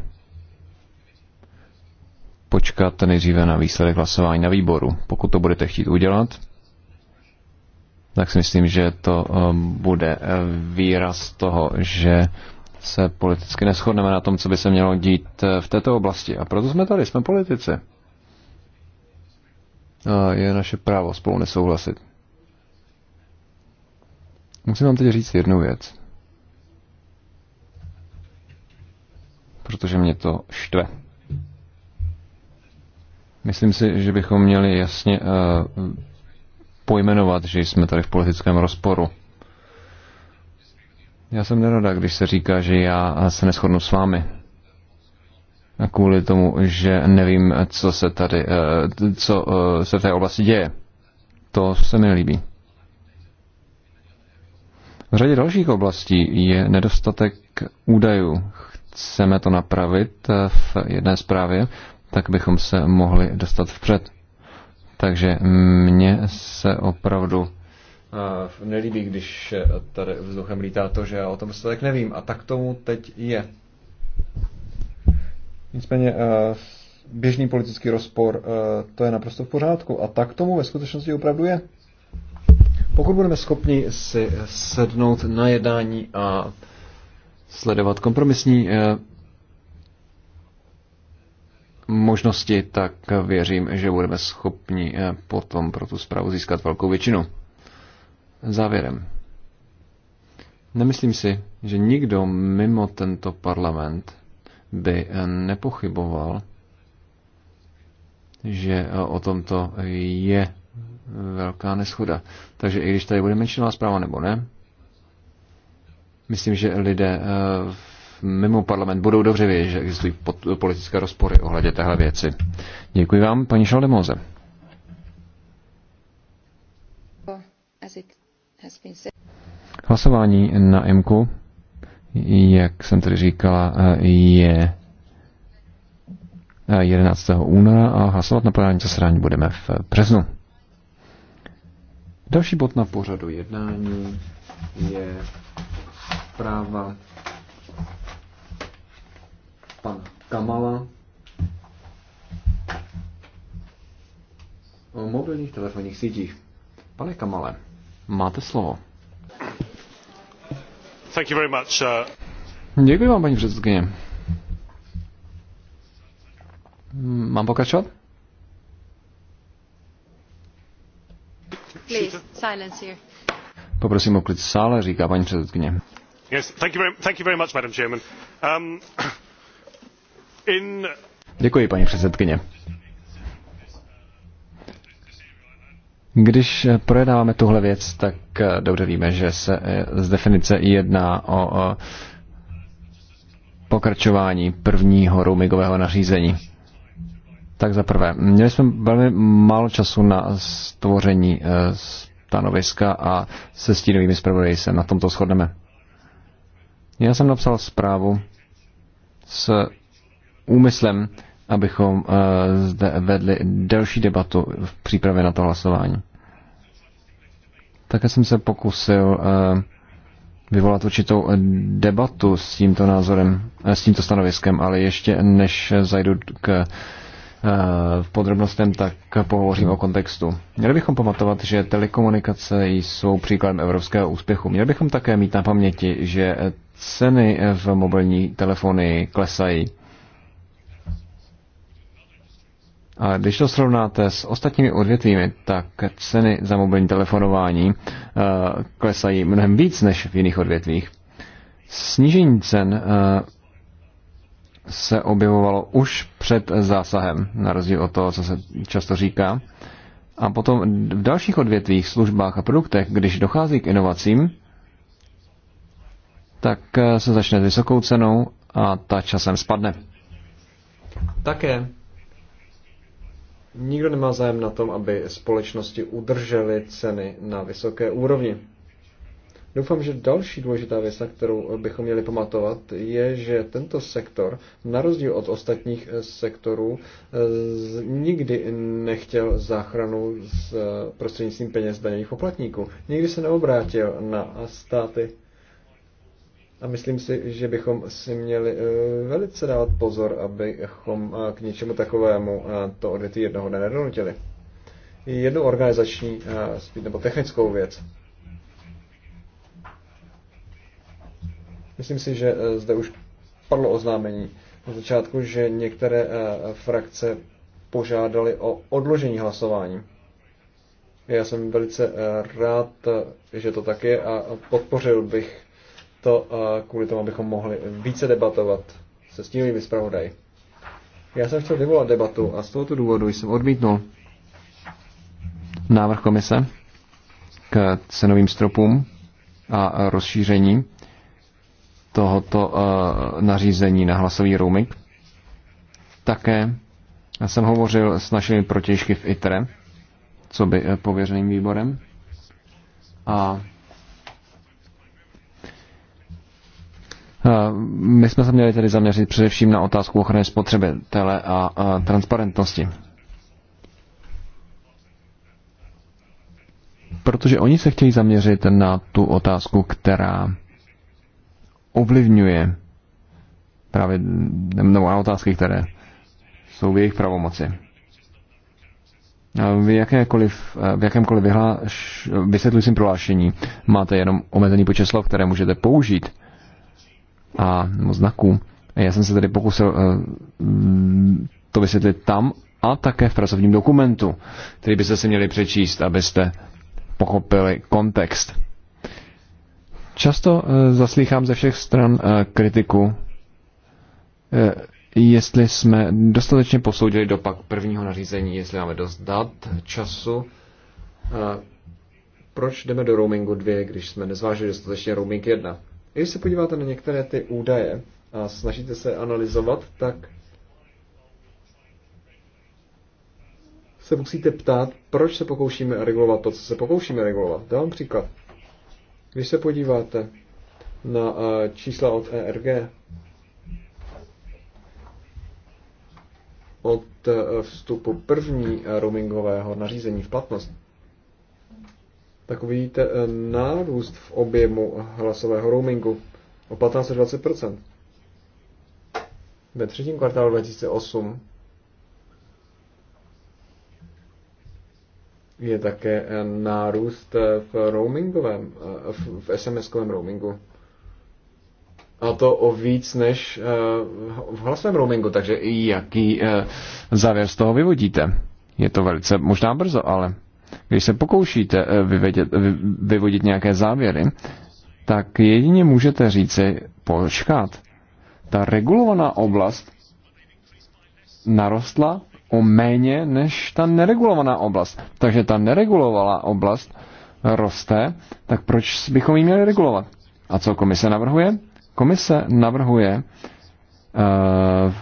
počkat nejdříve na výsledek hlasování na výboru. Pokud to budete chtít udělat, tak si myslím, že to um, bude eh, výraz toho, že se politicky neschodneme na tom, co by se mělo dít eh, v této oblasti. A proto jsme tady, jsme politici. A je naše právo spolu nesouhlasit. Musím vám teď říct jednu věc. Protože mě to štve. Myslím si, že bychom měli jasně eh, pojmenovat, že jsme tady v politickém rozporu. Já jsem nerada, když se říká, že já se neschodnu s vámi. A kvůli tomu, že nevím, co se tady, eh, co eh, se v té oblasti děje. To se mi líbí. V řadě dalších oblastí je nedostatek údajů. Chceme to napravit v jedné zprávě tak bychom se mohli dostat vpřed. Takže mně se opravdu uh, nelíbí, když tady vzduchem lítá to, že já o tom se tak nevím. A tak tomu teď je. Nicméně uh, běžný politický rozpor, uh, to je naprosto v pořádku. A tak tomu ve skutečnosti opravdu je. Pokud budeme schopni si sednout na jednání a sledovat kompromisní možnosti, tak věřím, že budeme schopni eh, potom pro tu zprávu získat velkou většinu. Závěrem. Nemyslím si, že nikdo mimo tento parlament by eh, nepochyboval, že eh, o tomto je velká neschoda. Takže i když tady bude menšinová zpráva nebo ne, myslím, že lidé v mimo parlament budou dobře vědět, že existují politické rozpory ohledně téhle věci. Děkuji vám, paní Šaldemoze. Hlasování na MK, jak jsem tedy říkala, je 11. Eh, února a hlasovat na plenární zasedání budeme v březnu. Další bod na pořadu jednání je zpráva pan Kamala o mobilních telefonních sítích. Pane Kamale, máte slovo. Thank you very much, uh... Děkuji vám, paní předsedkyně. Mám pokračovat?
Please, silence here.
Poprosím o klid sále, říká paní předsedkyně.
Yes, thank you very, thank you very much, Madam Chairman. Um,
Děkuji, paní předsedkyně. Když projednáváme tuhle věc, tak eh, dobře víme, že se eh, z definice jedná o pokračování prvního roamingového nařízení. Tak za prvé, měli jsme velmi málo času na stvoření eh, stanoviska a se stínovými zpravodaji se na tomto shodneme. Já jsem napsal zprávu s úmyslem, abychom eh, zde vedli delší debatu v přípravě na to hlasování. Také jsem se pokusil eh, vyvolat určitou debatu s tímto názorem, eh, s tímto stanoviskem, ale ještě než zajdu k v podrobnostem, tak pohovořím o kontextu. Měli bychom pamatovat, že telekomunikace jsou příkladem evropského úspěchu. Měli bychom také mít na paměti, že ceny v mobilní telefony klesají. A když to srovnáte s ostatními odvětvími, tak ceny za mobilní telefonování eh, klesají mnohem víc než v jiných odvětvích. Snížení cen eh, se objevovalo už před zásahem, na rozdíl od toho, co se často říká. A potom v dalších odvětvích, službách a produktech, když dochází k inovacím, tak eh, se začne s vysokou cenou a ta časem spadne. Také Nikdo nemá zájem na tom, aby společnosti udržely ceny na vysoké úrovni. Doufám, že další důležitá věc, na kterou bychom měli pamatovat, je, že tento sektor, na rozdíl od ostatních sektorů, nikdy nechtěl záchranu s prostřednictvím peněz daněných poplatníků. Nikdy se neobrátil na státy a myslím si, že bychom si měli eh, velice dát pozor, abychom eh, k něčemu takovému eh, to odvětví jednoho dne nedonutili. Jednu organizační nebo technickou věc. Myslím si, že zde už padlo oznámení na začátku, že některé frakce požádali o odložení hlasování. Já jsem velice rád, že to tak je a podpořil bych to eh, kvůli tomu, abychom mohli více debatovat se stínovými zpravodaji. Já jsem chtěl vyvolat debatu a z tohoto důvodu jsem odmítnul návrh komise k cenovým stropům a rozšíření tohoto eh, nařízení na hlasový roaming. Také jsem hovořil s našimi protěžky v ITRE, co by eh, pověřeným výborem. A My jsme se měli tedy zaměřit především na otázku ochrany spotřebitele a transparentnosti. Protože oni se chtějí zaměřit na tu otázku, která ovlivňuje právě, nebo na otázky, které jsou v jejich pravomoci. V, jakékoliv, v jakémkoliv vysvětlujícím prohlášení máte jenom omezený počet slov, které můžete použít a nebo znaků. Já jsem se tedy pokusil eh, to vysvětlit tam a také v pracovním dokumentu, který byste si měli přečíst, abyste pochopili kontext. Často eh, zaslýchám ze všech stran eh, kritiku, jestli jsme dostatečně posoudili dopad prvního nařízení, jestli máme dost dat, času, proč jdeme do roamingu 2, když jsme nezvážili dostatečně roaming 1? Když se podíváte na některé ty údaje a snažíte se analyzovat, tak se musíte ptát, proč se pokoušíme regulovat to, co se pokoušíme regulovat. Dám příklad. Když se podíváte na eh, čísla od ERG, od eh, vstupu první eh, roamingového nařízení v platnost, tak uvidíte eh, nárůst v objemu hlasového roamingu o 15-20%. Ve třetím kvartálu 2008 je také eh, nárůst eh, v roamingovém, v SMS-kovém roamingu. A to o víc než v hlasovém roamingu, takže jaký závěr z toho vyvodíte? Je to velice možná brzo, ale když se pokoušíte eh, vyvedět, vyvodit nějaké závěry, tak jedině můžete říci, počkat, ta regulovaná oblast narostla o méně než ta neregulovaná oblast. Takže ta neregulovaná oblast roste, tak proč bychom ji měli regulovat? A co komise navrhuje? Komise navrhuje uh,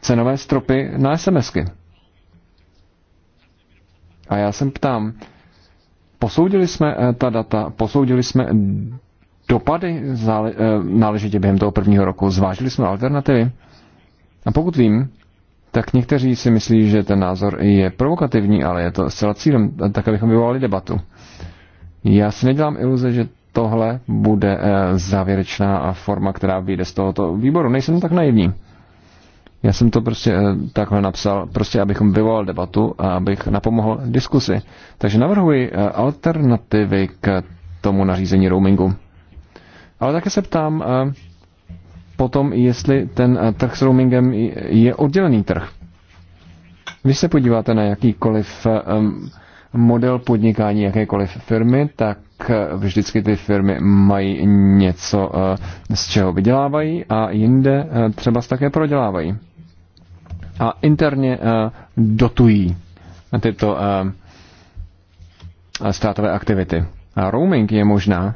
cenové stropy na SMSky. A já jsem ptám, posoudili jsme eh, ta data, posoudili jsme dopady eh, náležitě během toho prvního roku, zvážili jsme alternativy. A pokud vím, tak někteří si myslí, že ten názor je provokativní, ale je to zcela cílem, eh, tak abychom vyvolali debatu. Já si nedělám iluze, že tohle bude závěrečná forma, která vyjde z tohoto výboru. Nejsem tak naivní. Já jsem to prostě eh, takhle napsal, prostě abychom vyvolal debatu a abych napomohl diskusi. Takže navrhuji eh, alternativy k tomu nařízení roamingu. Ale také se ptám eh, potom, jestli ten trh s roamingem je oddělený trh. Když se podíváte na jakýkoliv model podnikání jakékoliv firmy, tak vždycky ty firmy mají něco, z čeho vydělávají a jinde třeba také prodělávají a interně eh, dotují tyto eh, státové aktivity. A roaming je možná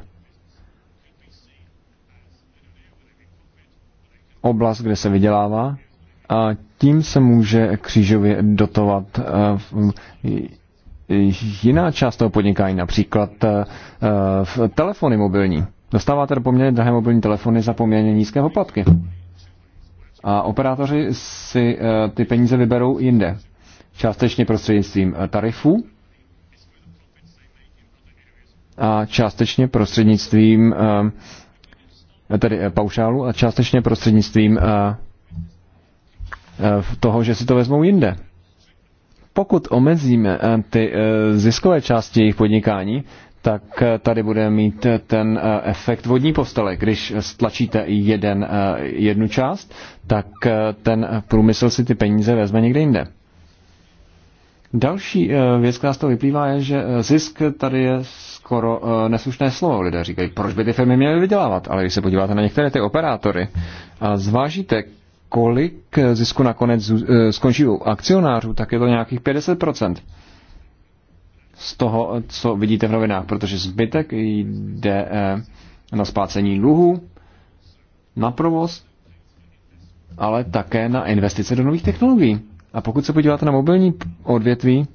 oblast, kde se vydělává a tím se může křížově dotovat eh, jiná část toho podnikání, například telefony mobilní. Dostáváte poměrně drahé mobilní telefony za poměrně nízké poplatky a operátoři si eh, ty peníze vyberou jinde. Částečně prostřednictvím eh, tarifů a částečně prostřednictvím eh, tedy paušálu a částečně prostřednictvím toho, že si to vezmou jinde. Pokud omezíme ty ziskové části jejich podnikání, tak eh, tady bude mít eh, ten eh, efekt vodní postele. Když stlačíte jeden, jednu část, tak ten průmysl si ty peníze vezme někde jinde. Další věc, která z toho vyplývá, je, že zisk tady je skoro neslušné slovo. Lidé říkají, proč by ty firmy měly vydělávat? Ale když se podíváte na některé ty operátory a zvážíte, kolik zisku nakonec skončí u akcionářů, tak je to nějakých 50% z toho, co vidíte v novinách, protože zbytek jde eh, na splácení dluhů, na provoz, ale také na investice do nových technologií. A pokud se podíváte na mobilní odvětví,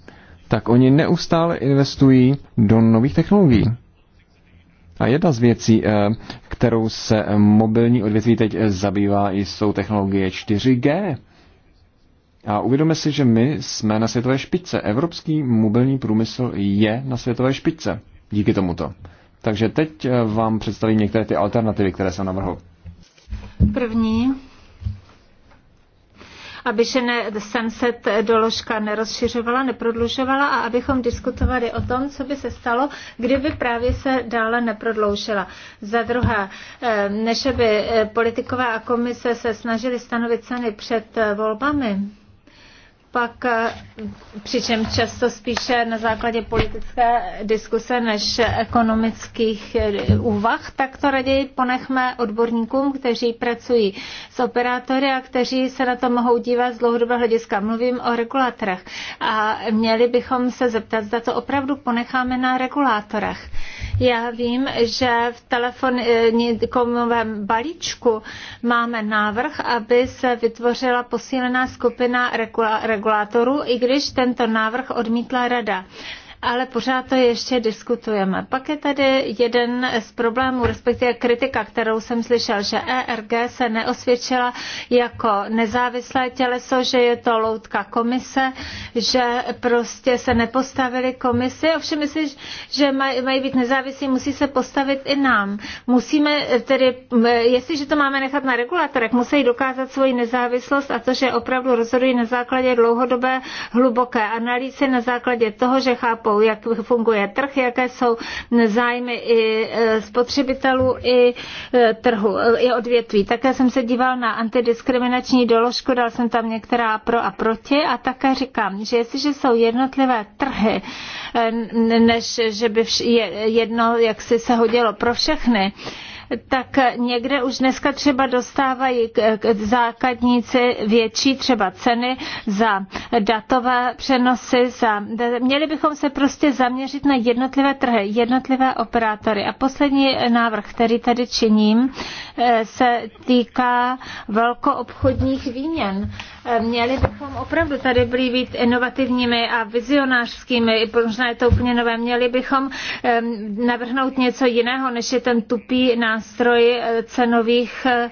tak oni neustále investují do nových technologií. A jedna z věcí, eh, kterou se mobilní odvětví teď zabývá, jsou technologie 4G. A uvědomme si, že my jsme na světové špičce. Evropský mobilní průmysl je na světové špičce díky tomuto. Takže teď eh, vám představím některé ty alternativy, které jsem navrhl.
První aby se ne, sunset eh, doložka nerozšiřovala, neprodlužovala a abychom diskutovali o tom, co by se stalo, kdyby právě se dále neprodloužila. Za druhé, eh, než by politikové a komise se snažili stanovit ceny před volbami, pak eh, přičem často spíše na základě politické diskuse než ekonomických eh, úvah, tak to raději ponechme odborníkům, kteří pracují s operátory a kteří se na to mohou dívat z dlouhodobého hlediska. Mluvím o regulátorech a měli bychom se zeptat, zda to opravdu ponecháme na regulátorech. Já vím, že v telefonním balíčku máme návrh, aby se vytvořila posílená skupina regulátorů regulátorů, i když tento návrh odmítla rada ale pořád to ještě diskutujeme. Pak je tady jeden z problémů, respektive kritika, kterou jsem slyšel, že ERG se neosvědčila jako nezávislé těleso, že je to loutka komise, že prostě se nepostavili komisi. Ovšem myslím, že mají být nezávislí, musí se postavit i nám. Musíme tedy, jestliže to máme nechat na regulatorech, musí dokázat svoji nezávislost a to, že opravdu rozhodují na základě dlouhodobé hluboké analýzy, na základě toho, že chápou Evropou, jak funguje trh, jaké jsou zájmy i e, spotřebitelů, i e, trhu, e, i odvětví. Také jsem se díval na antidiskriminační doložku, dal jsem tam některá pro a proti a také říkám, že jestliže jsou jednotlivé trhy, než že by jedno, jak si se hodilo pro všechny, tak někde už dneska třeba dostávají základníci větší třeba ceny za datové přenosy. Za, měli bychom se prostě zaměřit na jednotlivé trhy, jednotlivé operátory. A poslední návrh, který tady činím, eh, se týká velkoobchodních výměn Měli bychom opravdu tady byli být inovativními a vizionářskými, možná je to úplně nové, měli bychom navrhnout něco jiného, než je ten tupý nástroj eh, cenových eh,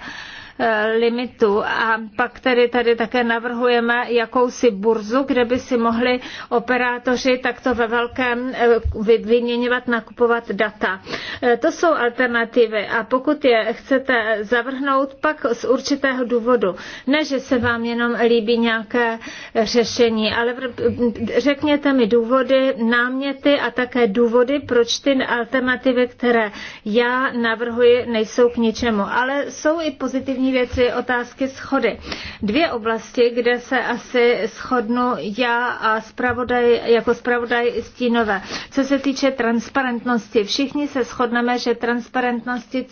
Eh, limitu. A pak tedy tady také navrhujeme jakousi burzu, kde by si mohli operátoři takto ve velkém eh, vyměňovat, nakupovat data. Eh, to jsou alternativy a pokud je chcete zavrhnout, pak z určitého důvodu. Ne, že se vám jenom líbí nějaké řešení, ale řekněte mi důvody, náměty a také důvody, proč ty alternativy, které já navrhuji, nejsou k ničemu. Ale jsou i pozitivní První věci otázky schody. Dvě oblasti, kde se asi shodnu já a zpravodaj, jako zpravodaj Stínové. Co se týče transparentnosti, všichni se shodneme, že transparentnosti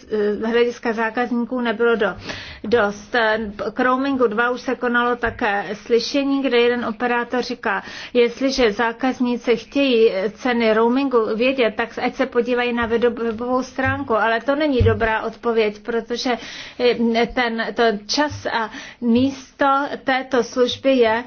eh, hlediska zákazníků nebylo do, dost. Eh, k roamingu 2 už se konalo také slyšení, kde jeden operátor říká, jestliže zákazníci chtějí ceny roamingu vědět, tak ať se podívají na webovou stránku, ale to není dobrá odpověď, protože eh, te, ten, to čas a místo této služby je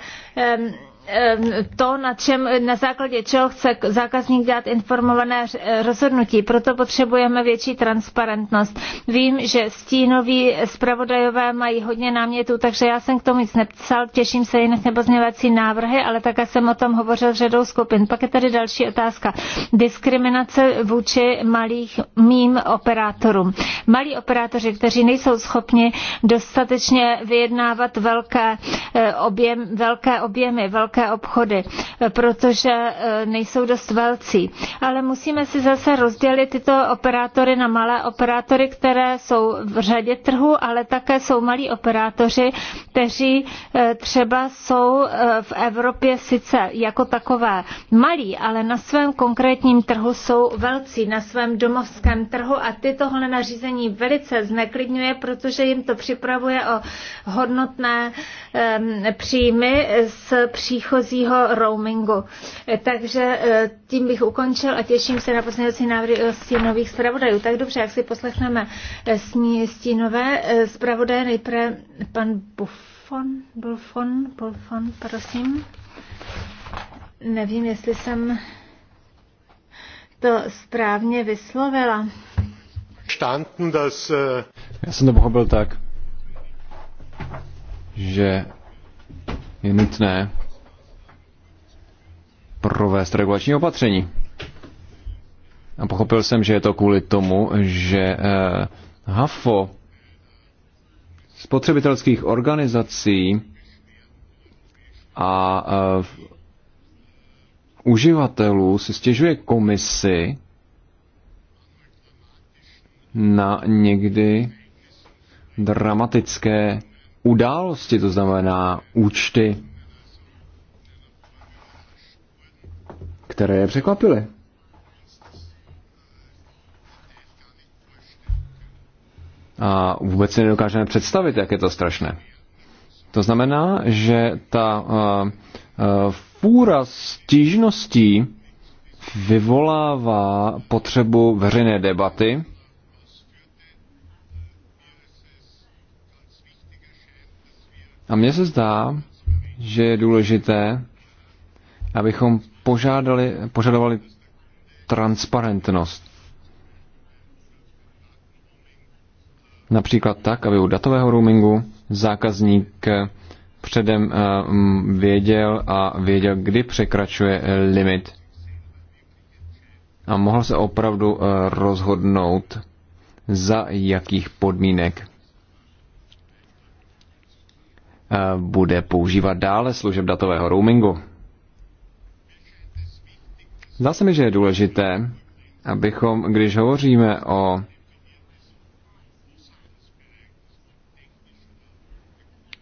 um, Ehm, to, na, čem, na základě čeho chce zákazník dát informované rozhodnutí. Proto potřebujeme větší transparentnost. Vím, že stínoví zpravodajové mají hodně námětů, takže já jsem k tomu nic nepsal. Těším se jinak nepozměvací návrhy, ale také jsem o tom hovořil s řadou skupin. Pak je tady další otázka. Diskriminace vůči malých mým operátorům. Malí operátoři, kteří nejsou schopni dostatečně vyjednávat velké, eh, objem, velké objemy, velké velké obchody, protože e, nejsou dost velcí. Ale musíme si zase rozdělit tyto operátory na malé operátory, které jsou v řadě trhu, ale také jsou malí operátoři, kteří e, třeba jsou e, v Evropě sice jako takové malí, ale na svém konkrétním trhu jsou velcí, na svém domovském trhu a ty tohle nařízení velice zneklidňuje, protože jim to připravuje o hodnotné příjmy z příchodu předchozího roamingu. Eh, takže eh, tím bych ukončil a těším se na poslední návrhy eh, stínových zpravodajů. Tak dobře, jak si poslechneme stínové zpravodaje, nejprve pan Buffon, Buffon, Buffon, prosím. Nevím, jestli jsem to správně vyslovila.
Standen, dass,
Já jsem to pochopil tak, že je nutné provést regulační opatření. A pochopil jsem, že je to kvůli tomu, že eh, HAFO spotřebitelských organizací a eh, uživatelů se stěžuje komisi na někdy dramatické události, to znamená účty které je překvapily. A vůbec si nedokážeme představit, jak je to strašné. To znamená, že ta eh, eh, fůra stížností vyvolává potřebu veřejné debaty, A mně se zdá, že je důležité, abychom požádali, požadovali transparentnost. Například tak, aby u datového roamingu zákazník předem eh, věděl a věděl, kdy překračuje eh, limit a mohl se opravdu eh, rozhodnout, za jakých podmínek bude používat dále služeb datového roamingu. Zdá se mi, že je důležité, abychom, když hovoříme o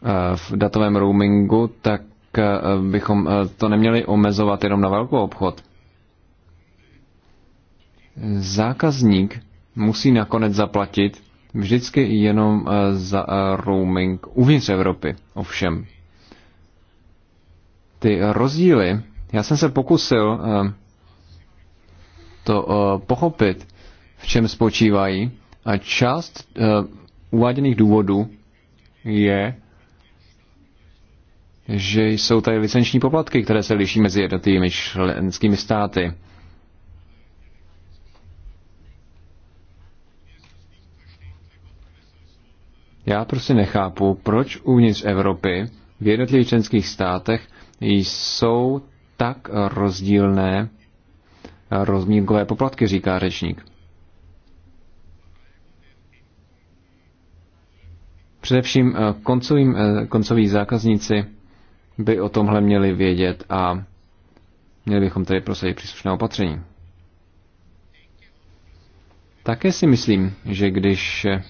eh, v datovém roamingu, tak eh, bychom eh, to neměli omezovat jenom na velkou obchod. Zákazník musí nakonec zaplatit vždycky jenom za roaming uvnitř Evropy, ovšem. Ty rozdíly, já jsem se pokusil to eh, pochopit, v čem spočívají. A část eh, uváděných důvodů je, že jsou tady licenční poplatky, které se liší mezi jednotlivými členskými státy. Já prostě nechápu, proč uvnitř Evropy v jednotlivých členských státech jsou tak rozdílné rozmínkové poplatky, říká řečník. Především eh, koncovým, eh, koncoví zákazníci by o tomhle měli vědět a měli bychom tedy prosadit příslušné opatření. Také si myslím, že když eh,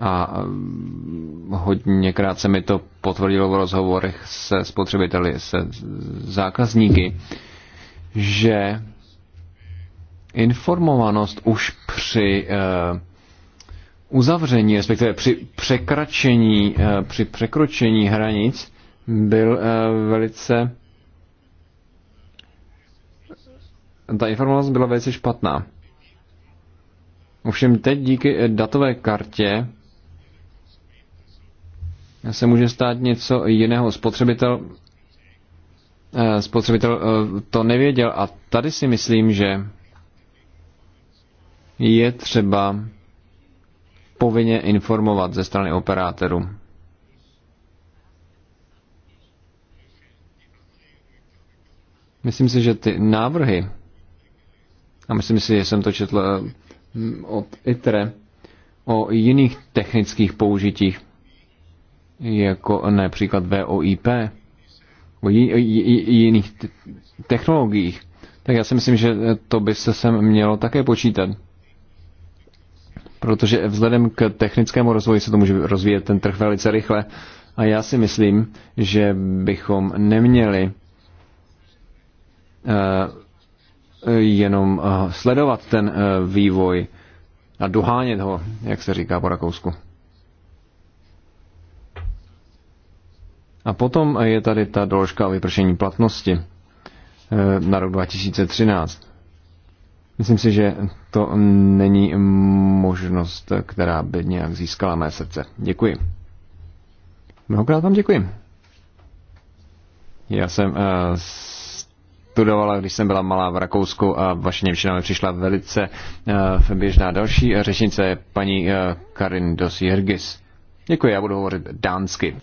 a mm, hodněkrát se mi to potvrdilo v rozhovorech se spotřebiteli, se zákazníky, že informovanost už při eh, uzavření, respektive při překračení, eh, při překročení hranic byl eh, velice ta informovanost byla velice špatná. Ovšem teď díky datové kartě se může stát něco jiného. Spotřebitel, eh, spotřebitel eh, to nevěděl a tady si myslím, že je třeba povinně informovat ze strany operátorů. Myslím si, že ty návrhy, a myslím si, že jsem to četl eh, od ITRE, o jiných technických použitích, jako například VOIP, o jiných technologiích, tak já si myslím, že to by se sem mělo také počítat. Protože vzhledem k technickému rozvoji se to může rozvíjet ten trh velice rychle. A já si myslím, že bychom neměli uh, jenom uh, sledovat ten uh, vývoj a dohánět ho, jak se říká po Rakousku. A potom je tady ta doložka o vypršení platnosti eh, na rok 2013. Myslím si, že to není možnost, která by nějak získala mé srdce. Děkuji. Mnohokrát vám děkuji. Já jsem uh, studovala, když jsem byla malá v Rakousku a vaše Němčina mi přišla velice uh, běžná. Další řečnice je paní uh, Karin Dosjergis. Děkuji, já budu hovořit dánsky.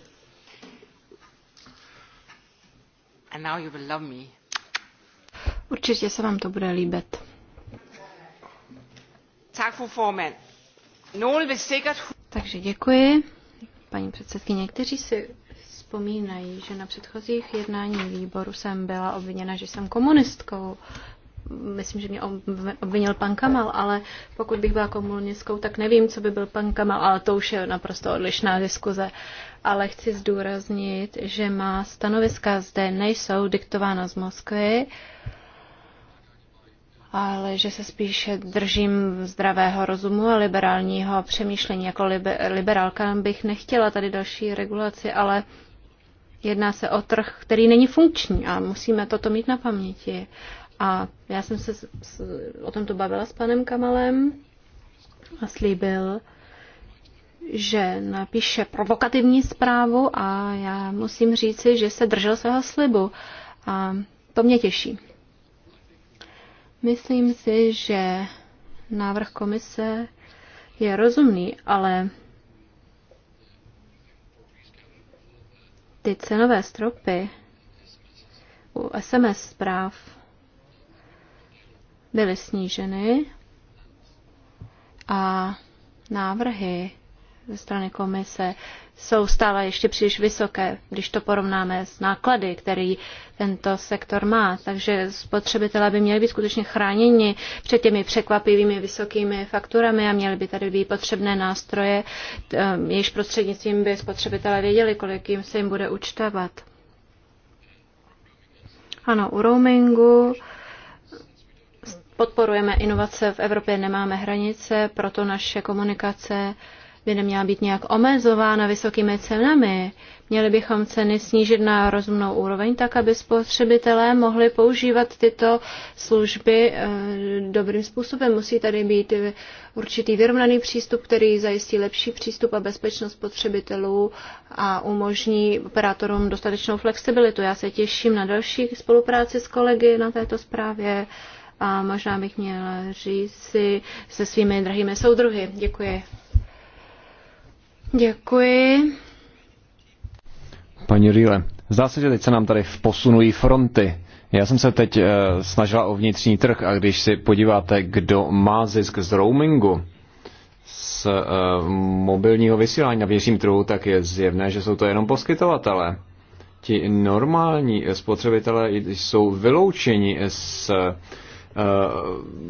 And now you will love me. Určitě se vám to bude líbit. Tak, Takže děkuji, paní předsedkyně. Někteří si vzpomínají, že na předchozích jednání výboru jsem byla obviněna, že jsem komunistkou, myslím, že mě obvinil pan Kamal, ale pokud bych byla komunistkou, tak nevím, co by byl pan Kamal, ale to už je naprosto odlišná diskuze. Ale chci zdůraznit, že má stanoviska zde nejsou diktována z Moskvy, ale že se spíše držím zdravého rozumu a liberálního přemýšlení. Jako liber, liberálka bych nechtěla tady další regulaci, ale jedná se o trh, který není funkční a musíme toto mít na paměti. Uh, a já jsem se s, s, o tomto bavila s panem Kamalem a slíbil, že napíše provokativní zprávu a já musím říci, že se držel svého slibu. A to mě těší. Myslím si, že návrh komise je rozumný, ale ty cenové stropy u SMS zpráv byly sníženy a návrhy ze strany komise jsou stále ještě příliš vysoké, když to porovnáme s náklady, který tento sektor má. Takže spotřebitelé by měli být skutečně chráněni před těmi překvapivými vysokými fakturami a měli by tady být potřebné nástroje, ehm, jejichž prostřednictvím by spotřebitelé věděli, kolik jim se jim bude účtovat. Ano, u roamingu podporujeme inovace v Evropě, nemáme hranice, proto naše komunikace by neměla být nějak omezována vysokými cenami. Měli bychom ceny snížit na rozumnou úroveň, tak aby spotřebitelé mohli používat tyto služby eh, dobrým způsobem. Musí tady být eh, určitý vyrovnaný přístup, který zajistí lepší přístup a bezpečnost spotřebitelů a umožní operátorům dostatečnou flexibilitu. Já se těším na další spolupráci s kolegy na této zprávě a možná bych měl říct si se svými drahými soudruhy. Děkuji. Děkuji.
Paní Rýle, zdá se, že teď se nám tady posunují fronty. Já jsem se teď e, snažila o vnitřní trh a když si podíváte, kdo má zisk z roamingu, z e, mobilního vysílání na vnitřním trhu, tak je zjevné, že jsou to jenom poskytovatele. Ti normální spotřebitelé jsou vyloučeni z e, Eh,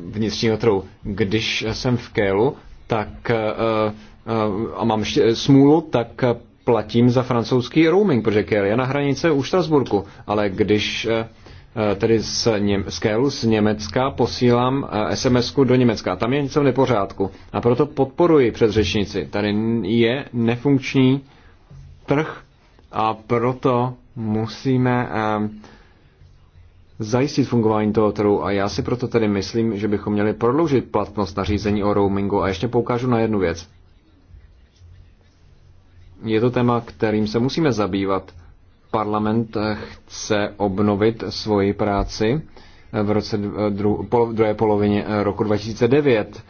vnitřního trhu. Když jsem v Kélu, tak eh, eh, a mám ještě smůlu, tak platím za francouzský roaming, protože Kél je na hranice u Štrasburku. Ale když tedy z, Něm- z Kélu, z Německa, posílám sms do Německa. Tam je něco v nepořádku. A proto podporuji předřečnici. Tady je nefunkční trh a proto musíme zajistit fungování toho trhu a já si proto tedy myslím, že bychom měli prodloužit platnost nařízení o roamingu a ještě poukážu na jednu věc. Je to téma, kterým se musíme zabývat. Parlament chce obnovit svoji práci v roce dru, pol, druhé polovině roku 2009,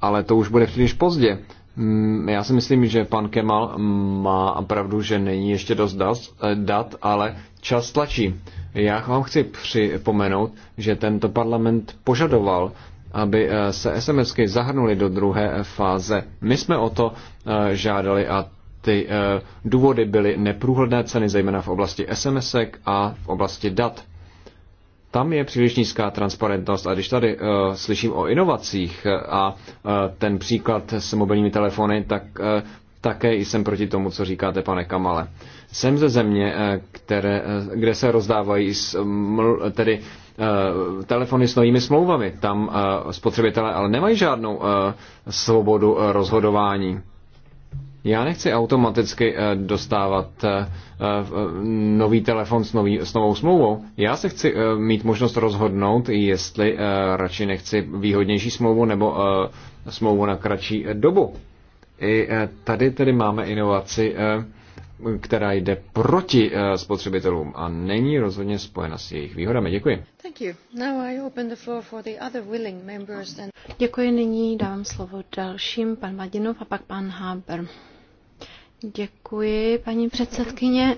ale to už bude příliš pozdě. Mm, já si myslím, že pan Kemal má pravdu, že není ještě dost eh, dat, ale čas tlačí. Já vám chci připomenout, že tento parlament požadoval, aby eh, se SMSky zahrnuli do druhé eh, fáze. My jsme o to žádali a ty důvody byly neprůhledné ceny, zejména v oblasti SMSek a v oblasti dat tam je příliš nízká transparentnost. A když tady uh, slyším o inovacích a uh, ten příklad s mobilními telefony, tak uh, také jsem proti tomu, co říkáte, pane Kamale. Jsem ze země, které, kde se rozdávají s, ml, tedy telefony s novými smlouvami. Tam spotřebitelé ale nemají žádnou svobodu rozhodování. Já nechci automaticky eh, dostávat eh, eh, nový telefon s, nový, s novou smlouvou. Já se chci mít možnost rozhodnout, jestli radši nechci výhodnější smlouvu nebo smlouvu na kratší dobu. I tady tedy máme inovaci která jde proti eh, spotřebitelům a není rozhodně spojena s jejich výhodami. Děkuji.
Děkuji. Nyní dávám slovo dalším, pan Madinov a pak pan Haber. Děkuji, paní předsedkyně.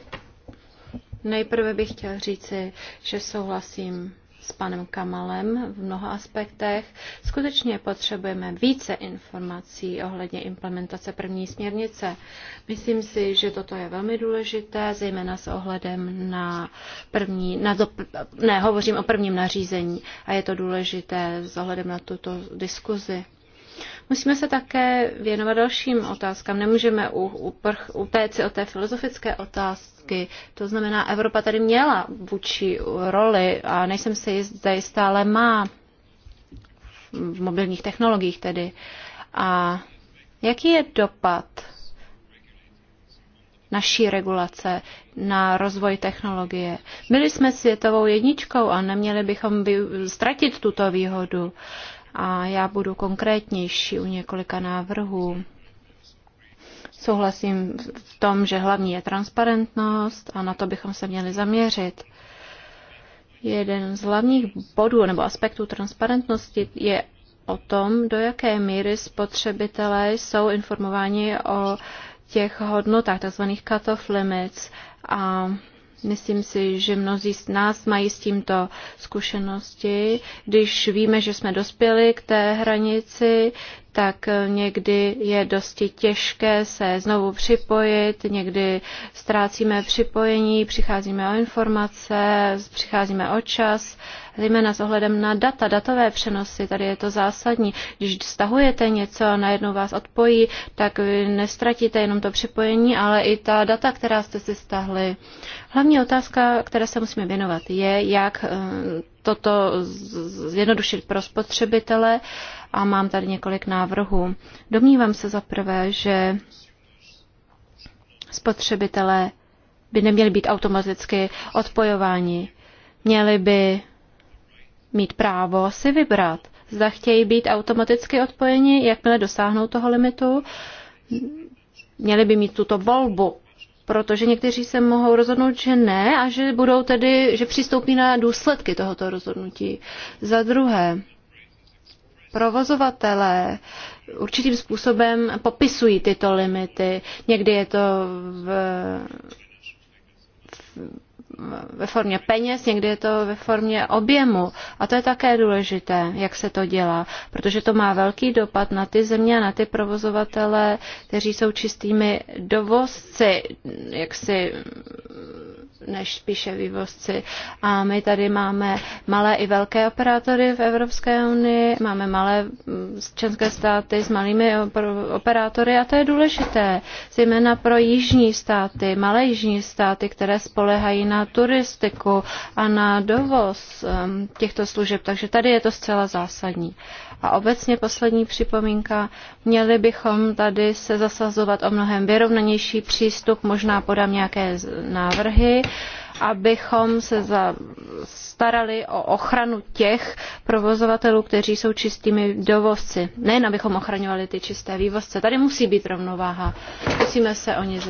Nejprve bych chtěl říci, že souhlasím s panem Kamalem v mnoha aspektech. Skutečně potřebujeme více informací ohledně implementace první směrnice. Myslím si, že toto je velmi důležité, zejména s ohledem na první, na to, ne, hovořím o prvním nařízení a je to důležité s ohledem na tuto diskuzi. Musíme se také věnovat dalším otázkám. Nemůžeme utéct od té filozofické otázky. To znamená, Evropa tady měla vůči roli a nejsem si jistá, stále má v mobilních technologiích tedy. A jaký je dopad naší regulace na rozvoj technologie? Byli jsme světovou jedničkou a neměli bychom by ztratit tuto výhodu. Uh, a já budu konkrétnější u několika návrhů. Souhlasím v tom, že hlavní je transparentnost a na to bychom se měli zaměřit. Jeden z hlavních bodů nebo aspektů transparentnosti je o tom, do jaké míry spotřebitelé jsou informováni o těch hodnotách, tzv. cut-off limits a Myslím si, že mnozí z nás mají s tímto zkušenosti. Když víme, že jsme dospěli k té hranici, tak někdy je dosti těžké se znovu připojit, někdy ztrácíme připojení, přicházíme o informace, přicházíme o čas, zejména s ohledem na data, datové přenosy, tady je to zásadní. Když stahujete něco a najednou vás odpojí, tak vy nestratíte jenom to připojení, ale i ta data, která jste si stahli. Hlavní otázka, které se musíme věnovat, je, jak eh, toto zjednodušit pro spotřebitele, a mám tady několik návrhů. Domnívám se zaprvé, že spotřebitelé by neměli být automaticky odpojováni. Měli by mít právo si vybrat, zda chtějí být automaticky odpojeni, jakmile dosáhnou toho limitu. Měli by mít tuto volbu, protože někteří se mohou rozhodnout, že ne a že budou tedy, že přistoupí na důsledky tohoto rozhodnutí. Za druhé, provozovatelé určitým způsobem popisují tyto limity. Někdy je to v, ve formě peněz, někdy je to ve formě objemu. A to je také důležité, jak se to dělá, protože to má velký dopad na ty země a na ty provozovatele, kteří jsou čistými dovozci, jak si než spíše vývozci. A my tady máme malé i velké operátory v Evropské unii, máme malé mm, členské státy s malými operátory a to je důležité, zejména pro jižní státy, malé jižní státy, které spolehají na turistiku a na dovoz mm, těchto služeb. Takže tady je to zcela zásadní. A obecně poslední připomínka, měli bychom tady se zasazovat o mnohem vyrovnanější přístup, možná podám nějaké návrhy, abychom se starali o ochranu těch provozovatelů, kteří jsou čistými dovozci. Nejen abychom ochraňovali ty čisté vývozce. Tady musí být rovnováha. Musíme se o ně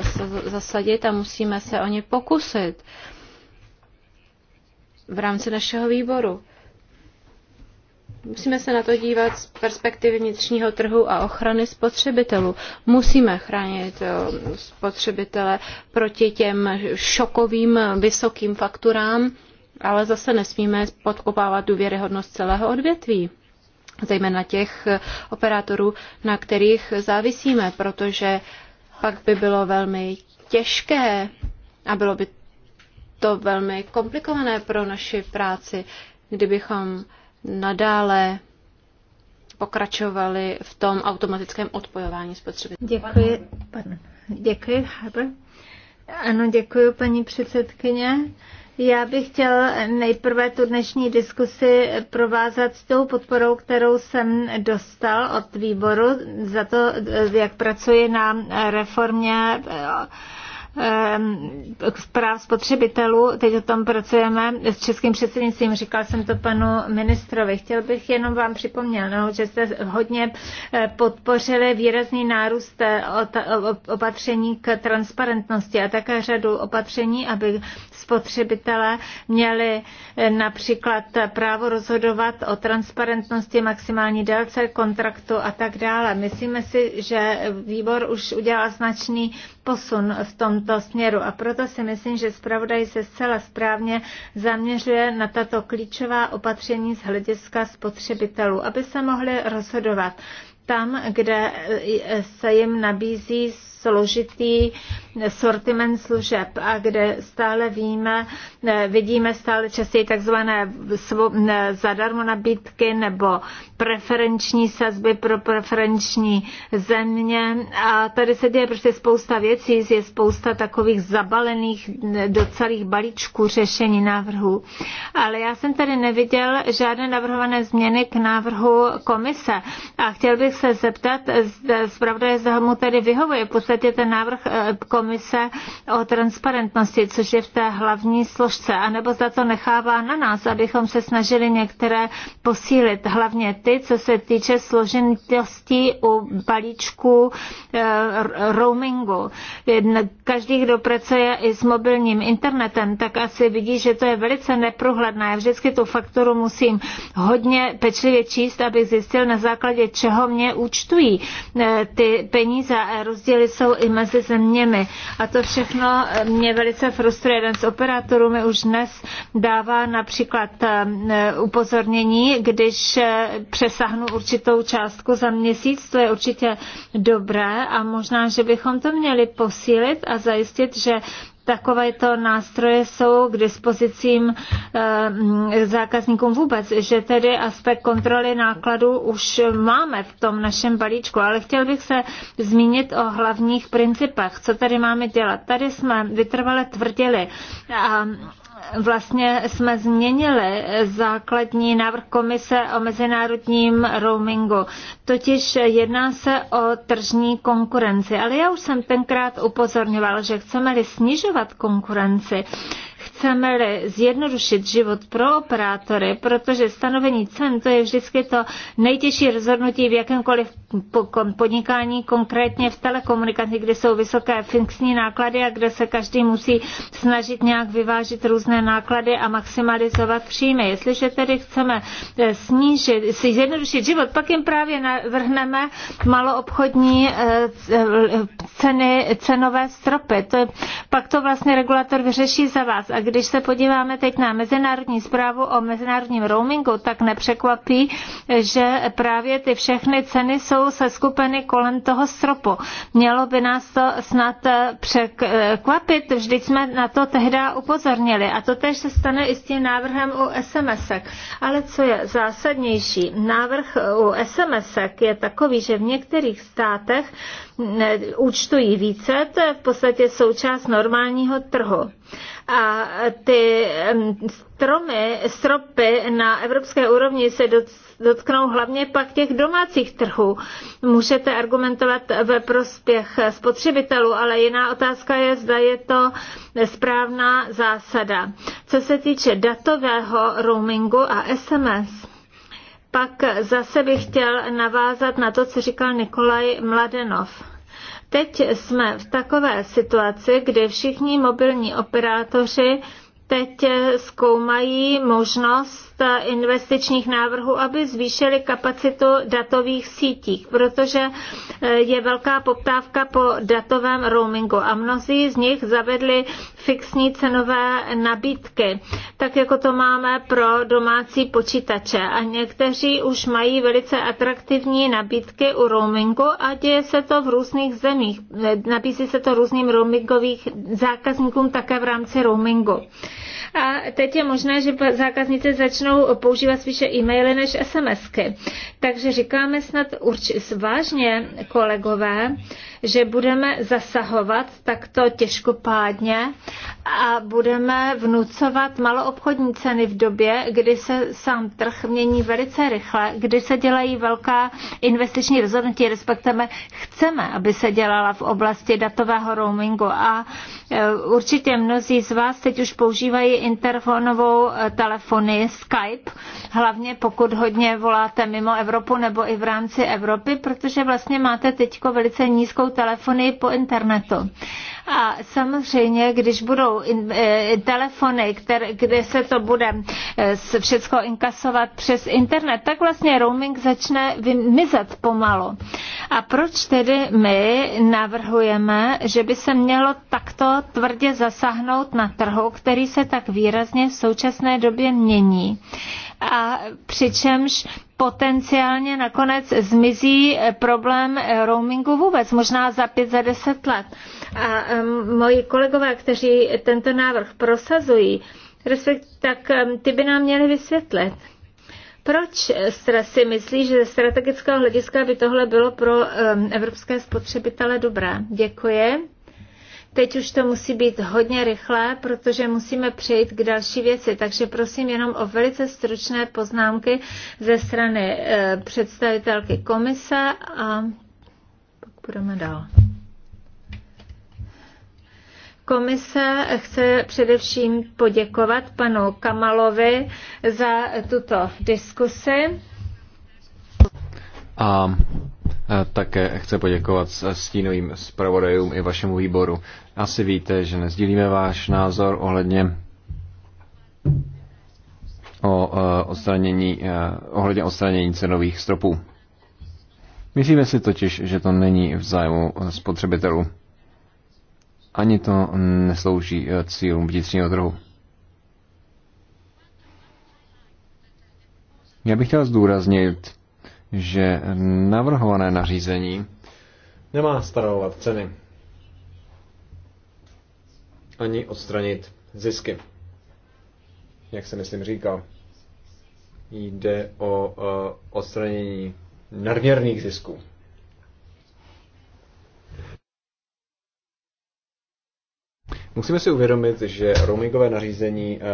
zasadit a musíme se o ně pokusit v rámci našeho výboru. Musíme se na to dívat z perspektivy vnitřního trhu a ochrany spotřebitelů. Musíme chránit eh, spotřebitele proti těm šokovým vysokým fakturám, ale zase nesmíme podkopávat důvěryhodnost celého odvětví zejména těch eh, operátorů, na kterých závisíme, protože pak by bylo velmi těžké a bylo by to velmi komplikované pro naši práci, kdybychom nadále pokračovali v tom automatickém odpojování spotřeby. Děkuji,
pardon. Děkuji, Harper. Ano, děkuji, paní předsedkyně. Já bych chtěl nejprve tu dnešní diskusi provázat s tou podporou, kterou jsem dostal od výboru za to, jak pracuji na reformě Ehm, práv spotřebitelů. Teď o tom pracujeme s českým předsednictvím. Říkal jsem to panu ministrovi. Chtěl bych jenom vám připomněl, no, že jste hodně eh, podpořili výrazný nárůst eh, opatření k transparentnosti a také řadu opatření, aby spotřebitelé měli eh, například právo rozhodovat o transparentnosti, maximální délce kontraktu a tak dále. Myslíme si, že výbor už udělal značný posun v tomto směru a proto si myslím, že zpravodaj se zcela správně zaměřuje na tato klíčová opatření z hlediska spotřebitelů, aby se mohli rozhodovat tam, kde eh, se jim nabízí složitý sortiment služeb a kde stále víme, vidíme stále častěji takzvané zadarmo nabídky nebo preferenční sazby pro preferenční země. A tady se děje prostě spousta věcí, je spousta takových zabalených do celých balíčků řešení návrhů. Ale já jsem tady neviděl žádné navrhované změny k návrhu komise. A chtěl bych se zeptat, zpravda je mu tady vyhovuje, podstatě ten návrh eh, komise o transparentnosti, což je v té hlavní složce, anebo zda to nechává na nás, abychom se snažili některé posílit, hlavně ty, co se týče složitostí u balíčku eh, roamingu. Každý, kdo pracuje i s mobilním internetem, tak asi vidí, že to je velice neprohledné. Já vždycky tu fakturu musím hodně pečlivě číst, abych zjistil na základě čeho mě účtují eh, ty peníze a rozdíly jsou i mezi zeměmi. A to všechno eh, mě velice frustruje. Jeden z operátorů mi už dnes dává například eh, upozornění, když eh, přesahnu určitou částku za měsíc, to je určitě dobré a možná, že bychom to měli posílit a zajistit, že takovéto nástroje jsou k dispozicím eh, zákazníkům vůbec, že tedy aspekt kontroly nákladů už máme v tom našem balíčku, ale chtěl bych se zmínit o hlavních principech, co tady máme dělat. Tady jsme vytrvale tvrdili a vlastně jsme změnili základní návrh komise o mezinárodním roamingu. Totiž jedná se o tržní konkurenci. Ale já už jsem tenkrát upozorňoval, že chceme-li snižovat konkurenci, chceme-li zjednodušit život pro operátory, protože stanovení cen to je vždycky to nejtěžší rozhodnutí v jakémkoliv podnikání, konkrétně v telekomunikaci, kde jsou vysoké fixní náklady a kde se každý musí snažit nějak vyvážit různé náklady a maximalizovat příjmy. Jestliže tedy chceme eh, snížit, si zjednodušit život, pak jim právě navrhneme maloobchodní eh, eh, ceny, cenové stropy. To je, pak to vlastně regulator vyřeší za vás. A když se podíváme teď na mezinárodní zprávu o mezinárodním roamingu, tak nepřekvapí, že právě ty všechny ceny jsou skupeny kolem toho stropu. Mělo by nás to snad eh, překvapit, vždyť jsme na to tehdy upozornili. A to tež se stane i s tím návrhem u sms -ek. Ale co je zásadnější, návrh u sms je takový, že v některých státech účtují více, to je v podstatě součást normálního trhu. A ty stromy, stropy na evropské úrovni se dotknou hlavně pak těch domácích trhů. Můžete argumentovat ve prospěch spotřebitelů, ale jiná otázka je, zda je to správná zásada. Co se týče datového roamingu a SMS, pak zase bych chtěl navázat na to, co říkal Nikolaj Mladenov. Teď jsme v takové situaci, kdy všichni mobilní operátoři teď zkoumají možnost investičních návrhů, aby zvýšili kapacitu datových sítí, protože eh, je velká poptávka po datovém roamingu a mnozí z nich zavedli fixní cenové nabídky, tak jako to máme pro domácí počítače. A někteří už mají velice atraktivní nabídky u roamingu a děje se to v různých zemích. Nabízí se to různým roamingových zákazníkům také v rámci roamingu. A teď je možné, že zákazníci začnou používat spíše e-maily než SMSky. Takže říkáme snad určitě vážně, kolegové, že budeme zasahovat takto těžkopádně a budeme vnucovat maloobchodní ceny v době, kdy se sám trh mění velice rychle, kdy se dělají velká investiční rozhodnutí, respektive chceme, aby se dělala v oblasti datového roamingu a Eh, určitě mnozí z vás teď už používají interfonovou eh, telefony Skype, hlavně pokud hodně voláte mimo Evropu nebo i v rámci Evropy, protože vlastně máte teď velice nízkou telefonii po internetu. A samozřejmě, když budou in, e, telefony, které, kde se to bude eh, všechno inkasovat přes internet, tak vlastně roaming začne vymizet pomalu. A proč tedy my navrhujeme, že by se mělo takto tvrdě zasáhnout na trhu, který se tak výrazně v současné době mění? a přičemž potenciálně nakonec zmizí eh, problém roamingu vůbec, možná za pět, za deset let. A moji kolegové, kteří tento návrh prosazují, respekt, tak ty by nám měli vysvětlit. Proč si myslí, že ze strategického hlediska by tohle bylo pro evropské spotřebitele dobré? Děkuji. Teď už to musí být hodně rychlé, protože musíme přejít k další věci. Takže prosím jenom o velice stručné poznámky ze strany eh, představitelky komise a pak budeme dál. Komise chce především poděkovat panu Kamalovi za tuto diskusi.
A e, také chce poděkovat stínovým zpravodajům i vašemu výboru. Asi víte, že nezdílíme váš názor ohledně o e, odstranění, e, ohledně odstranění cenových stropů. Myslíme si totiž, že to není v zájmu spotřebitelů ani to neslouží eh, cílům vnitřního trhu. Já bych chtěl zdůraznit, že navrhované nařízení nemá stanovovat ceny ani odstranit zisky. Jak se myslím říkal, jde o eh, odstranění nadměrných zisků. Musíme si uvědomit, že roamingové nařízení eh,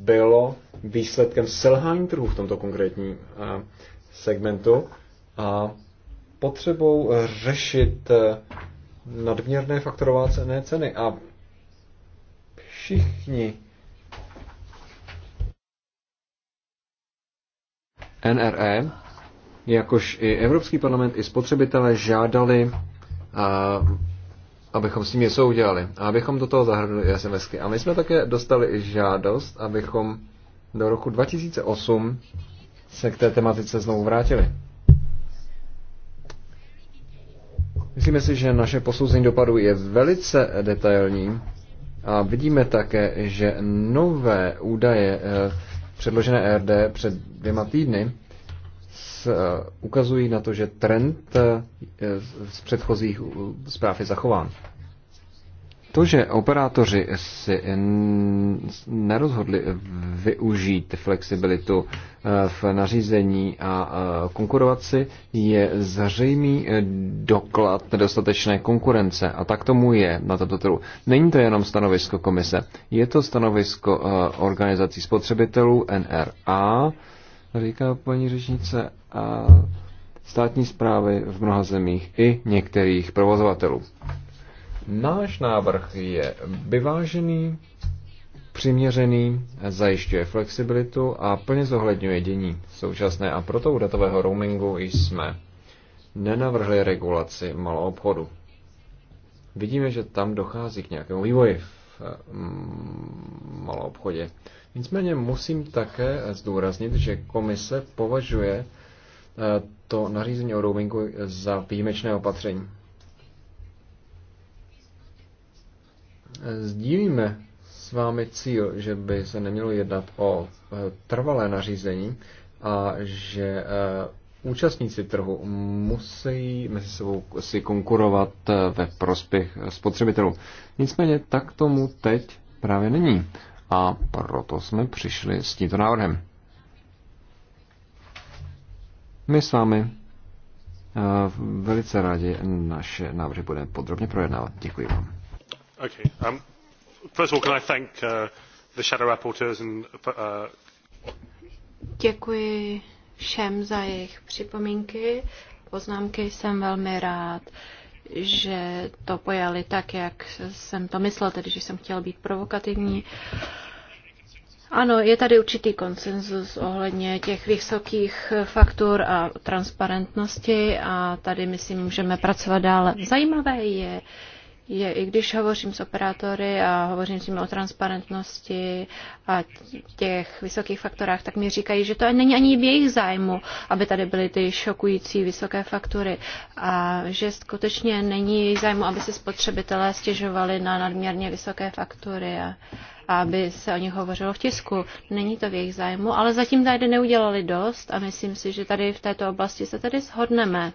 bylo výsledkem selhání trhu v tomto konkrétním eh, segmentu a potřebou řešit eh, nadměrné faktorované ceny. A všichni NRE, jakož i Evropský parlament, i spotřebitelé žádali abychom s tím něco udělali a abychom do toho zahrnuli SMSky. A my jsme také dostali žádost, abychom do roku 2008 se k té tematice znovu vrátili. Myslíme si, že naše posouzení dopadu je velice detailní a vidíme také, že nové údaje eh, předložené RD před dvěma týdny Eh, ukazují na to, že trend eh, z předchozích zpráv je zachován. To, že operátoři si nerozhodli využít flexibilitu eh, v nařízení a konkurovaci, je zřejmý doklad nedostatečné konkurence. A tak tomu je na tomto trhu. Není to jenom stanovisko komise, je to stanovisko organizací spotřebitelů NRA, říká paní řečnice, a státní zprávy v mnoha zemích i některých provozovatelů. Náš návrh je vyvážený, přiměřený, zajišťuje flexibilitu a plně zohledňuje dění současné a proto u datového roamingu jsme nenavrhli regulaci malou obchodu. Vidíme, že tam dochází k nějakému vývoji v mm, malou obchodě. Nicméně musím také zdůraznit, že komise považuje eh, to nařízení o roamingu za výjimečné opatření. Sdílíme s vámi cíl, že by se nemělo jednat o eh, trvalé nařízení a že eh, účastníci trhu musí mezi sebou si konkurovat ve prospěch spotřebitelů. Nicméně tak tomu teď právě není a proto jsme přišli s tímto návrhem. My s vámi eh, velice rádi naše návrhy budeme podrobně projednávat. Děkuji vám.
Okay. Um, first of all, can I thank uh, the shadow rapporteurs and uh,
Děkuji všem za jejich připomínky. Poznámky jsem velmi rád. Uh, že to pojali tak, jak jsem to myslel, tedy že jsem chtěl být provokativní. Ano, je tady určitý konsenzus ohledně těch vysokých faktur a transparentnosti a tady, myslím, můžeme pracovat dále. Zajímavé je, je, i když hovořím s operátory a hovořím s nimi o transparentnosti a těch vysokých faktorách, tak mi říkají, že to není ani v jejich zájmu, aby tady byly ty šokující vysoké faktury a že skutečně není jejich zájmu, aby se spotřebitelé stěžovali na nadměrně vysoké faktury a, a aby se o nich hovořilo v tisku. Není to v jejich zájmu, ale zatím tady neudělali dost a myslím si, že tady v této oblasti se tady shodneme.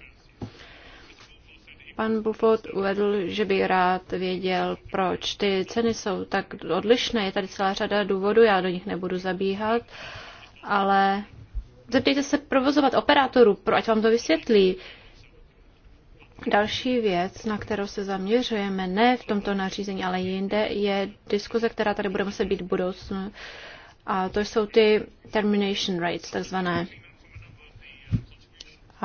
Pan Buffett uvedl, že by rád věděl, proč ty ceny jsou tak odlišné. Je tady celá řada důvodů, já do nich nebudu zabíhat, ale zeptejte se provozovat operátorů, ať vám to vysvětlí. Další věc, na kterou se zaměřujeme, ne v tomto nařízení, ale jinde, je diskuze, která tady bude muset být v budoucnu. A to jsou ty termination rates, takzvané.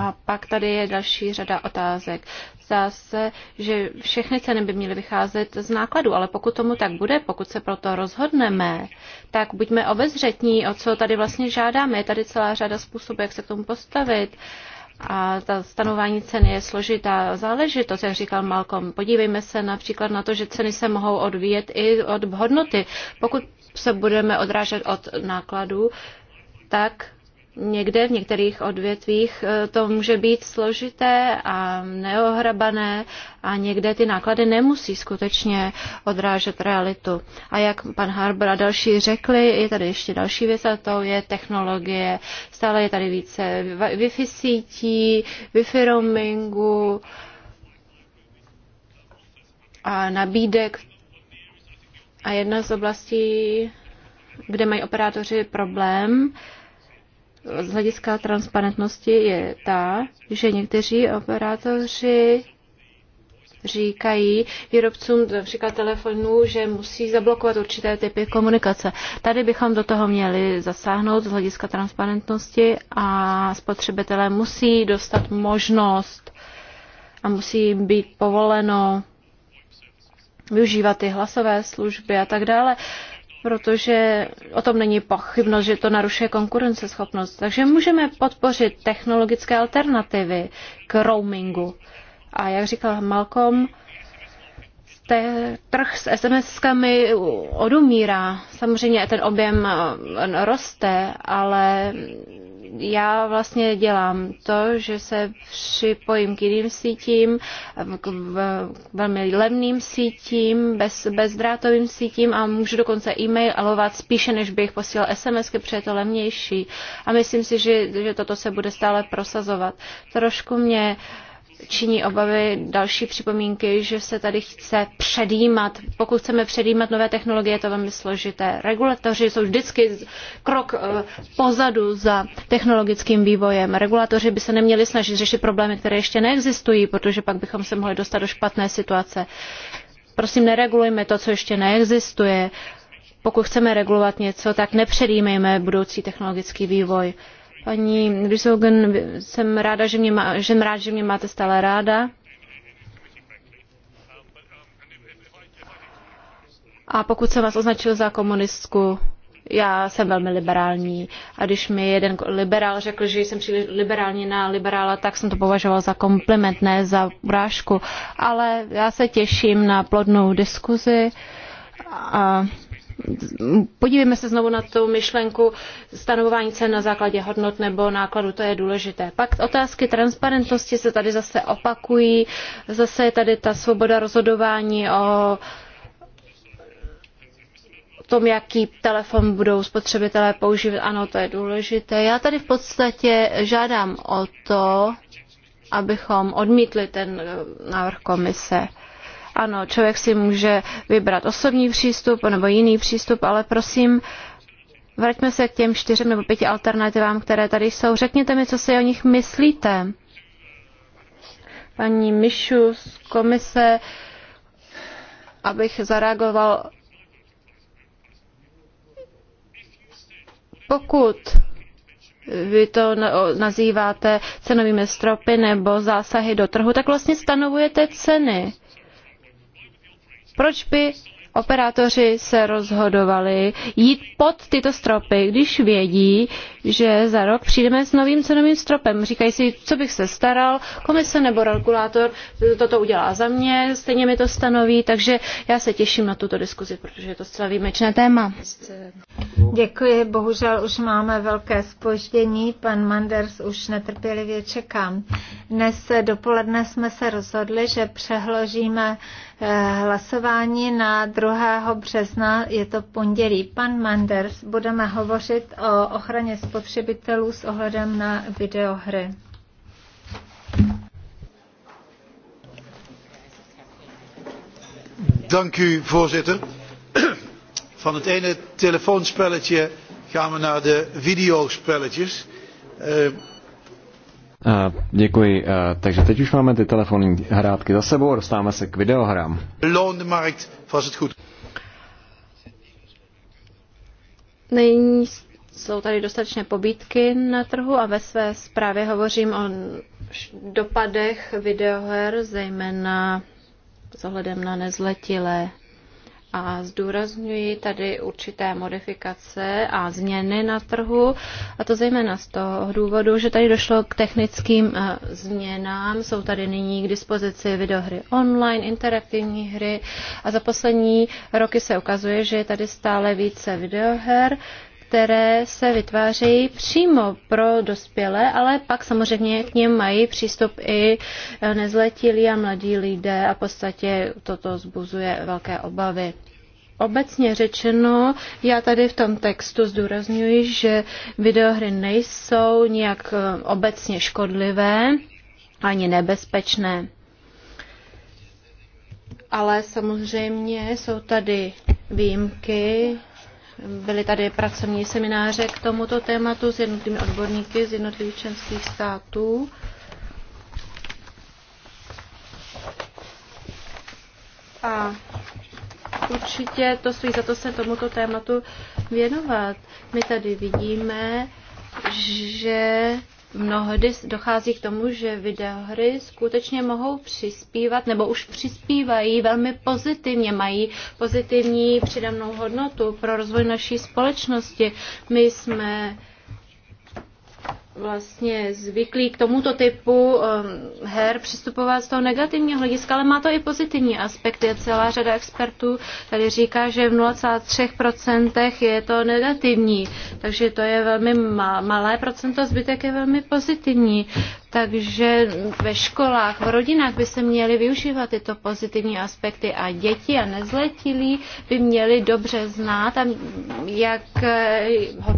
A pak tady je další řada otázek. Zdá se, že všechny ceny by měly vycházet z nákladu, ale pokud tomu tak bude, pokud se proto rozhodneme, tak buďme obezřetní, o co tady vlastně žádáme. Je tady celá řada způsobů, jak se k tomu postavit. A ta stanování ceny je složitá záležitost, jak říkal Malcolm. Podívejme se například na to, že ceny se mohou odvíjet i od hodnoty. Pokud se budeme odrážet od nákladů, tak Někde v některých odvětvích eh, to může být složité a neohrabané a někde ty náklady nemusí skutečně odrážet realitu. A jak pan Harbour a další řekli, je tady ještě další věc a to je technologie. Stále je tady více Wi-Fi sítí, Wi-Fi roamingu a nabídek. A jedna z oblastí, kde mají operátoři problém, z hlediska transparentnosti je ta, že někteří operátoři říkají výrobcům například telefonů, že musí zablokovat určité typy komunikace. Tady bychom do toho měli zasáhnout z hlediska transparentnosti a spotřebitelé musí dostat možnost a musí být povoleno využívat ty hlasové služby a tak dále protože o tom není pochybnost, že to narušuje konkurenceschopnost. Takže můžeme podpořit technologické alternativy k roamingu. A jak říkal Malcolm, te, trh s SMS-kami odumírá. Samozřejmě ten objem eh, roste, ale já vlastně dělám to, že se připojím k jiným sítím, eh, k, velmi levným sítím, bez, bezdrátovým sítím a můžu dokonce e mailovat spíše, než bych posílal SMSky, protože je to levnější. A myslím si, že, že toto se bude stále prosazovat. Trošku mě uh, činí obavy další připomínky, že se tady chce předjímat. Pokud chceme předjímat nové technologie, je to velmi složité. Regulatoři jsou vždycky krok eh, pozadu za technologickým vývojem. Regulatoři by se neměli snažit řešit problémy, které ještě neexistují, protože pak bychom se mohli dostat do špatné situace. Prosím, neregulujme to, co ještě neexistuje. Pokud chceme regulovat něco, tak nepředjímejme budoucí technologický vývoj. Paní Vysogen, jsem ráda, že mě, má, že rád, že mě máte stále ráda. A pokud jsem vás označil za komunistku, já jsem velmi liberální. A když mi jeden liberál řekl, že jsem příliš liberální na liberála, tak jsem to považoval za kompliment, ne za urážku. Ale já se těším na plodnou diskuzi. A Podívejme se znovu na tu myšlenku stanovování cen na základě hodnot nebo nákladu, to je důležité. Pak otázky transparentnosti se tady zase opakují, zase je tady ta svoboda rozhodování o tom, jaký telefon budou spotřebitelé používat. Ano, to je důležité. Já tady v podstatě žádám o to, abychom odmítli ten návrh komise. Ano, člověk si může vybrat osobní přístup nebo jiný přístup, ale prosím, vraťme se k těm čtyřem nebo pěti alternativám, které tady jsou. Řekněte mi, co si o nich myslíte. Paní Mišu z komise, abych zareagoval. Pokud vy to nazýváte cenovými stropy nebo zásahy do trhu, tak vlastně stanovujete ceny. Proč by operátoři se rozhodovali jít pod tyto stropy, když vědí, že za rok přijdeme s novým cenovým stropem. Říkají si, co bych se staral, komise nebo regulátor toto udělá za mě, stejně mi to stanoví, takže já se těším na tuto diskuzi, protože je to zcela výjimečné téma.
Děkuji, bohužel už máme velké spoždění, pan Manders už netrpělivě čekám. Dnes dopoledne jsme se rozhodli, že přehložíme hlasování na 2. března, je to pondělí. Pan Manders, budeme hovořit o ochraně spotřebitelů s ohledem na videohry. Dank u, voorzitter. Van het ene telefoonspelletje gaan we naar de videospelletjes. Uh,
Eh, děkuji. Eh, takže teď už máme ty telefonní hrátky za sebou a dostáváme se k videohrám. Loonmarkt was het goed.
Nyní jsou tady dostatečné pobídky na trhu a ve své zprávě hovořím o dopadech videoher, zejména s ohledem na nezletilé a zdůrazňuji tady určité modifikace a změny na trhu, a to zejména z toho důvodu, že tady došlo k technickým eh, změnám. Jsou tady nyní k dispozici videohry online, interaktivní hry a za poslední roky se ukazuje, že je tady stále více videoher, které se vytvářejí přímo pro dospělé, ale pak samozřejmě k něm mají přístup i eh, nezletilí a mladí lidé a v podstatě toto zbuzuje velké obavy. Obecně řečeno, já tady v tom textu zdůrazňuji, že videohry nejsou nijak eh, obecně škodlivé ani nebezpečné. Ale samozřejmě jsou tady výjimky, Byly tady pracovní semináře k tomuto tématu s jednotlivými odborníky z jednotlivých členských států. A určitě to stojí za to se tomuto tématu věnovat. My tady vidíme, že mnohdy dochází k tomu, že videohry skutečně mohou přispívat, nebo už přispívají velmi pozitivně, mají pozitivní přidanou hodnotu pro rozvoj naší společnosti. My jsme vlastně zvyklí k tomuto typu um, her přistupovat z toho negativního hlediska, ale má to i pozitivní aspekty. Celá řada expertů tady říká, že v 0,3% je to negativní, takže to je velmi malé procento, zbytek je velmi pozitivní. Takže ve školách, v rodinách by se měly využívat tyto pozitivní aspekty a děti a nezletilí by měli dobře znát, a jak eh,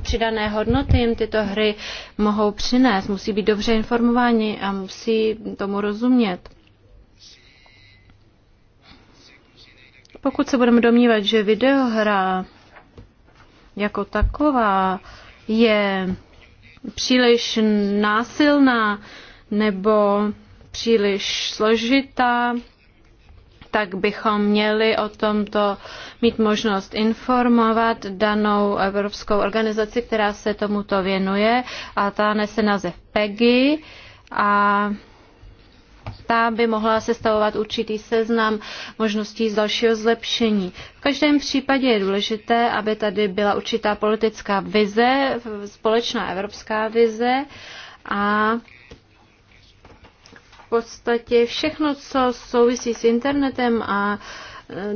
přidané hodnoty jim tyto hry mohou přinést. Musí být dobře informováni a musí tomu rozumět. Pokud se budeme domnívat, že videohra jako taková je příliš násilná nebo příliš složitá, tak bychom měli o tomto mít možnost informovat danou evropskou organizaci, která se tomuto věnuje a ta nese název PEGI a ta by mohla sestavovat určitý seznam možností z dalšího zlepšení. V každém případě je důležité, aby tady byla určitá politická vize, společná evropská vize a v podstatě všechno, co souvisí s internetem a uh,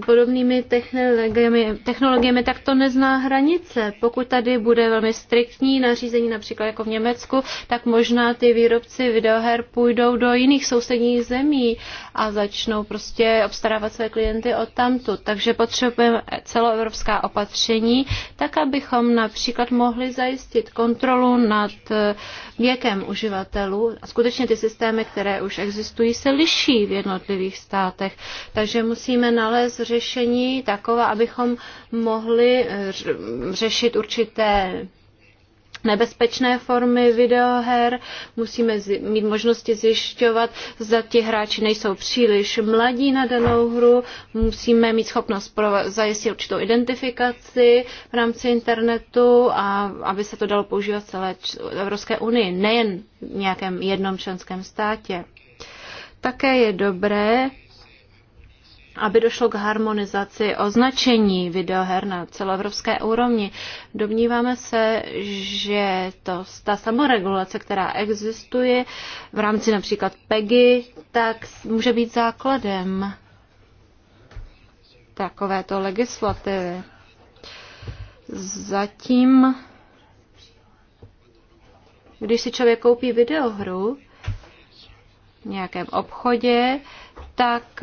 podobnými technologiemi, technologiemi, tak to nezná hranice. Pokud tady bude velmi striktní nařízení, například jako v Německu, tak možná ty výrobci videoher půjdou do jiných sousedních zemí a začnou prostě obstarávat své klienty od tamtu. Takže potřebujeme celoevropská opatření, tak abychom například mohli zajistit kontrolu nad věkem uživatelů. A skutečně ty systémy, které už existují, se liší v jednotlivých státech. Takže musíme nalézt řešení taková, abychom mohli řešit určité nebezpečné formy videoher, musíme mít možnosti zjišťovat, zda ti hráči nejsou příliš mladí na danou hru, musíme mít schopnost zajistit určitou identifikaci v rámci internetu a aby se to dalo používat celé Evropské unii, nejen v nějakém jednom členském státě. Také je dobré aby došlo k harmonizaci označení videoher na celoevropské úrovni. Domníváme se, že to, ta samoregulace, která existuje v rámci například PEGI, tak může být základem takovéto legislativy. Zatím, když si člověk koupí videohru v nějakém obchodě, tak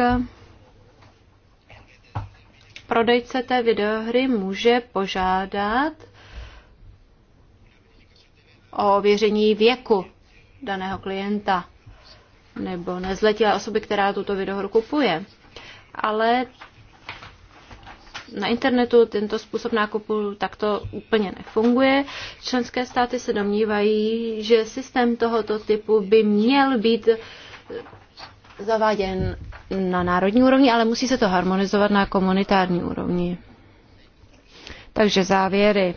prodejce té videohry může požádat o ověření věku daného klienta nebo nezletilé osoby, která tuto videohru kupuje. Ale na internetu tento způsob nákupu takto úplně nefunguje. Členské státy se domnívají, že systém tohoto typu by měl být zaváděn na národní úrovni, ale musí se to harmonizovat na komunitární úrovni. Takže závěry.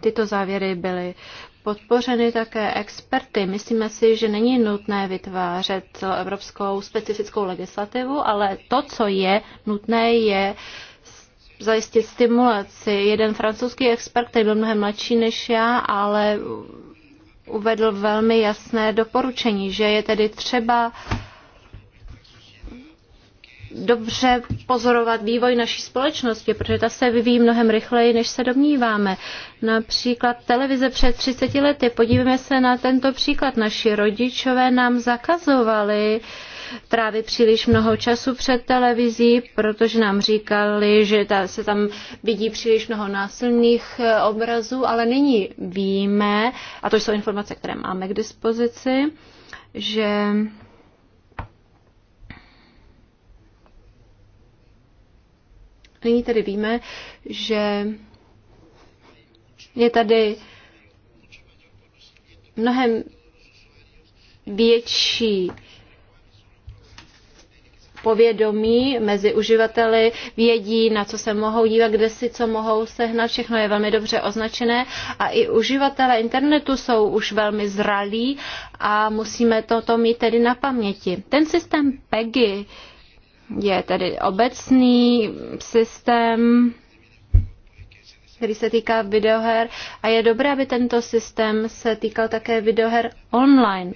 Tyto závěry byly podpořeny také experty. Myslíme si, že není nutné vytvářet celoevropskou specifickou legislativu, ale to, co je nutné, je zajistit stimulaci. Jeden francouzský expert, který byl mnohem mladší než já, ale uvedl velmi jasné doporučení, že je tedy třeba dobře pozorovat vývoj naší společnosti, protože ta se vyvíjí mnohem rychleji, než se domníváme. Například televize před 30 lety. Podívejme se na tento příklad. Naši rodičové nám zakazovali uh, trávit příliš mnoho času před televizí, protože nám říkali, že ta, se tam vidí příliš mnoho násilných eh, obrazů, ale nyní víme, a to jsou informace, které máme k dispozici, že Nyní tedy víme, že je tady mnohem větší povědomí mezi uživateli, vědí, na co se mohou dívat, kde si co mohou sehnat, všechno je velmi dobře označené a i uživatelé internetu jsou už velmi zralí a musíme toto mít tedy na paměti. Ten systém PEGI je tedy obecný systém, který se týká videoher a je dobré, aby tento systém se týkal také videoher online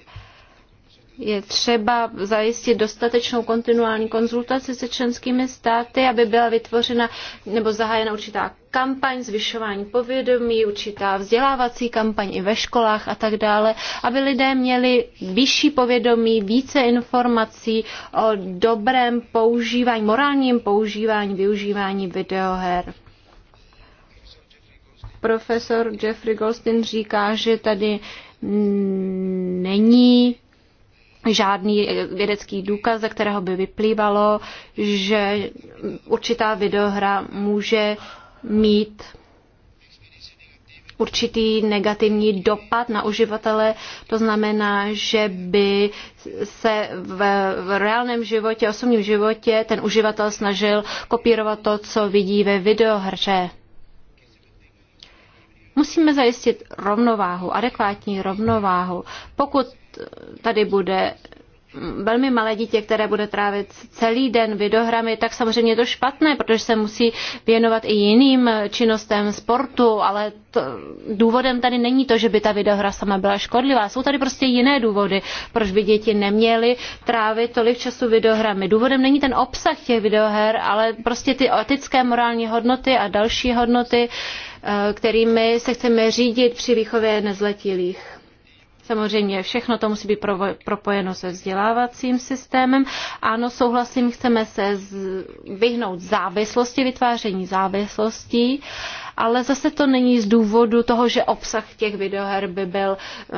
je třeba zajistit dostatečnou kontinuální konzultaci se členskými státy, aby byla vytvořena nebo zahájena určitá kampaň, zvyšování povědomí, určitá vzdělávací kampaň i ve školách a tak dále, aby lidé měli vyšší povědomí, více informací o dobrém používání, morálním používání, využívání videoher profesor Jeffrey Goldstein říká, že tady není žádný vědecký důkaz, ze kterého by vyplývalo, že určitá videohra může mít určitý negativní dopad na uživatele. To znamená, že by se v, v reálném životě, osobním životě ten uživatel snažil kopírovat to, co vidí ve videohře. Musíme zajistit rovnováhu, adekvátní rovnováhu. Pokud tady bude velmi malé dítě, které bude trávit celý den videohrami, tak samozřejmě je to špatné, protože se musí věnovat i jiným činnostem sportu, ale to, důvodem tady není to, že by ta videohra sama byla škodlivá. Jsou tady prostě jiné důvody, proč by děti neměly trávit tolik času videohrami. Důvodem není ten obsah těch videoher, ale prostě ty etické morální hodnoty a další hodnoty, eh, kterými se chceme řídit při výchově nezletilých. Samozřejmě všechno to musí být propojeno se vzdělávacím systémem. Ano, souhlasím, chceme se vyhnout závislosti, vytváření závislostí, ale zase to není z důvodu toho, že obsah těch videoher by byl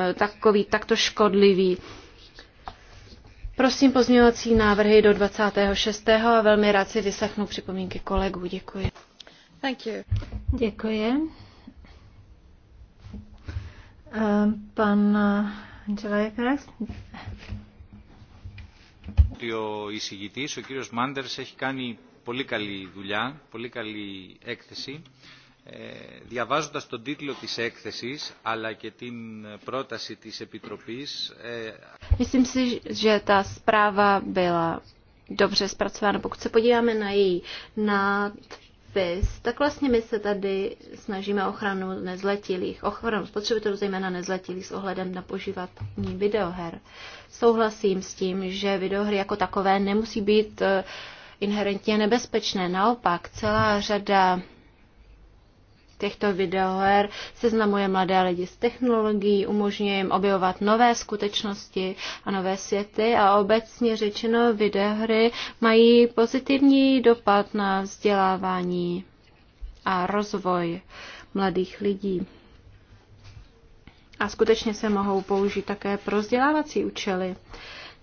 eh, takový takto škodlivý. Prosím pozměňovací návrhy do 26. a velmi rád si vyslechnu připomínky kolegů. Děkuji. Thank you. Děkuji.
Pan Angela
Ο εισηγητής, ο κύριος Μάντερς, έχει κάνει πολύ καλή δουλειά, πολύ καλή έκθεση. Ε, διαβάζοντας τον τίτλο της έκθεσης αλλά και την πρόταση της Επιτροπής... Ε... Myslím
si, že ta zpráva byla dobře zpracována. Pokud se podíváme na její nad spis, tak vlastně my se tady snažíme ochranu nezletilých, ochranu spotřebitelů, zejména nezletilých s ohledem na požívatní videoher. Souhlasím s tím, že videohry jako takové nemusí být eh, inherentně nebezpečné. Naopak, celá řada těchto videoher seznamuje mladé lidi s technologií, umožňuje jim objevovat nové skutečnosti a nové světy a obecně řečeno videohry mají pozitivní dopad na vzdělávání a rozvoj mladých lidí. A skutečně se mohou použít také pro vzdělávací účely.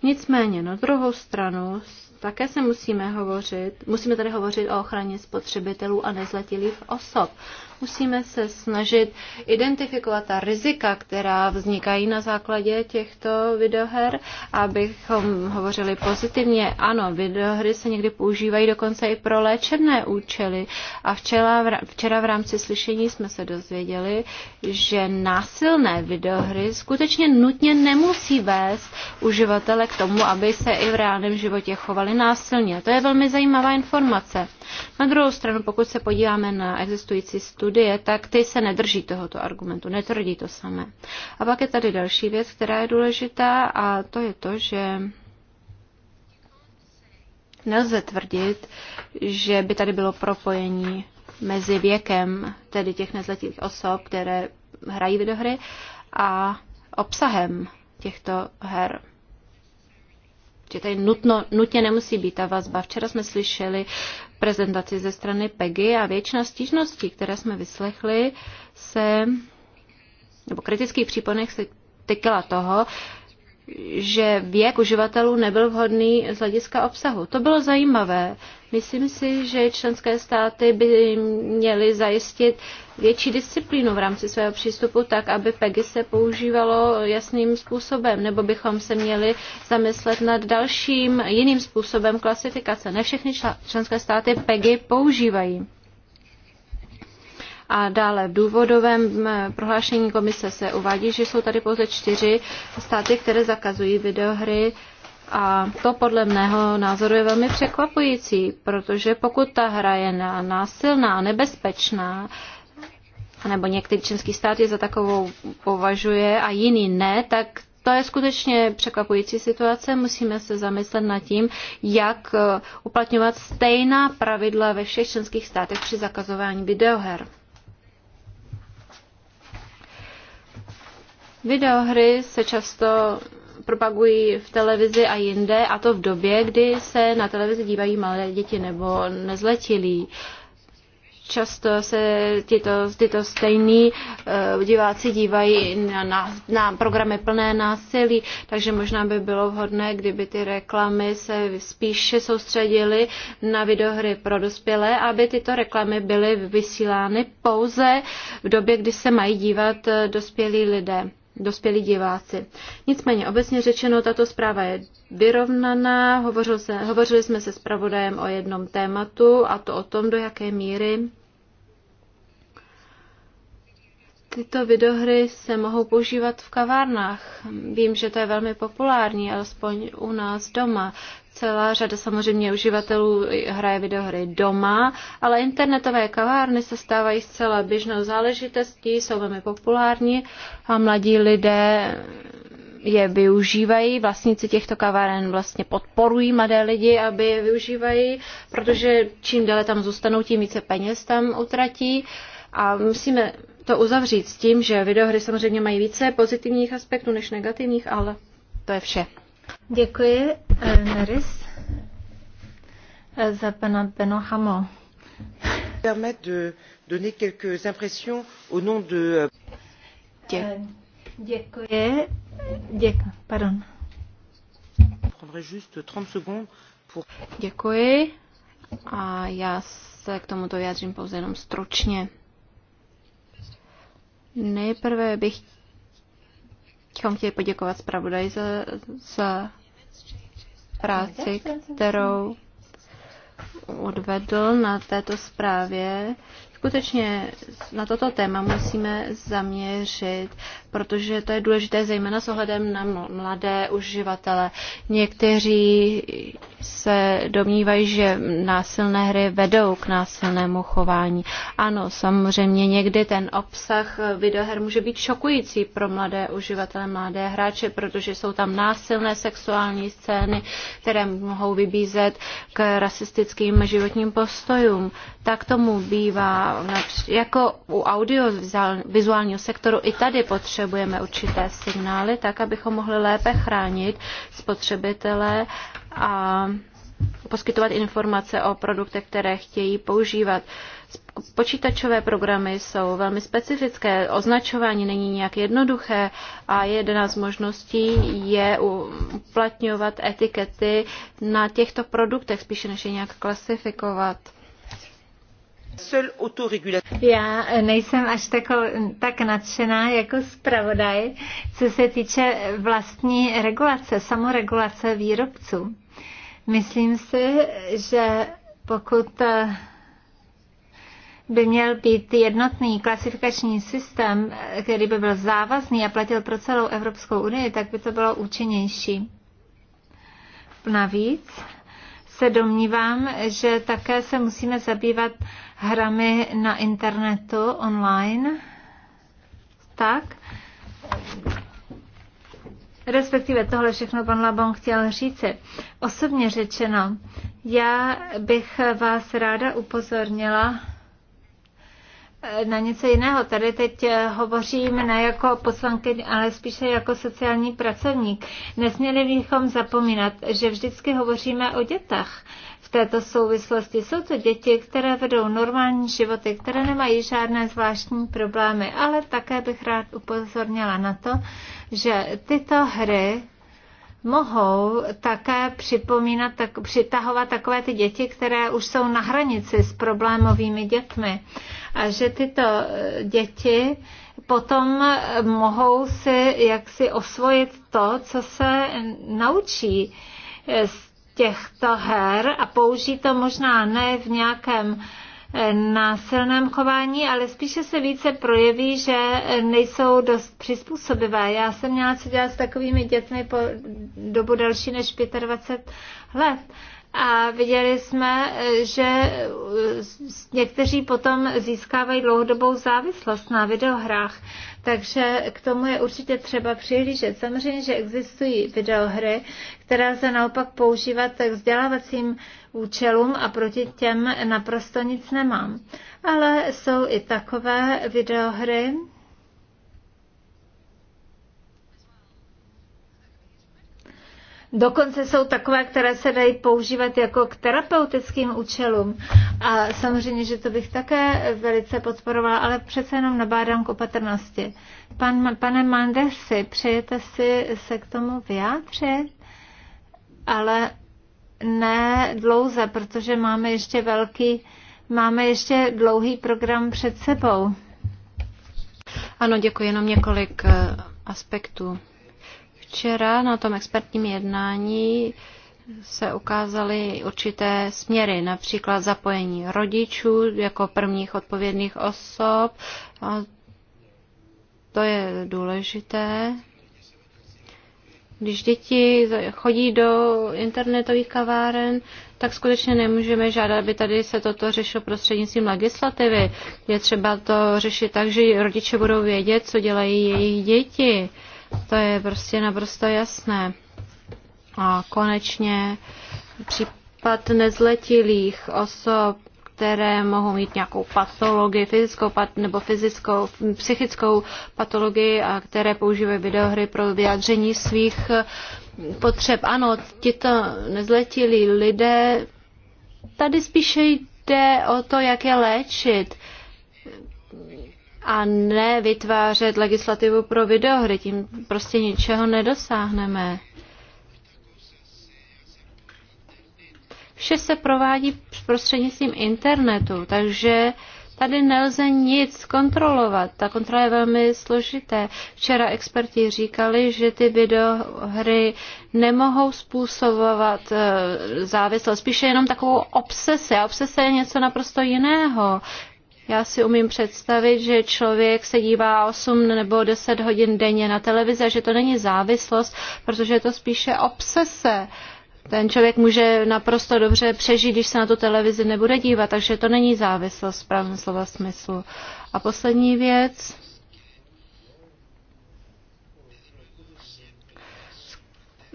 Nicméně, na druhou stranu, také se musíme hovořit, musíme tady hovořit o ochraně spotřebitelů a nezletilých osob. Musíme se snažit identifikovat ta rizika, která vznikají na základě těchto videoher, abychom hovořili pozitivně. Ano, videohry se někdy používají dokonce i pro léčebné účely. A včera, včera v rámci slyšení jsme se dozvěděli, že násilné videohry skutečně nutně nemusí vést uživatele k tomu, aby se i v reálném životě chovali násilně. To je velmi zajímavá informace. Na druhou stranu, pokud se podíváme na existující studi studie, tak ty se nedrží tohoto argumentu, netvrdí to samé. A pak je tady další věc, která je důležitá a to je to, že nelze tvrdit, že by tady bylo propojení mezi věkem tedy těch nezletých osob, které hrají videohry, a obsahem těchto her. Že tady nutno, nutně nemusí být ta vazba. Včera jsme slyšeli prezentaci ze strany PEGI a většina stížností, které jsme vyslechli, se, nebo kritických případech se týkala toho, že věk uživatelů nebyl vhodný z hlediska obsahu. To bylo zajímavé. Myslím si, že členské státy by měly zajistit větší disciplínu v rámci svého přístupu tak, aby PEGI se používalo jasným způsobem, nebo bychom se měli zamyslet nad dalším jiným způsobem klasifikace. Ne všechny členské státy PEGI používají. A dále v důvodovém eh, prohlášení komise se uvádí, že jsou tady pouze čtyři státy, které zakazují videohry a to podle mého názoru je velmi překvapující, protože pokud ta hra je násilná, nebezpečná, nebo některý členský stát je za takovou považuje a jiný ne, tak to je skutečně překvapující situace. Musíme se zamyslet nad tím, jak eh, uplatňovat stejná pravidla ve všech členských státech při zakazování videoher. Videohry se často propagují v televizi a jinde, a to v době, kdy se na televizi dívají malé děti nebo nezletilí. Často se tyto, tyto stejní uh, diváci dívají na, na, na programy plné násilí, takže možná by bylo vhodné, kdyby ty reklamy se spíše soustředily na videohry pro dospělé, aby tyto reklamy byly vysílány pouze v době, kdy se mají dívat eh, dospělí lidé dospělí diváci. Nicméně obecně řečeno, tato zpráva je vyrovnaná. Hovořil se, hovořili jsme se zpravodajem o jednom tématu a to o tom, do jaké míry tyto videohry se mohou používat v kavárnách. Vím, že to je velmi populární, alespoň u nás doma. Celá řada samozřejmě uživatelů hraje videohry doma, ale internetové kavárny se stávají zcela běžnou záležitostí, jsou velmi populární a mladí lidé je využívají, vlastníci těchto kaváren vlastně podporují mladé lidi, aby je využívají, protože čím déle tam zůstanou, tím více peněz tam utratí. A musíme to uzavřít s tím, že videohry samozřejmě mají více pozitivních aspektů než negativních, ale to je vše.
Děkuji, Neris, za pana Benohamo.
Eh, děkuji.
Děkuji.
Děkuji. A já se k tomuto vyjádřím pouze jenom stručně. Nejprve bych chtěl chtěli poděkovat zpravodaj za, za
práci, kterou
odvedl na této zprávě skutečně na toto téma musíme zaměřit, protože to je důležité zejména s ohledem na mladé uživatele. Někteří se domnívají, že násilné hry vedou k násilnému chování. Ano, samozřejmě někdy ten obsah videoher může být šokující pro mladé uživatele, mladé hráče, protože jsou tam násilné sexuální scény, které mohou vybízet k rasistickým životním postojům. Tak tomu bývá jako u audiovizuálního sektoru i tady potřebujeme určité signály, tak abychom mohli lépe chránit spotřebitele a poskytovat informace o produktech, které chtějí používat. Počítačové programy jsou velmi specifické, označování není nějak jednoduché a jedna z možností je uplatňovat etikety na těchto produktech, spíše než je nějak klasifikovat. Já nejsem až tako, tak nadšená
jako zpravodaj, co se týče vlastní regulace, samoregulace výrobců. Myslím si, že pokud eh, by měl být jednotný klasifikační systém, který by byl závazný a platil pro celou Evropskou unii, tak by to bylo účinnější. Navíc se domnívám, že také se musíme zabývat hrami na internetu online. Tak. Respektive tohle všechno pan Labon chtěl říci. Osobně řečeno, já bych vás ráda upozornila na něco jiného. Tady teď eh, hovořím ne jako poslankyň, ale spíše jako sociální pracovník. Nesměli bychom zapomínat, že vždycky hovoříme o dětech v této souvislosti. Jsou to děti, které vedou normální životy, které nemají žádné zvláštní problémy, ale také bych rád upozornila na to, že tyto hry mohou také připomínat, tak, přitahovat takové ty děti, které už jsou na hranici s problémovými dětmi. A že tyto eh, děti potom eh, mohou si jaksi osvojit to, co se naučí eh, z těchto her a použít to možná ne v nějakém násilném chování, ale spíše se více projeví, že nejsou dost přizpůsobivé. Já jsem měla co dělat s takovými dětmi po dobu další než 25 let a viděli jsme, že někteří potom získávají dlouhodobou závislost na videohrách. Takže k tomu je určitě třeba přihlížet. Samozřejmě, že existují videohry, které se naopak používat k vzdělávacím účelům a proti těm naprosto nic nemám. Ale jsou i takové videohry, Dokonce jsou takové, které se dají používat jako k terapeutickým účelům. A samozřejmě, že to bych také velice podporovala, ale přece jenom nabádám k opatrnosti. Pan, pane Mandesi, přejete si se k tomu vyjádřit? Ale ne dlouze, protože máme ještě velký,
máme ještě dlouhý program před sebou. Ano, děkuji. Jenom několik eh, aspektů. Včera na tom expertním jednání se ukázaly určité směry, například zapojení rodičů jako prvních odpovědných osob. A to je důležité. Když děti chodí do internetových kaváren, tak skutečně nemůžeme žádat, aby tady se toto řešilo prostřednictvím legislativy. Je třeba to řešit tak, že rodiče budou vědět, co dělají jejich děti. To je prostě naprosto jasné. A konečně případ nezletilých osob, které mohou mít nějakou patologii, fyzickou pat, nebo fyzickou, psychickou patologii a které používají videohry pro vyjádření svých eh, potřeb. Ano, tito nezletilí lidé, tady spíše jde o to, jak je léčit a ne vytvářet legislativu pro videohry. Tím prostě ničeho nedosáhneme. Vše se provádí prostřednictvím internetu, takže tady nelze nic kontrolovat. Ta kontrola je velmi složité. Včera experti říkali, že ty videohry nemohou způsobovat eh, závislost, spíše jenom takovou obsesi. A obsese je něco naprosto jiného. Já si umím představit, že člověk se dívá 8 nebo 10 hodin denně na televizi a že to není závislost, protože je to spíše obsese. Ten člověk může naprosto dobře přežít, když se na tu televizi nebude dívat, takže to není závislost v pravém slova smyslu. A poslední věc.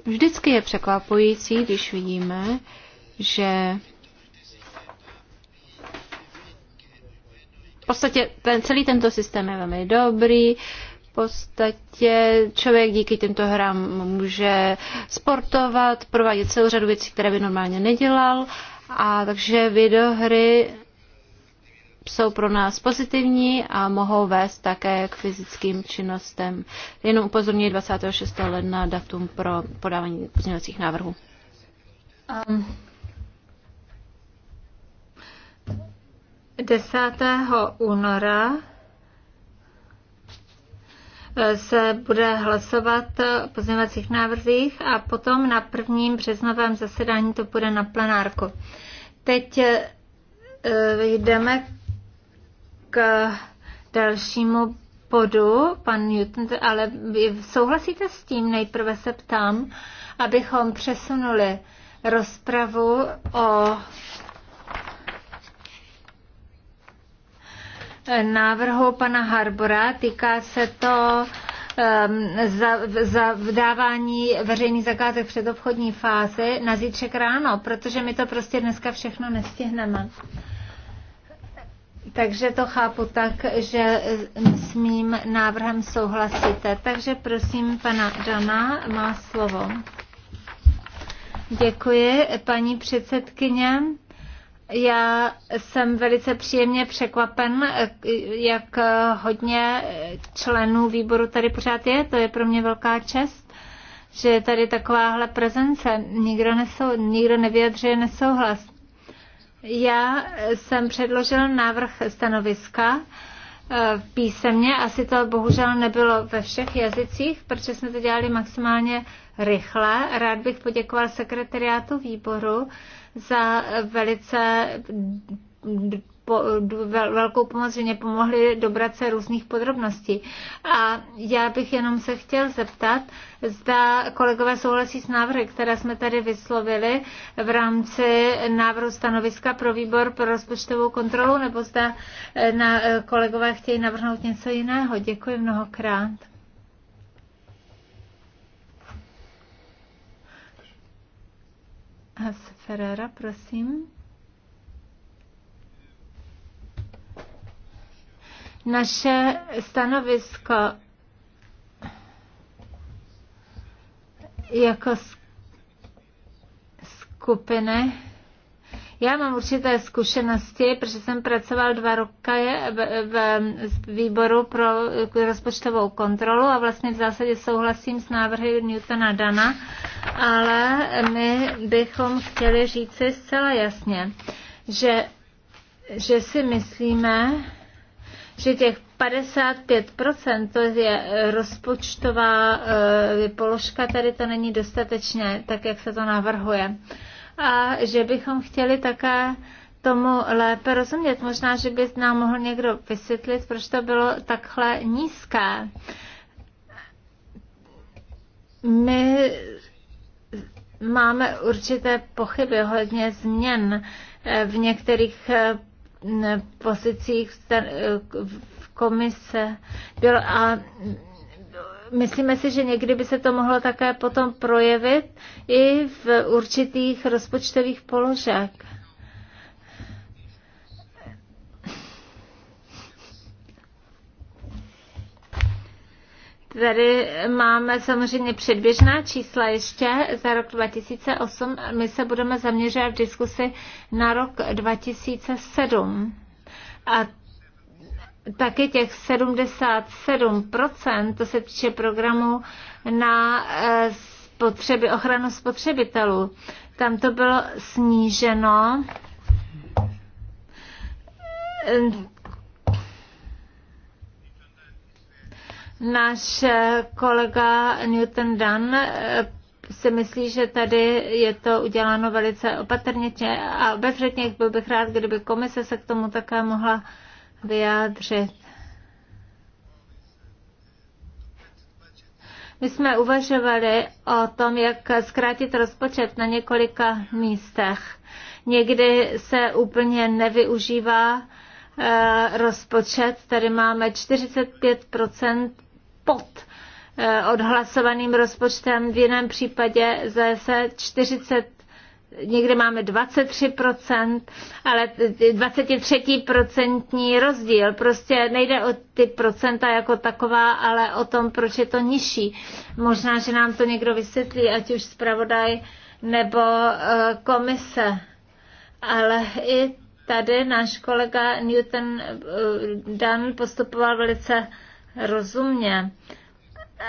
Vždycky je překvapující, když vidíme, že v podstatě ten, celý tento systém je velmi dobrý, v podstatě člověk díky těmto hrám může sportovat, provádět celou řadu věcí, které by normálně nedělal. A takže videohry jsou pro nás pozitivní a mohou vést také k fyzickým činnostem. Jenom upozorňuji 26. ledna datum pro podávání pozměňovacích návrhů.
Um, 10. února se bude hlasovat o pozměňovacích návrzích a potom na prvním březnovém zasedání to bude na plenárku. Teď eh, jdeme k dalšímu bodu, pan Newton, ale souhlasíte s tím, nejprve se ptám, abychom přesunuli rozpravu o návrhu pana Harbora. Týká se to ehm, za, za vdávání veřejných zakázek před obchodní fázi na zítřek ráno, protože my to prostě dneska všechno nestihneme. Takže to chápu tak, že s mým návrhem souhlasíte. Takže prosím, pana Dana má slovo. Děkuji, paní předsedkyně. Já jsem velice příjemně překvapen, jak hodně členů výboru tady pořád je. To je pro mě velká čest, že je tady takováhle prezence. Nikdo, nesou, nikdo nevyjadřuje nesouhlas. Já jsem předložil návrh stanoviska v eh, písemně. Asi to bohužel nebylo ve všech jazycích, protože jsme to dělali maximálně rychle. Rád bych poděkoval sekretariátu výboru za velice po, velkou pomoc, že mě pomohli dobrat se různých podrobností. A já bych jenom se chtěl zeptat, zda kolegové souhlasí s návrhy, které jsme tady vyslovili v rámci návrhu stanoviska pro výbor pro rozpočtovou kontrolu, nebo zda eh, na, eh, kolegové chtějí navrhnout něco jiného. Děkuji mnohokrát. As Ferrara, prosím. Naše stanovisko jako skupiny já mám určité zkušenosti, protože jsem pracoval dva roky v výboru pro rozpočtovou kontrolu a vlastně v zásadě souhlasím s návrhy Newtona Dana, ale my bychom chtěli říci zcela jasně, že, že si myslíme, že těch 55% to je rozpočtová eh, položka, tady to není dostatečně tak, jak se to navrhuje a že bychom chtěli také tomu lépe rozumět. Možná, že by nám mohl někdo vysvětlit, proč to bylo takhle nízké. My máme určité pochyby hodně změn eh, v některých eh, pozicích v eh, komise. Bylo a myslíme si, že někdy by se to mohlo také potom projevit i v určitých rozpočtových položek. Tady máme samozřejmě předběžná čísla ještě za rok 2008. My se budeme zaměřovat v diskusi na rok 2007. A taky těch 77%, to se týče programu na eh, spotřeby, ochranu spotřebitelů. Tam to bylo sníženo eh, Náš eh, kolega Newton Dunn si myslí, že tady je to uděláno velice opatrně a obezřetně. Byl bych rád, kdyby komise se k tomu také mohla vyjádřit. My jsme uvažovali o tom, jak zkrátit rozpočet na několika místech. Někdy se úplně nevyužívá eh, rozpočet. Tady máme 45 pod eh, odhlasovaným rozpočtem, v jiném případě zase 40 někde máme 23%, ale 23% rozdíl. Prostě nejde o ty procenta jako taková, ale o tom, proč je to nižší. Možná, že nám to někdo vysvětlí, ať už zpravodaj nebo eh, komise. Ale i tady náš kolega Newton eh, Dan postupoval velice rozumně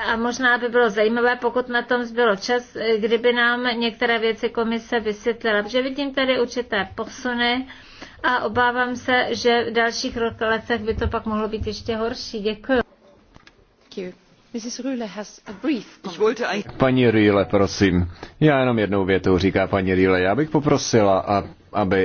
a možná by bylo zajímavé, pokud na tom zbylo čas, kdyby nám některé věci komise vysvětlila, protože vidím tady určité posuny a obávám se, že v dalších letech by to pak mohlo být ještě horší. Děkuji.
Paní Rýle, prosím. Já jenom jednou větou, říká paní Rýle. Já bych poprosila, a aby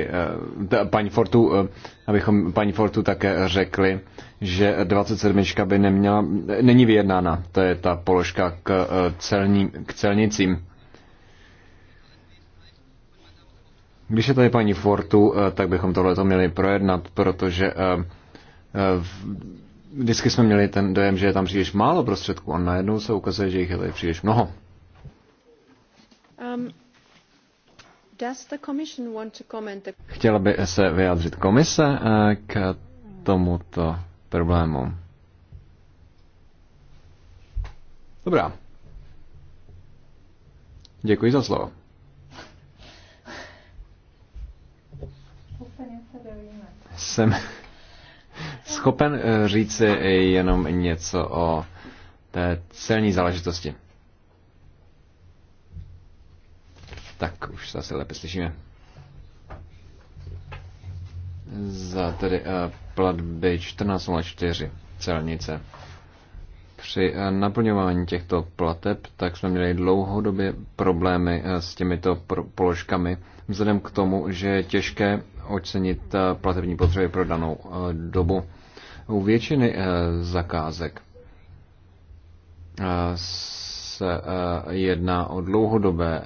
eh, paní Fortu, eh, abychom paní Fortu také řekli, že 27 by neměla, není vyjednána. To je ta položka k, eh, celní, k celnicím. Když je tady paní Fortu, tak bychom to měli projednat, protože vždycky jsme měli ten dojem, že je tam příliš málo prostředků a najednou se ukazuje, že jich je tady příliš mnoho. Um, Chtěla by se vyjádřit komise eh, k tomuto problému. Dobrá. Děkuji za slovo. Jsem schopen eh, říci jenom něco o té celní záležitosti. Tak už zase lépe slyšíme. Za tedy eh, platby 14.04 celnice. Při eh, naplňování těchto plateb tak jsme měli dlouhodobě problémy eh, s těmito položkami, vzhledem k tomu, že je těžké ocenit platební potřeby pro danou dobu. U většiny zakázek se jedná o dlouhodobé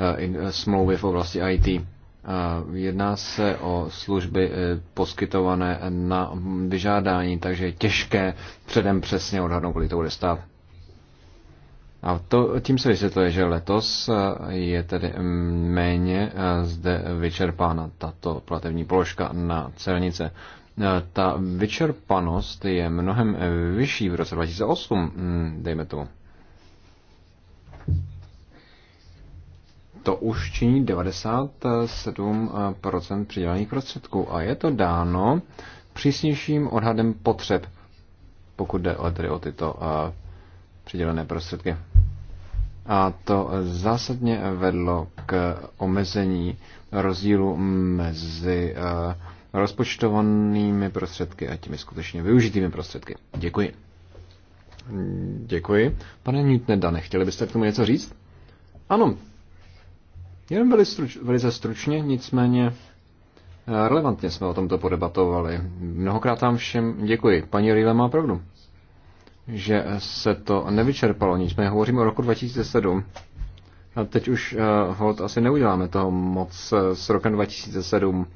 Eh, eh, smlouvy v oblasti IT. Eh, jedná se o služby poskytované na vyžádání, takže je těžké předem přesně odhadnout, kolik to bude stát. A to, tím se vysvětluje, že letos je tedy méně zde vyčerpána tato platební položka na celnice. Ta vyčerpanost je mnohem vyšší v roce 2008, mm, dejme tomu. to už činí 97% přidělených prostředků a je to dáno přísnějším odhadem potřeb, pokud jde tedy o tyto eh, přidělené prostředky. A to zásadně vedlo k omezení rozdílu mezi eh, rozpočtovanými prostředky a těmi skutečně využitými prostředky. Děkuji. Děkuji. Pane Newtne, Dane, chtěli byste k tomu něco říct? Ano, Jenom velice, struč, velice stručně, nicméně eh, relevantně jsme o tomto podebatovali. Mnohokrát vám všem děkuji. Paní Rýle má pravdu, že se to nevyčerpalo, nicméně hovoříme o roku 2007. A teď už uh, hold asi neuděláme toho moc eh, s rokem 2007.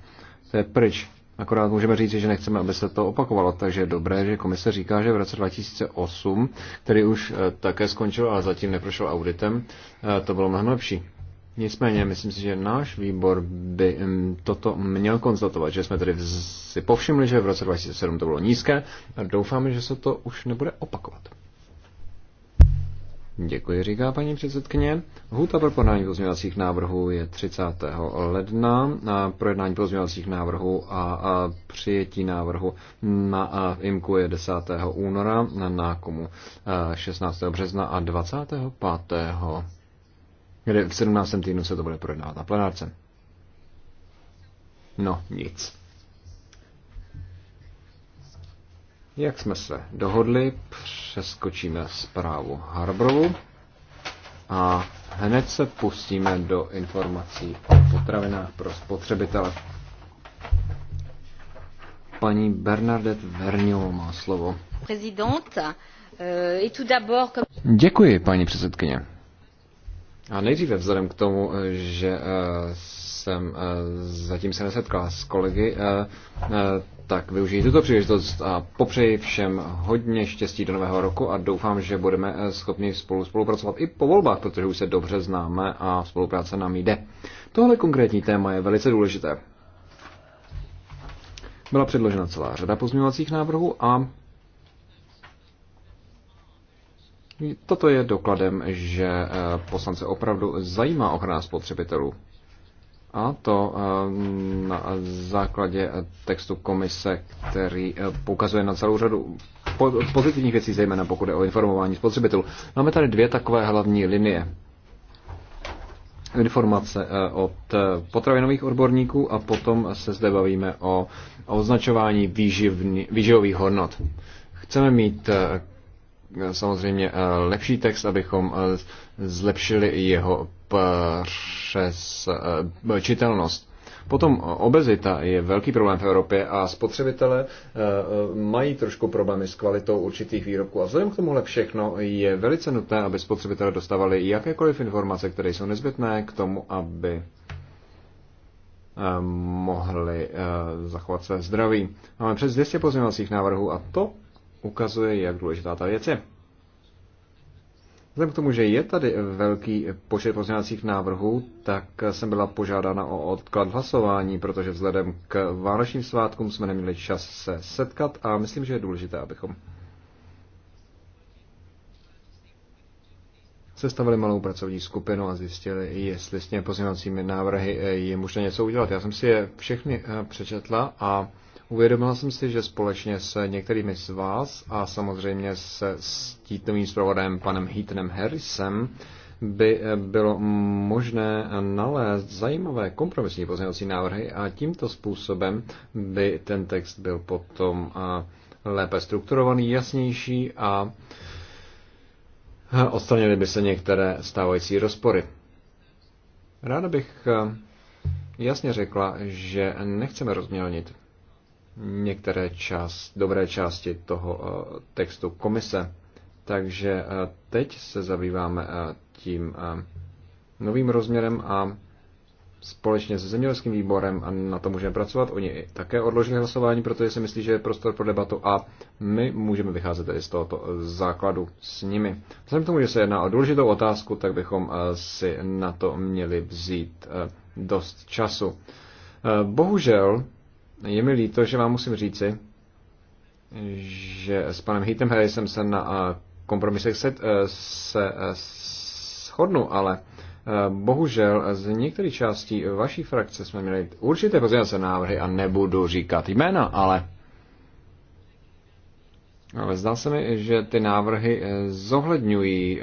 To je pryč. Akorát můžeme říct, že nechceme, aby se to opakovalo, takže je dobré, že komise říká, že v roce 2008, který už také skončil, ale zatím neprošel auditem, to bylo mnohem lepší. Nicméně, myslím si, že náš výbor by toto měl konstatovat, že jsme tedy si povšimli, že v roce 2007 to bylo nízké a doufáme, že se to už nebude opakovat. Děkuji, říká paní předsedkyně. Hůta pro podání pozměňovacích návrhů je 30. ledna. A projednání pozměňovacích návrhů a, a přijetí návrhu na a IMKU je 10. února, na NAKOMu 16. března a 25 kde v 17. týdnu se to bude projednávat na plenárce. No, nic. Jak jsme se dohodli, přeskočíme zprávu Harbrovu a hned se pustíme do informací o potravinách pro spotřebitele. Paní Bernadette Verňová má slovo.
Euh,
Děkuji, paní předsedkyně. A nejdříve vzhledem k tomu, eh, že eh, jsem eh, zatím se nesetkal s kolegy, tak využiji tuto příležitost a popřeji všem hodně štěstí do nového roku a doufám, že budeme schopni spolu spolupracovat i po volbách, protože už se dobře známe a spolupráce nám jde. Tohle konkrétní téma je velice důležité. Byla předložena celá řada pozměňovacích návrhů a Toto je dokladem, že eh, poslance opravdu zajímá ochrana spotřebitelů. A to eh, na základě textu komise, který eh, poukazuje na celou řadu pozitivních věcí, zejména pokud je o informování spotřebitelů. Máme tady dvě takové hlavní linie. Informace od potravinových odborníků a potom se zde bavíme o označování výživových hodnot. Chceme mít samozřejmě eh, lepší text, abychom eh, zlepšili jeho přes eh, čitelnost. Potom obezita je velký problém v Evropě a spotřebitelé mají trošku problémy s kvalitou určitých výrobků. A vzhledem k tomuhle všechno je velice nutné, aby spotřebitelé dostávali jakékoliv informace, které jsou nezbytné k tomu, aby mohli zachovat své zdraví. Máme přes 200 pozměňovacích návrhů a to ukazuje, jak důležitá ta věc je. Vzhledem k tomu, že je tady velký počet pozměňovacích návrhů, tak jsem byla požádána o odklad hlasování, protože vzhledem k vánočním svátkům jsme neměli čas se setkat a myslím, že je důležité, abychom sestavili malou pracovní skupinu a zjistili, jestli s těmi pozměňovacími návrhy je možné něco udělat. Já jsem si je všechny eh, přečetla a Uvědomila jsem si, že společně s některými z vás a samozřejmě se stítovým zpravodajem panem Heatonem Harrisem by eh, bylo možné nalézt zajímavé kompromisní pozměňovací návrhy a tímto způsobem by ten text byl potom eh, lépe strukturovaný, jasnější a eh, odstranily by se některé stávající rozpory. Ráda bych jasně řekla, že nechceme rozmělnit některé čas, dobré části toho eh, textu komise. Takže eh, teď se zabýváme eh, tím novým rozměrem a společně se zemědělským výborem a na to můžeme pracovat. Oni i také odložili hlasování, protože si myslí, že je prostor pro debatu a my můžeme vycházet tedy z tohoto základu s nimi. Vzhledem k tomu, že se jedná o důležitou otázku, tak bychom si na to měli vzít dost času. Bohužel je mi líto, že vám musím říci, že s panem Heatem Harrisem se na eh, kompromisech eh, se, se eh, shodnu, ale bohužel z některých částí vaší frakce jsme měli určité pozměňovací návrhy a nebudu říkat jména, ale ale zdá se mi, že ty návrhy zohledňují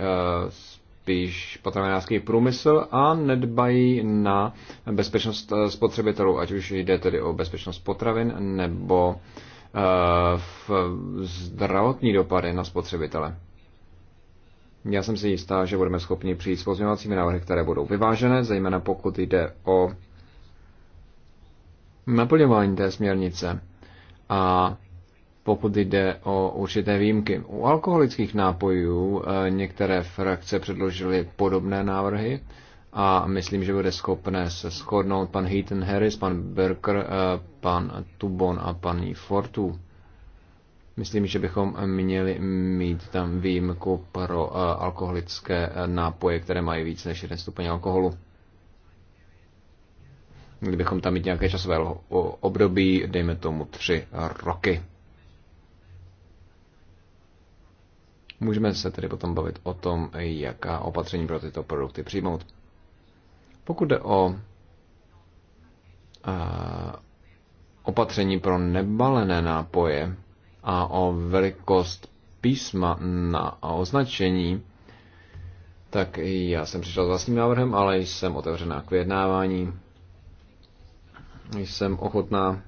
spíš potravinářský průmysl a nedbají na bezpečnost eh, spotřebitelů, ať už jde tedy o bezpečnost potravin nebo eh, v zdravotní dopady na spotřebitele. Já jsem si jistá, že budeme schopni přijít s pozměňovacími návrhy, které budou vyvážené, zejména pokud jde o naplňování té směrnice. A pokud jde o určité výjimky. U alkoholických nápojů eh, některé frakce předložily podobné návrhy a myslím, že bude schopné se shodnout pan Heaton Harris, pan Berker, eh, pan Tubon a paní Fortu. Myslím, že bychom měli mít tam výjimku pro eh, alkoholické nápoje, které mají víc než jeden stupeň alkoholu. Kdybychom tam mít nějaké časové období, dejme tomu tři roky. Můžeme se tedy potom bavit o tom, jaká opatření pro tyto produkty přijmout. Pokud jde o eh, opatření pro nebalené nápoje a o velikost písma na označení, tak já jsem přišel s vlastním návrhem, ale jsem otevřená k vyjednávání. Jsem ochotná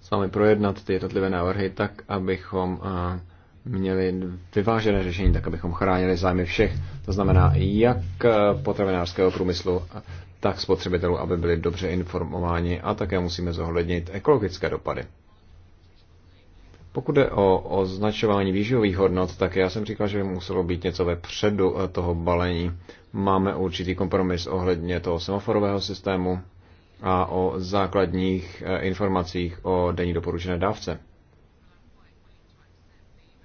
s vámi projednat ty jednotlivé návrhy tak, abychom eh, měli vyvážené řešení, tak abychom chránili zájmy všech. To znamená jak eh, potravinářského průmyslu, tak spotřebitelů, aby byli dobře informováni a také musíme zohlednit ekologické dopady. Pokud jde o označování výživových hodnot, tak já jsem říkal, že by muselo být něco ve předu eh, toho balení. Máme určitý kompromis ohledně toho semaforového systému a o základních eh, informacích o denní doporučené dávce.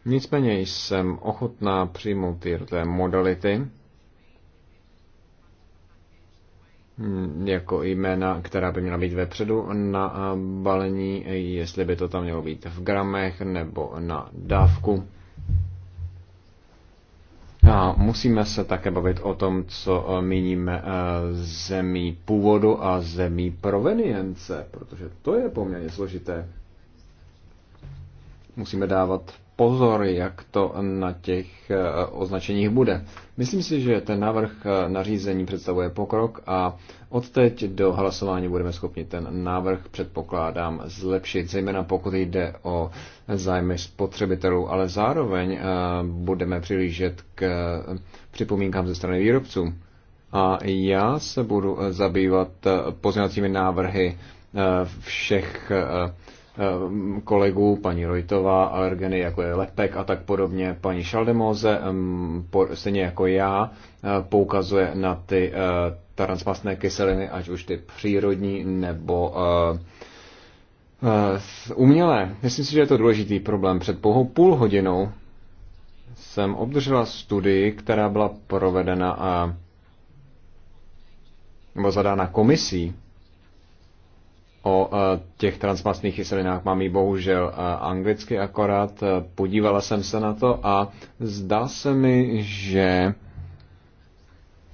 Nicméně jsem ochotná přijmout ty modality, jako jména, která by měla být vepředu na balení, jestli by to tam mělo být v gramech nebo na dávku. A musíme se také bavit o tom, co míníme eh, zemí původu a zemí provenience, protože to je poměrně složité. Musíme dávat pozor, jak to na těch eh, označeních bude. Myslím si, že ten návrh eh, nařízení představuje pokrok a od teď do hlasování budeme schopni ten návrh, předpokládám, zlepšit, zejména pokud jde o zájmy spotřebitelů, ale zároveň eh, budeme přilížet k připomínkám ze strany výrobců. A já se budu zabývat pozměňovacími návrhy všech Ehm, kolegů, paní Rojtová, alergeny jako je lepek a tak podobně. Paní Šaldemoze, ehm, stejně jako já, eh, poukazuje na ty eh, transmastné kyseliny, ať už ty přírodní nebo eh, umělé. Myslím si, že je to důležitý problém. Před pouhou půl hodinou jsem obdržela studii, která byla provedena a nebo zadána komisí o e, těch transmastných kyselinách mám ji bohužel e, anglicky akorát. E, podívala jsem se na to a zdá se mi, že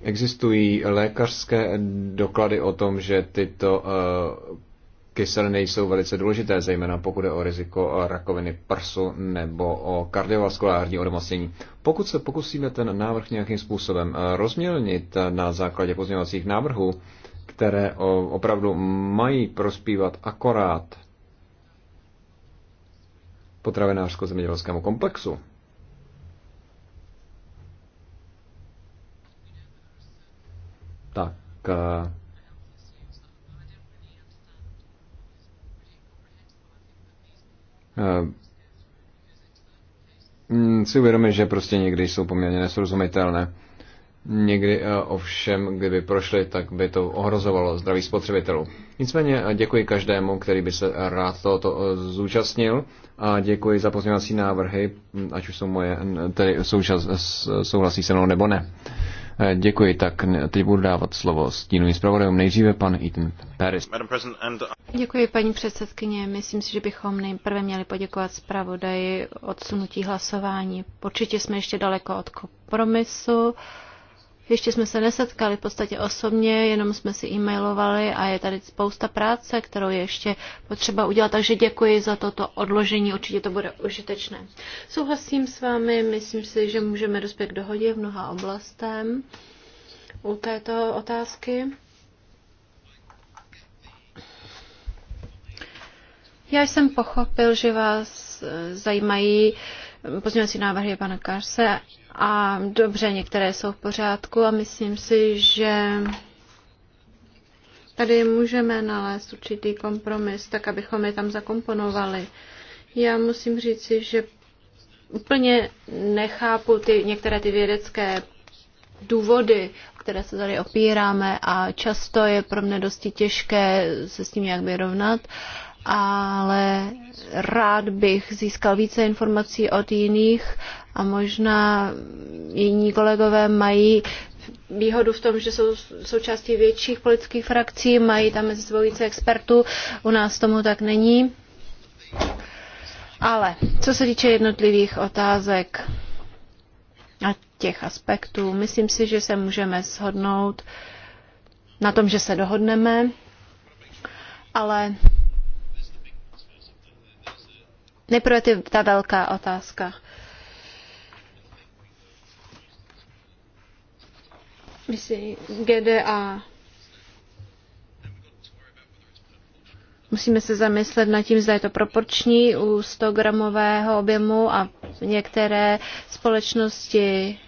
existují lékařské doklady o tom, že tyto kyseliny jsou velice důležité, zejména pokud je o riziko rakoviny prsu nebo o kardiovaskulární odmocnění. Pokud se pokusíme ten návrh nějakým způsobem rozmělnit na základě pozměňovacích návrhů, které opravdu mají prospívat akorát potravinářsko-zemědělskému komplexu. Tak eh, eh, mm, si uvědomit, že prostě někdy jsou poměrně nesrozumitelné. Někdy eh, ovšem, kdyby prošly, tak by to ohrozovalo zdraví spotřebitelů. Nicméně eh, děkuji každému, který by se rád tohoto eh, zúčastnil a děkuji za pozměňovací návrhy, hm, ať už jsou moje, tedy součas, souhlasí se mnou nebo ne. Děkuji, tak teď budu dávat slovo stínovým zpravodajům. Nejdříve pan Ethan Paris. Uh,
děkuji, paní předsedkyně. Myslím si, že bychom nejprve měli poděkovat zpravodaji odsunutí hlasování. Určitě jsme ještě daleko od kompromisu. Ještě jsme se nesetkali v podstatě osobně, jenom jsme si e-mailovali a je tady spousta práce, kterou je ještě potřeba udělat, takže děkuji za toto odložení, určitě to bude užitečné. Souhlasím s vámi, myslím si, že můžeme dospět k dohodě v mnoha oblastem u této otázky. Já jsem pochopil, že vás eh, zajímají pozměňovací návrhy pana Karse a dobře, některé jsou v pořádku a myslím si, že tady můžeme nalézt určitý kompromis, tak abychom je tam zakomponovali. Já musím říci, že úplně nechápu ty, některé ty vědecké důvody, které se tady opíráme a často je pro mě dosti těžké se s tím nějak vyrovnat ale rád bych získal více informací od jiných a možná jiní kolegové mají výhodu v tom, že jsou součástí větších politických frakcí, mají tam mezi sebou více expertů, u nás tomu tak není. Ale co se týče jednotlivých otázek a těch aspektů, myslím si, že se můžeme shodnout na tom, že se dohodneme, ale Nejprve ty, ta velká otázka. Myslím, GDA. Musíme se zamyslet nad tím, zda je to proporční u 100 gramového objemu a některé společnosti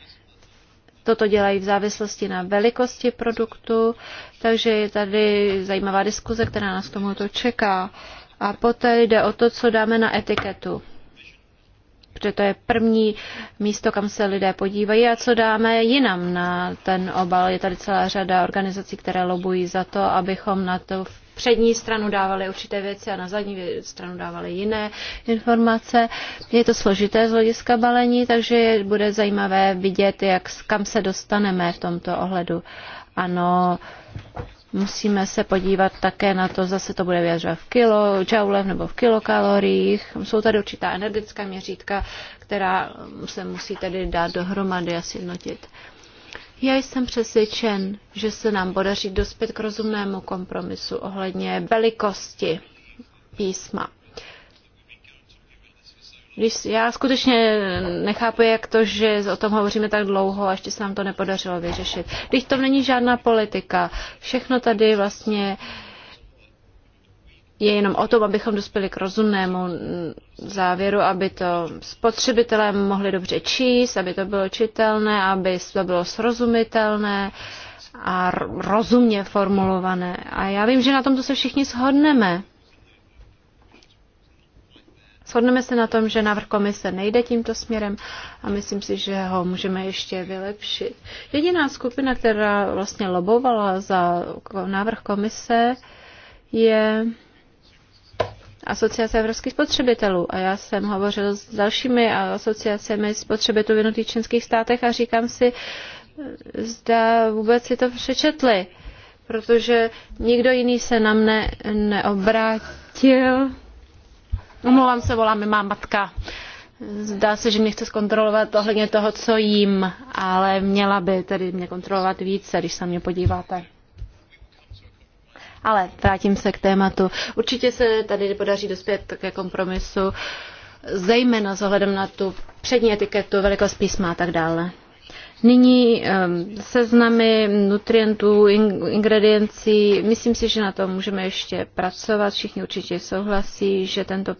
toto dělají v závislosti na velikosti produktu, takže je tady zajímavá diskuze, která nás k tomuto čeká. A poté jde o to, co dáme na etiketu. Protože to je první místo, kam se lidé podívají a co dáme jinam na ten obal. Je tady celá řada organizací, které lobují za to, abychom na to v přední stranu dávali určité věci a na zadní stranu dávali jiné informace. Je to složité z hlediska balení, takže bude zajímavé vidět, jak, kam se dostaneme v tomto ohledu. Ano, Musíme se podívat také na to, zase to bude vyjadřovat v kilo, džaulech nebo v kilokaloriích. Jsou tady určitá energetická měřítka, která se musí tedy dát dohromady a sjednotit. Já jsem přesvědčen, že se nám podaří dospět k rozumnému kompromisu ohledně velikosti písma. Když já skutečně nechápu, jak to, že o tom hovoříme tak dlouho a ještě se nám to nepodařilo vyřešit. Když to není žádná politika, všechno tady vlastně je jenom o tom, abychom dospěli k rozumnému závěru, aby to spotřebitelé mohli dobře číst, aby to bylo čitelné, aby to bylo srozumitelné a rozumně formulované. A já vím, že na tomto se všichni shodneme. Shodneme se na tom, že návrh komise nejde tímto směrem a myslím si, že ho můžeme ještě vylepšit. Jediná skupina, která vlastně lobovala za návrh komise, je Asociace evropských spotřebitelů a já jsem hovořil s dalšími asociacemi spotřebitelů v jednotlivých členských státech a říkám si, zda vůbec si to přečetli, protože nikdo jiný se na mne neobrátil Omlouvám se, volá mi má matka. Zdá se, že mě chce zkontrolovat ohledně toho, co jím, ale měla by tedy mě kontrolovat více, když se mě podíváte. Ale vrátím se k tématu. Určitě se tady podaří dospět ke kompromisu, zejména s ohledem na tu přední etiketu, velikost písma a tak dále. Nyní ehm, seznamy nutrientů, ingrediencí. Myslím si, že na tom můžeme ještě pracovat. Všichni určitě souhlasí, že tento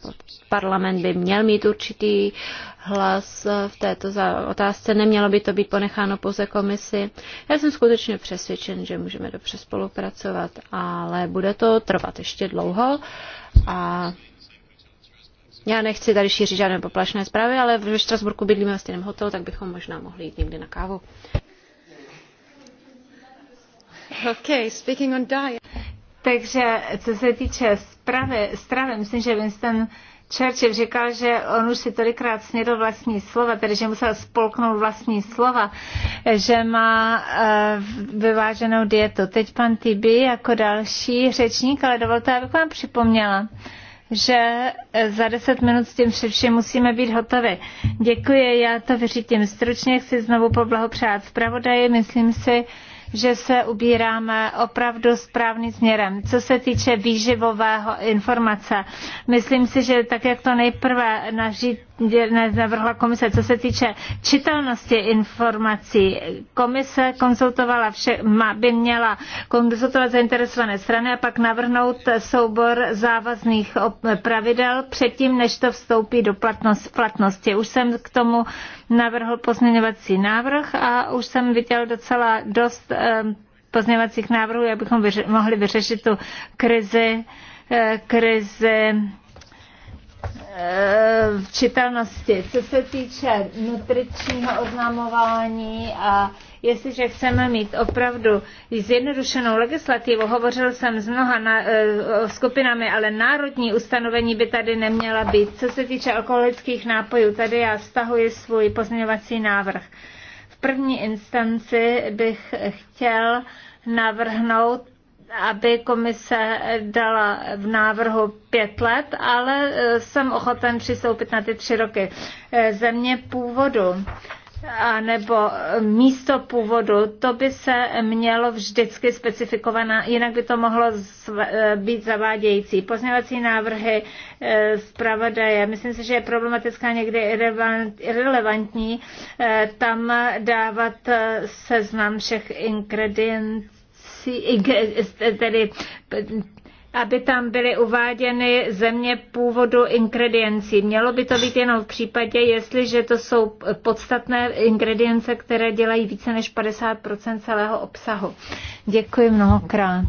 parlament by měl mít určitý hlas eh, v této otázce. Nemělo by to být ponecháno pouze komisi. Já jsem skutečně přesvědčen, že můžeme dobře spolupracovat, ale bude to trvat ještě dlouho a já nechci tady šířit žádné poplašné zprávy, ale ve Štrasburku bydlíme v stejném hotelu, tak bychom možná mohli jít někdy na kávu.
Okay, speaking on diet. Takže co se týče zpravy, stravy myslím, že Winston Churchill říkal, že on už si tolikrát snědl vlastní slova, tedy že musel spolknout vlastní slova, že má uh, vyváženou dietu. Teď pan Tibi jako další řečník, ale dovolte, abych vám připomněla, uh, že eh, za deset minut s tím vším musíme být hotovi. Děkuji, já to vyřítím stručně, chci znovu poblahopřát zpravodaji, myslím si, že se ubíráme opravdu správným směrem. Co se týče výživového informace, myslím si, že tak, jak to nejprve nařídí navrhla komise. Co se týče čitelnosti informací, komise konzultovala vše, by měla konzultovat zainteresované strany a pak navrhnout soubor závazných pravidel předtím, než to vstoupí do platnost, platnosti. Už jsem k tomu navrhl pozměňovací návrh a už jsem viděl docela dost pozměňovacích návrhů, abychom vyře- mohli vyřešit tu krizi, eh, krizi Eh, v čitelnosti. Co se týče nutričního oznamování a jestliže chceme mít opravdu zjednodušenou legislativu, hovořil jsem s mnoha na, uh, skupinami, ale národní ustanovení by tady neměla být. Co se týče alkoholických nápojů, tady já stahuji svůj pozměňovací návrh. V první instanci bych chtěl navrhnout aby komise dala v návrhu pět let, ale eh, jsem ochoten přistoupit na ty tři roky. Eh, země původu a nebo eh, místo původu, to by se mělo vždycky specifikovaná, jinak by to mohlo být zavádějící. Pozměňovací návrhy zpravodaje, myslím si, že je problematická někdy irrelevantní tam dávat seznam všech ingredient prací, tedy aby tam byly uváděny země původu ingrediencí. Mělo by to být jenom v případě, jestliže to jsou podstatné ingredience, které dělají více než 50 celého obsahu. Děkuji mnohokrát.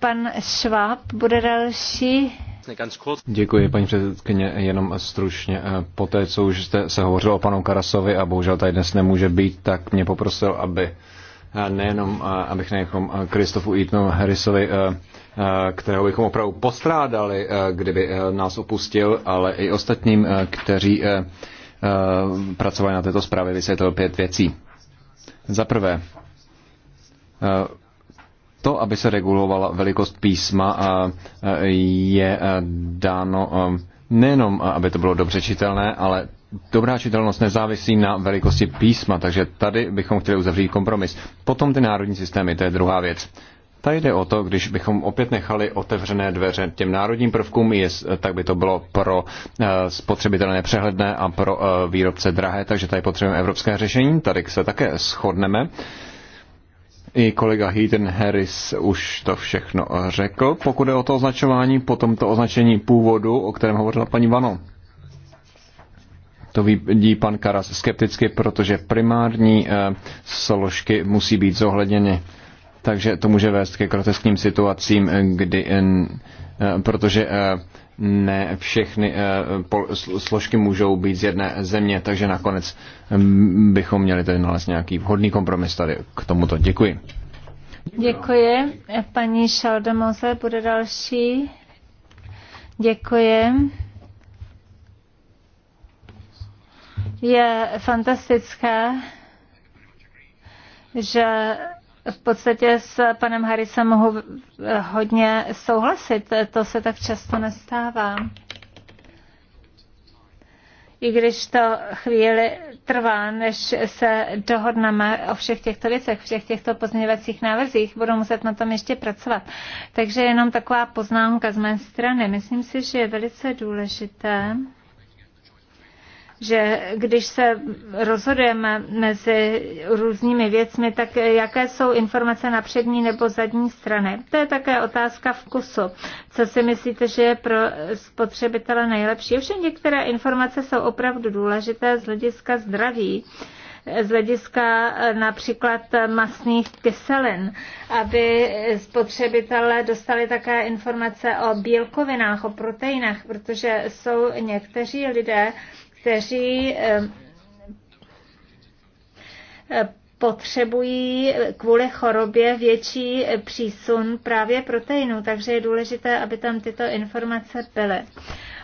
Pan Schwab bude další.
Děkuji, paní předsedkyně, jenom stručně. po té, co už jste se hovořil o panu Karasovi a bohužel tady dnes nemůže být, tak mě poprosil, aby nejenom, abych nejenom Kristofu Eatonu Harrisovi, kterého bychom opravdu postrádali, kdyby nás opustil, ale i ostatním, kteří pracovali na této zprávě, vysvětlil pět věcí. Za prvé, to, aby se regulovala velikost písma, je dáno nejenom, aby to bylo dobře čitelné, ale dobrá čitelnost nezávisí na velikosti písma, takže tady bychom chtěli uzavřít kompromis. Potom ty národní systémy, to je druhá věc. Tady jde o to, když bychom opět nechali otevřené dveře těm národním prvkům, je, tak by to bylo pro eh, spotřebitele nepřehledné a pro eh, výrobce drahé, takže tady potřebujeme evropské řešení, tady se také shodneme. I kolega Heaton Harris už to všechno řekl. Pokud je o to označování, potom to označení původu, o kterém hovořila paní Vano to vidí pan Karas skepticky, protože primární eh, složky musí být zohledněny. Takže to může vést ke groteskním situacím, eh, kdy, eh, protože ne všechny složky můžou být z jedné země, takže nakonec bychom měli tady nalézt nějaký vhodný kompromis tady k tomuto. Děkuji.
Děkuji. Paní Šaldemose bude další. Děkuji. Je fantastické, že v podstatě s panem Harrisem mohu hodně souhlasit. To se tak často nestává. I když to chvíli trvá, než se dohodneme o všech těchto věcech, všech těchto pozměňovacích návrzích, budu muset na tom ještě pracovat. Takže jenom taková poznámka z mé strany. Myslím si, že je velice důležité, že když se rozhodujeme mezi různými věcmi, tak jaké jsou informace na přední nebo zadní strany. To je také otázka vkusu. Co si myslíte, že je pro spotřebitele nejlepší? Ovšem některé informace jsou opravdu důležité z hlediska zdraví z hlediska eh, například masných kyselin, aby spotřebitelé dostali také informace o bílkovinách, o proteinách, protože jsou někteří lidé, kteří eh, eh, potřebují kvůli chorobě větší přísun právě proteinů, takže je důležité, aby tam tyto informace byly.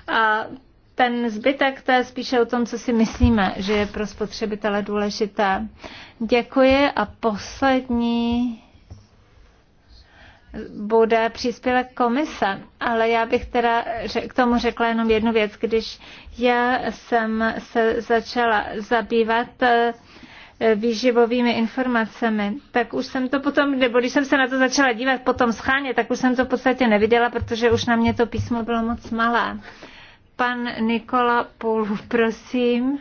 A ten zbytek, to je spíše o tom, co si myslíme, že je pro spotřebitele důležité. Děkuji a poslední bude příspěvek komise, ale já bych teda k tomu řekla jenom jednu věc. Když já jsem se začala zabývat eh, výživovými informacemi, tak už jsem to potom, nebo když jsem se na to začala dívat potom scháně, tak už jsem to v podstatě neviděla, protože už na mě to písmo bylo moc malé. Pan Nikola Půl, prosím.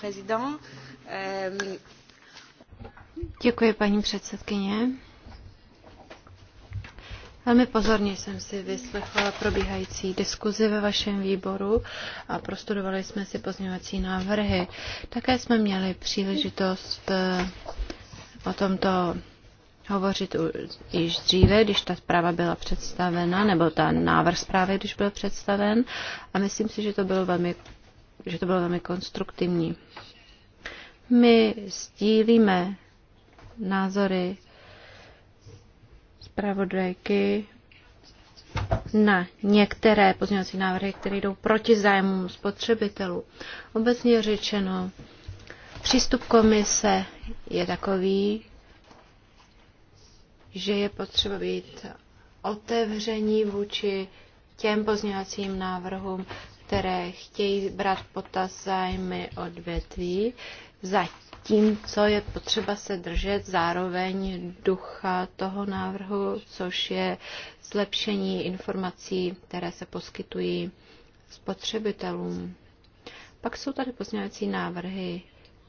Prezident, euh,
Děkuji, paní předsedkyně. Velmi pozorně jsem si vyslechla probíhající diskuzi ve vašem výboru a prostudovali jsme si pozměňovací návrhy. Také jsme měli příležitost eh, o tomto hovořit již dříve, když ta zpráva byla představena, nebo ta návrh zprávy, když byl představen. A myslím si, že to bylo velmi, že to bylo velmi konstruktivní. My sdílíme názory zpravodajky na některé pozměňovací návrhy, které jdou proti zájmům spotřebitelů. Obecně řečeno, přístup komise je takový, že je potřeba být otevření vůči těm pozměňovacím návrhům, které chtějí brát potaz zájmy odvětví, tím, co je potřeba se držet, zároveň ducha toho návrhu, což je zlepšení informací, které se poskytují spotřebitelům. Pak jsou tady pozměňovací návrhy,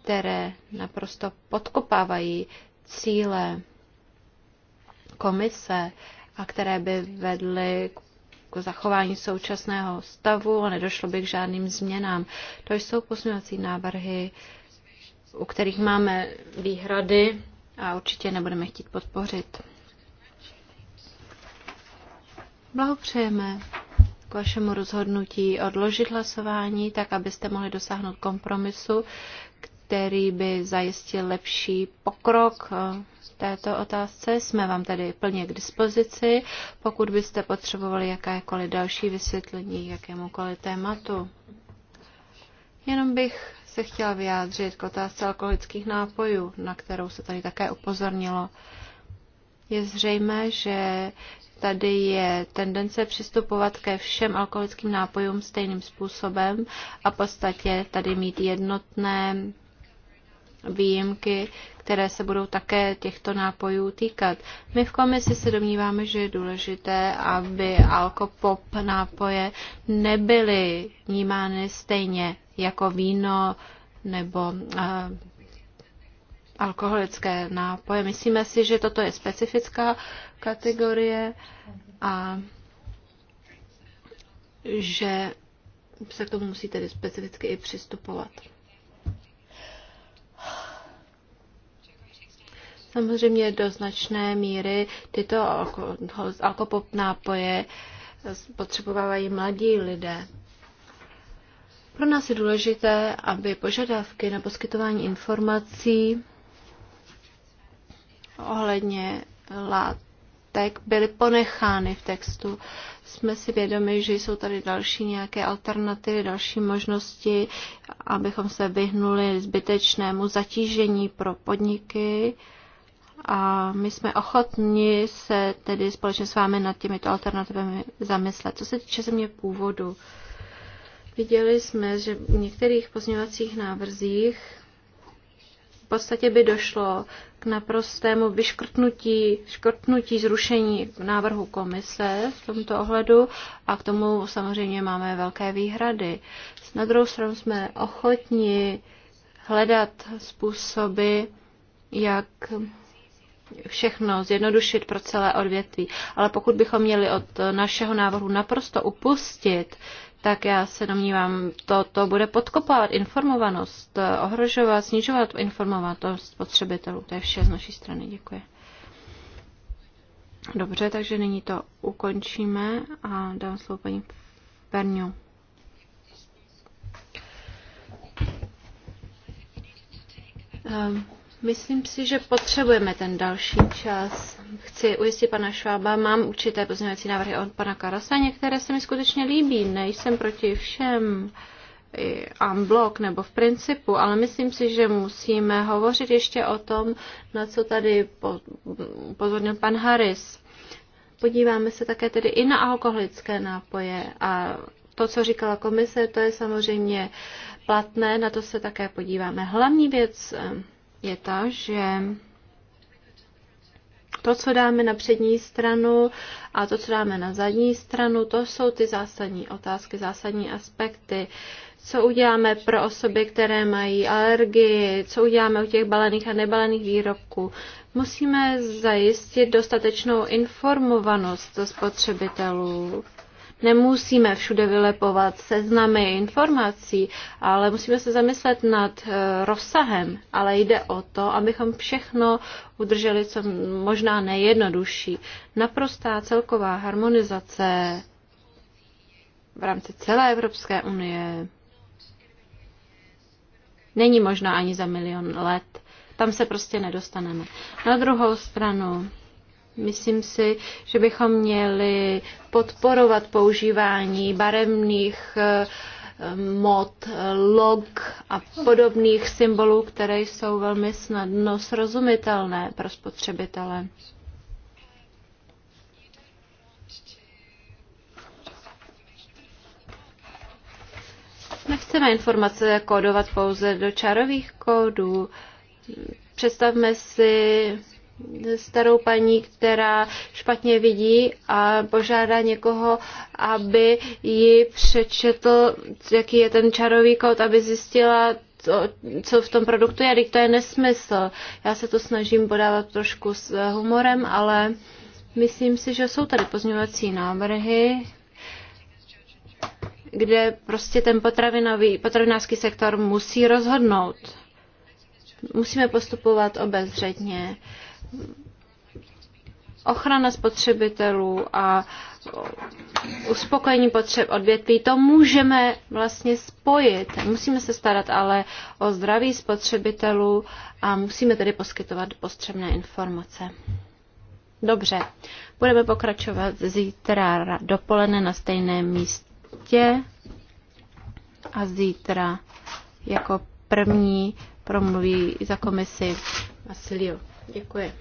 které naprosto podkopávají cíle komise a které by vedly k k zachování současného stavu a nedošlo by k žádným změnám. To jsou pozměňovací návrhy, u kterých máme výhrady a určitě nebudeme chtít podpořit. Blahopřejeme k vašemu rozhodnutí odložit hlasování, tak abyste mohli dosáhnout kompromisu, který by zajistil lepší pokrok eh, v této otázce. Jsme vám tady plně k dispozici, pokud byste potřebovali jakékoliv další vysvětlení jakémukoliv tématu. Jenom bych se chtěla vyjádřit k otázce alkoholických nápojů, na kterou se tady také upozornilo. Je zřejmé, že tady je tendence přistupovat ke všem alkoholickým nápojům stejným způsobem a v podstatě tady mít jednotné výjimky, které se budou také těchto nápojů týkat. My v komisi se domníváme, že je důležité, aby alkopop nápoje nebyly vnímány stejně jako víno nebo eh, alkoholické nápoje. Myslíme si, že toto je specifická kategorie a že se k tomu musí tedy specificky i přistupovat. Samozřejmě do značné míry tyto alkopop nápoje potřebovávají mladí lidé. Pro nás je důležité, aby požadavky na poskytování informací ohledně látek byly ponechány v textu. Jsme si vědomi, že jsou tady další nějaké alternativy, další možnosti, abychom se vyhnuli zbytečnému zatížení pro podniky. A my jsme ochotni se tedy společně s vámi nad těmito alternativami zamyslet. Co se týče země původu, Viděli jsme, že v některých pozměňovacích návrzích v podstatě by došlo k naprostému vyškrtnutí, škrtnutí zrušení návrhu komise v tomto ohledu a k tomu samozřejmě máme velké výhrady. Na druhou stranu jsme ochotni hledat způsoby, jak všechno zjednodušit pro celé odvětví. Ale pokud bychom měli od našeho návrhu naprosto upustit, tak já se domnívám, to, to bude podkopávat informovanost, eh, ohrožovat, snižovat informovanost spotřebitelů. To je vše z naší strany. Děkuji. Dobře, takže nyní to ukončíme a dám slovo paní Perňu. Um, ehm, Myslím si, že potřebujeme ten další čas. Chci ujistit pana Švába, mám určité pozměňovací návrhy od pana Karasa, některé se mi skutečně líbí, nejsem proti všem unblock nebo v principu, ale myslím si, že musíme hovořit ještě o tom, na co tady pozornil pan Harris. Podíváme se také tedy i na alkoholické nápoje a to, co říkala komise, to je samozřejmě platné, na to se také podíváme. Hlavní věc je ta, že to, co dáme na přední stranu a to, co dáme na zadní stranu, to jsou ty zásadní otázky, zásadní aspekty. Co uděláme pro osoby, které mají alergii, co uděláme u těch balených a nebalených výrobků. Musíme zajistit dostatečnou informovanost spotřebitelů Nemusíme všude vylepovat seznamy informací, ale musíme se zamyslet nad eh, rozsahem. Ale jde o to, abychom všechno udrželi co možná nejjednodušší. Naprostá celková harmonizace v rámci celé Evropské unie není možná ani za milion let. Tam se prostě nedostaneme. Na druhou stranu Myslím si, že bychom měli podporovat používání barevných eh, mod, log a podobných symbolů, které jsou velmi snadno srozumitelné pro spotřebitele. Nechceme informace kódovat pouze do čarových kódů. Představme si starou paní, která špatně vidí a požádá někoho, aby ji přečetl, jaký je ten čarový kód, aby zjistila, to, co v tom produktu je. to je nesmysl. Já se to snažím podávat trošku s eh, humorem, ale myslím si, že jsou tady pozměňovací návrhy, kde prostě ten potravinový, potravinářský sektor musí rozhodnout. Musíme postupovat obezřetně. Uh, ochrana spotřebitelů a uspokojení potřeb odvětví, to můžeme vlastně spojit. Musíme se starat ale o zdraví spotřebitelů a musíme tedy poskytovat postřebné informace. Dobře, budeme pokračovat zítra dopoledne na stejném místě a zítra jako první promluví za komisi Vasilio. Děkuji.